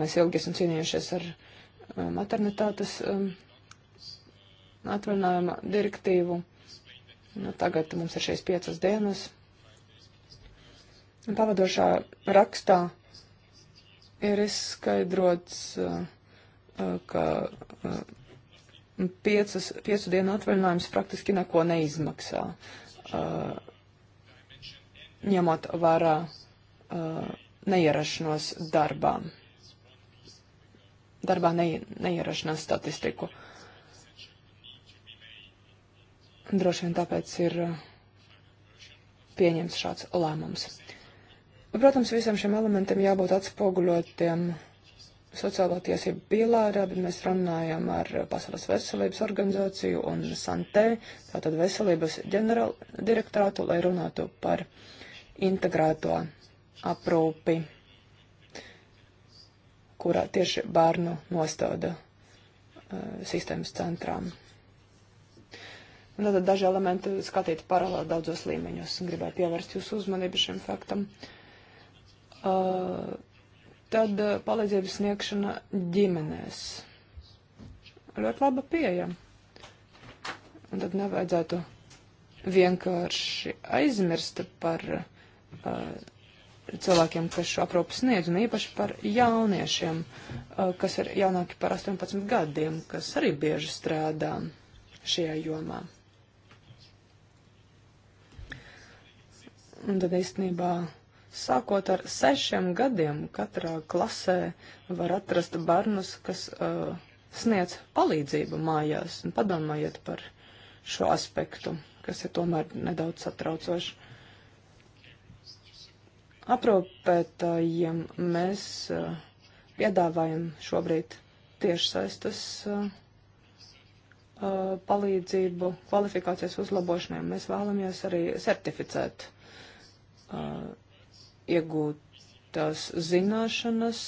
Speaker 2: Mēs ilgi esam cīnījušies ar um, maternitātes um, atvaļinājuma direktīvu. Nu, tagad mums ir šīs piecas dienas. Pavadošā rakstā ir izskaidrots, uh, uh, ka uh, piecas, piecu dienu atvaļinājums praktiski neko neizmaksā, ņemot vērā neierašanos darbām darbā ne, neierašanās statistiku. Droši vien tāpēc ir uh, pieņemts šāds lēmums. Protams, visam šiem elementiem jābūt atspoguļotiem sociālo tiesību pīlārā, bet mēs runājam ar Pasaules veselības organizāciju un Santē, tātad veselības ģenerāldirektorātu, lai runātu par integrēto aprūpi kurā tieši bērnu nostāda uh, sistēmas centrām. Un tad daži elementi skatīt paralēli daudzos līmeņos. Gribēju pievērst jūsu uzmanību šim faktam. Uh, tad uh, palīdzības sniegšana ģimenēs. Ļoti laba pieeja. Un tad nevajadzētu vienkārši aizmirst par uh, cilvēkiem, kas šo aprūpu sniedz, un īpaši par jauniešiem, uh, kas ir jaunāki par 18 gadiem, kas arī bieži strādā šajā jomā. Un tad īstenībā sākot ar sešiem gadiem katrā klasē var atrast barnus, kas uh, sniedz palīdzību mājās. Un padomājiet par šo aspektu, kas ir tomēr nedaudz satraucoši aprūpētājiem mēs eh, piedāvājam šobrīd tiešsaistes eh, eh, palīdzību kvalifikācijas uzlabošanai. Mēs vēlamies arī certificēt iegūtās zināšanas.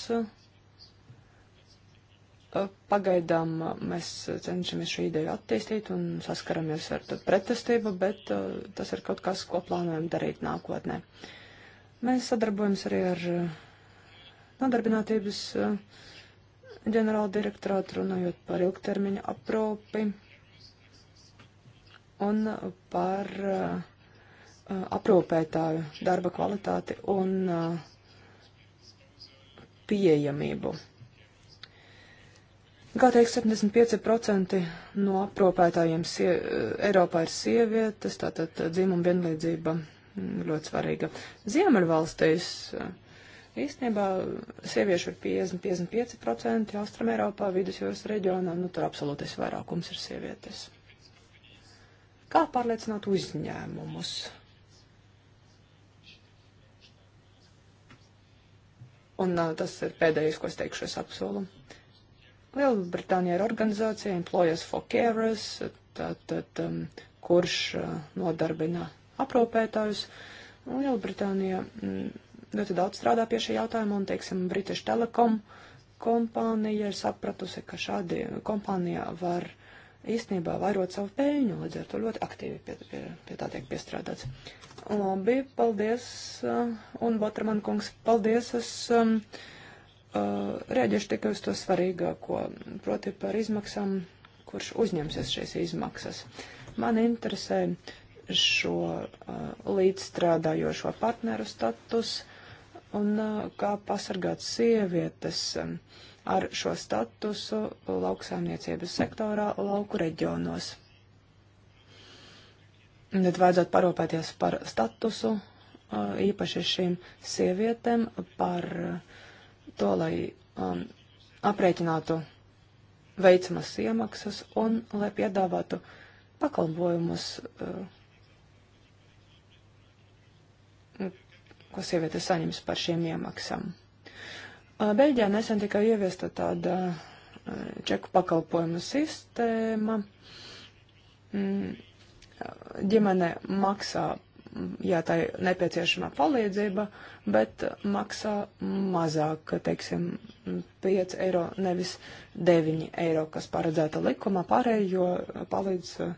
Speaker 2: Pagaidām mēs cenšamies šo ideju attīstīt un saskaramies ar pretestību, bet tas ir kaut kas, ko plānojam darīt nākotnē. Uh, Mēs sadarbojamies arī ar eh, nodarbinātības eh, ģenerāla direktorātu, runājot par ilgtermiņa aprūpi un par eh, aprūpētāju darba kvalitāti un pieejamību. Kā teikt, 75% no aprūpētājiem sie, Eiropā ir sievietes, tātad dzimuma vienlīdzība ļoti svarīga. Ziemeļvalstīs eh, īstenībā sieviešu ir 50-55%, Austrumērā, Vidusjūras reģionā, nu tur absolūtais vairākums ir sievietes. Kā pārliecināt uzņēmumus? Un eh, tas ir pēdējais, ko es teikšu, es apsolu. Lielbritānija ir organizācija Employers for Carers, tātad, um, kurš uh, nodarbina aprūpētājus. Un Lielbritānija mm, ļoti daudz strādā pie šī jautājuma, un, teiksim, British Telecom kompānija ir sapratusi, ka šādi kompānijā var īstenībā vairot savu peļņu, līdz ar to ļoti aktīvi pie, pie, pie tā tiek piestrādāts. Labi, paldies, uh, un Botraman kungs, paldies, es um, uh, rēģēšu tikai uz to svarīgāko, proti par izmaksām, kurš uzņemsies šīs izmaksas. Man interesē uh, šo uh, līdzstrādājošo partneru status un uh, kā pasargāt sievietes um, ar šo statusu lauksāmniecības sektorā lauku reģionos. Tad vajadzētu parūpēties par statusu uh, īpaši šīm sievietēm, par to, lai um, aprēķinātu veicamas iemaksas un lai piedāvātu pakalpojumus uh, ko sieviete saņems par šiem iemaksām. Beļģijā nesen tika ieviesta tāda čeku pakalpojumu sistēma. Mm, ģimene maksā, mm, ja tai nepieciešama palīdzība, bet maksā mazāk, teiksim, 5 eiro, nevis 9 eiro, kas paredzēta likumā, pārējo palīdz uh,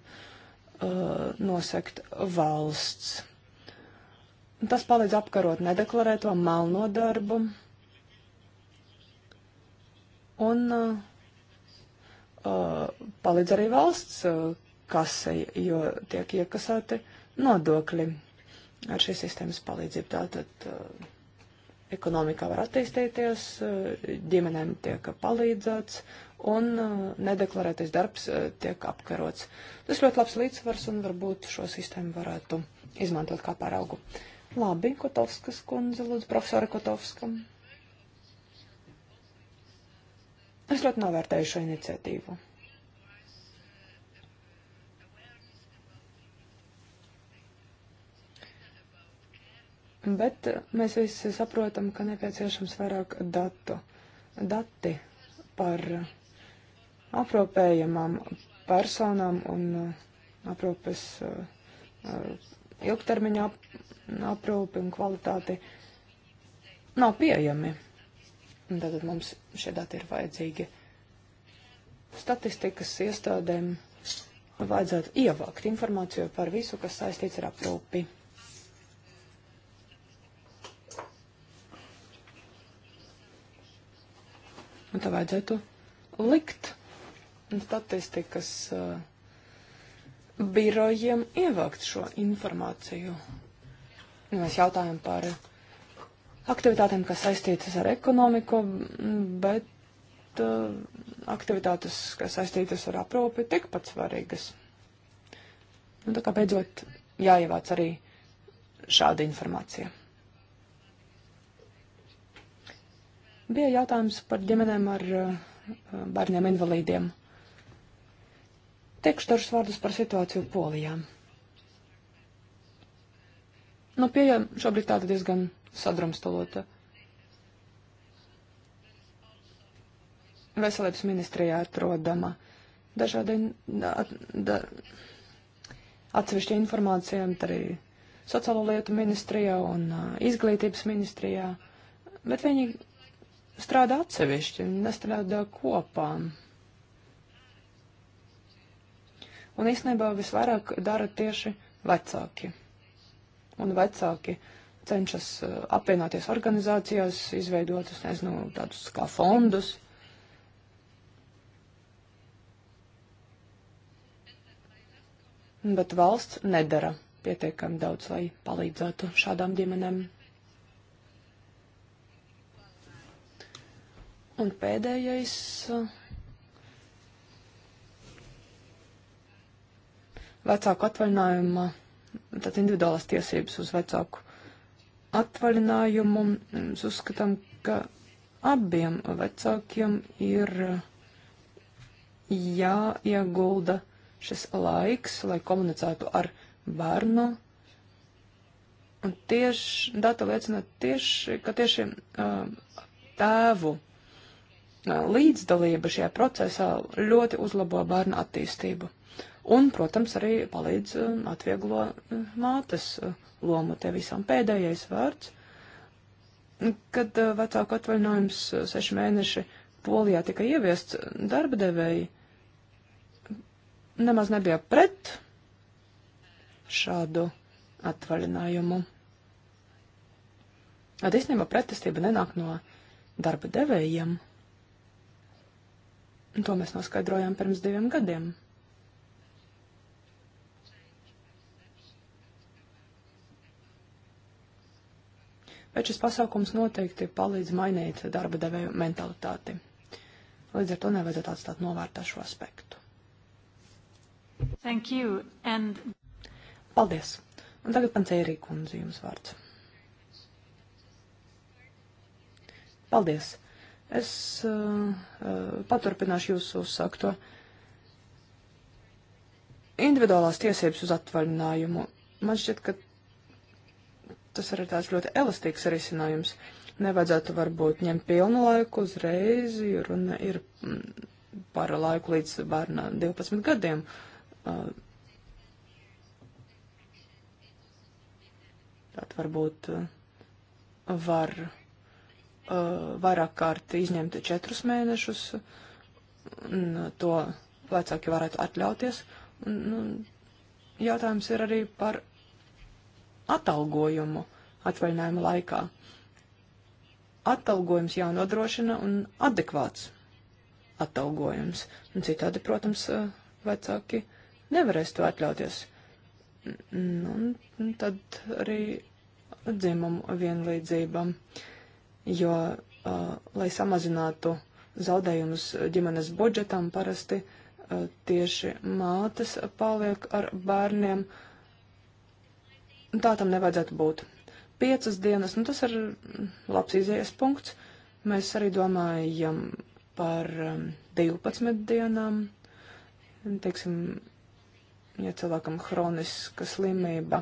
Speaker 2: nosekt valsts. Tas palīdz apkarot nedeklarēto melno darbu. Un uh, uh palīdz arī valsts uh, kasai, jo tiek iekasēti nodokļi ar šīs sistēmas palīdzību. Tātad uh, ekonomikā var attīstīties, uh, ģimenēm tiek palīdzēts un uh, nedeklarētais darbs uh, tiek apkarots. Tas ļoti labs līdzsvars un varbūt šo sistēmu varētu izmantot kā paraugu. Uh, Labi, Kotovskas kundze, lūdzu, profesori Kotovskam. Es ļoti novērtēju šo iniciatīvu. Bet mēs visi saprotam, ka nepieciešams vairāk datu. Dati par aprūpējamām personām un aprūpes uh, ilgtermiņa ap, aprūpi un kvalitāti nav pieejami. Tātad mums šie dati ir vajadzīgi. Statistikas iestādēm vajadzētu ievākt informāciju par visu, kas saistīts ar aprūpi. Un tā vajadzētu likt statistikas uh, birojiem ievākt šo informāciju. Mēs jautājam par aktivitātēm, kas saistītas ar ekonomiku, bet uh, aktivitātes, kas saistītas ar aprūpi, tikpat svarīgas. Nu, tā kā beidzot jāievāc arī šāda informācija. Bija jautājums par ģimenēm ar uh, bērniem invalīdiem. Uh, Teikšu dažus vārdus par situāciju Polijā. Nu, pieeja šobrīd tāda diezgan sadrumstalota. Veselības ministrijā atrodama dažādi at, da, atsevišķi informācija, arī sociālo lietu ministrijā un uh, izglītības ministrijā, bet viņi strādā atsevišķi, nestrādā kopā. Un īstenībā visvairāk dara tieši vecāki. Un vecāki cenšas eh, apvienoties organizācijās, izveidot, es nezinu, tādus kā fondus. Bet valsts nedara pietiekami daudz, lai palīdzētu šādām ģimenēm. Un pēdējais. Uh, vecāku atvaļinājuma, tad individuālās tiesības uz vecāku atvaļinājumu. Mēs uzskatām, ka abiem vecākiem ir jāiegulda šis laiks, lai komunicētu ar bērnu. Un tieši data liecina, tieši, ka tieši uh, tēvu uh, līdzdalība šajā procesā ļoti uzlabo bērnu attīstību. Un, protams, arī palīdz um, atvieglo um, mātes uh, lomu te visam pēdējais vārds. Kad uh, vecāku atvaļinājums uh, seši mēneši polijā tika ieviests, darba devēji nemaz nebija pret šādu atvaļinājumu. Tad īstenībā pretestība nenāk no darba devējiem. To mēs noskaidrojām pirms diviem gadiem. bet šis pasākums noteikti palīdz mainīt darba devēju mentalitāti. Līdz ar to nevajadzētu atstāt novērtā šo aspektu.
Speaker 3: Thank you and...
Speaker 2: Paldies. Un tagad pants Ērī kundze jums vārds. Paldies. Es uh, uh, paturpināšu jūsu uzsākto. Individuālās tiesības uz atvaļinājumu. Man šķiet, ka tas arī tāds ļoti elastīgs risinājums. Nevajadzētu varbūt ņemt pilnu laiku uzreiz, jo runa ir mm, par laiku līdz bērna 12 gadiem. Tad varbūt var vairāk kārt izņemt četrus mēnešus, un to vecāki varētu atļauties. Un, nu, jautājums ir arī par atalgojumu atvaļinājuma laikā. Atalgojums jānodrošina un adekvāts atalgojums. Un citādi, protams, eh, vecāki nevarēs to atļauties. Un tad arī dzimumu vienlīdzībam, jo, uh, lai samazinātu zaudējumus ģimenes budžetam, parasti uh, tieši mātes paliek ar bērniem uh, Tā tam nevajadzētu būt. Piecas dienas, nu tas ir mm, labs izējas punkts. Mēs arī domājam par 12 mm, dienām. Teiksim, ja cilvēkam hroniska slimība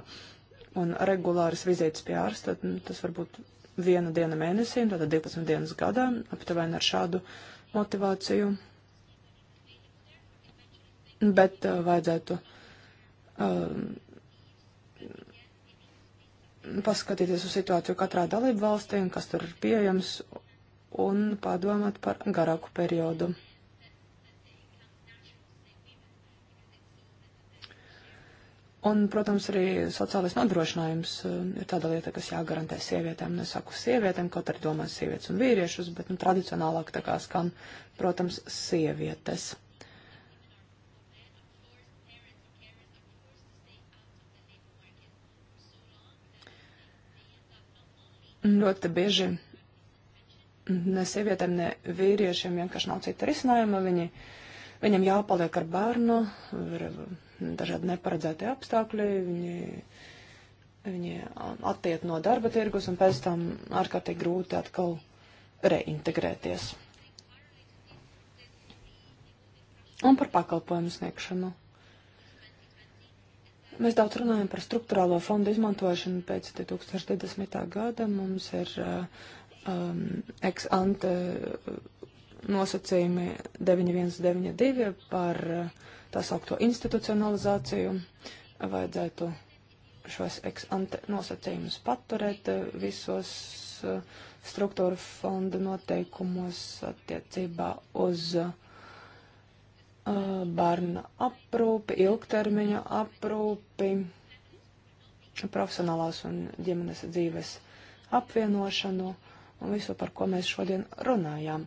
Speaker 2: un regulāras vizītes pie ārsta, tad nu, tas var būt viena diena mēnesī, tātad 12 dienas gadā, aptuveni ar šādu motivāciju. Bet uh, vajadzētu uh, paskatīties uz situāciju katrā dalību valstī un kas tur ir pieejams, un padomāt par garāku periodu. Un, protams, arī sociālais nodrošinājums um, ir tāda lieta, kas jāgarantē sievietēm. Nu, es saku sievietēm, kaut arī domās sievietes un vīriešus, bet nu, tradicionālāk tā kā skan, protams, sievietes. Ļoti bieži ne sievietēm, ne vīriešiem vienkārši nav cita risinājuma. Viņi, viņam jāpaliek ar bērnu, ir dažādi neparedzēti apstākļi, viņi, viņi attiet no darba tirgus un pēc tam ārkārtīgi grūti atkal reintegrēties. Un par pakalpojumu sniegšanu. Mēs daudz runājam par struktūrālo fondu izmantošanu pēc 2020. gada. Mums ir uh, um, ex ante uh, nosacījumi 9192 par uh, tā saukto institucionalizāciju. Vajadzētu šos ex ante nosacījumus paturēt visos struktūra fonda noteikumos attiecībā uz uh, bērnu aprūpi, ilgtermiņa aprūpi, profesionālās un ģimenes dzīves apvienošanu un visu, par ko mēs šodien runājām.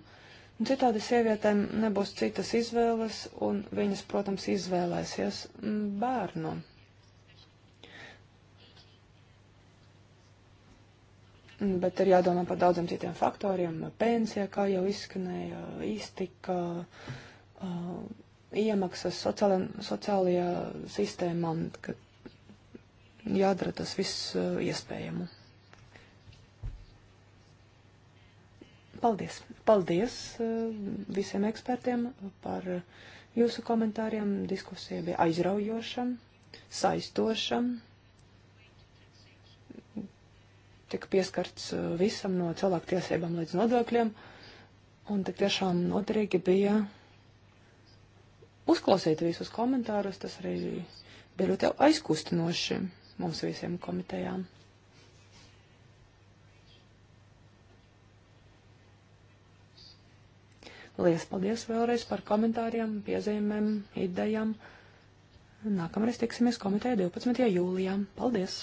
Speaker 2: Un citādi sievietēm nebūs citas izvēles, un viņas, protams, izvēlēsies mm, bērnu. Bet ir jādomā par daudziem citiem faktoriem - pensija, kā jau izskanēja, iztika, uh, iemaksas sociāla, sociālajā sistēmā, ka jādara tas viss uh, iespējamu. Paldies! Paldies uh, visiem ekspertiem par jūsu komentāriem. Diskusija bija aizraujoša, saistoša. Tik pieskarts uh, visam no cilvēku tiesībām līdz nodokļiem. Un tik tiešām noderīgi bija uzklausīt visus komentārus, tas arī bija ļoti aizkustinoši mums visiem komitejām. Lielas paldies vēlreiz par komentāriem, piezīmēm, idejām. Nākamreiz tiksimies komiteja 12. jūlijā. Paldies!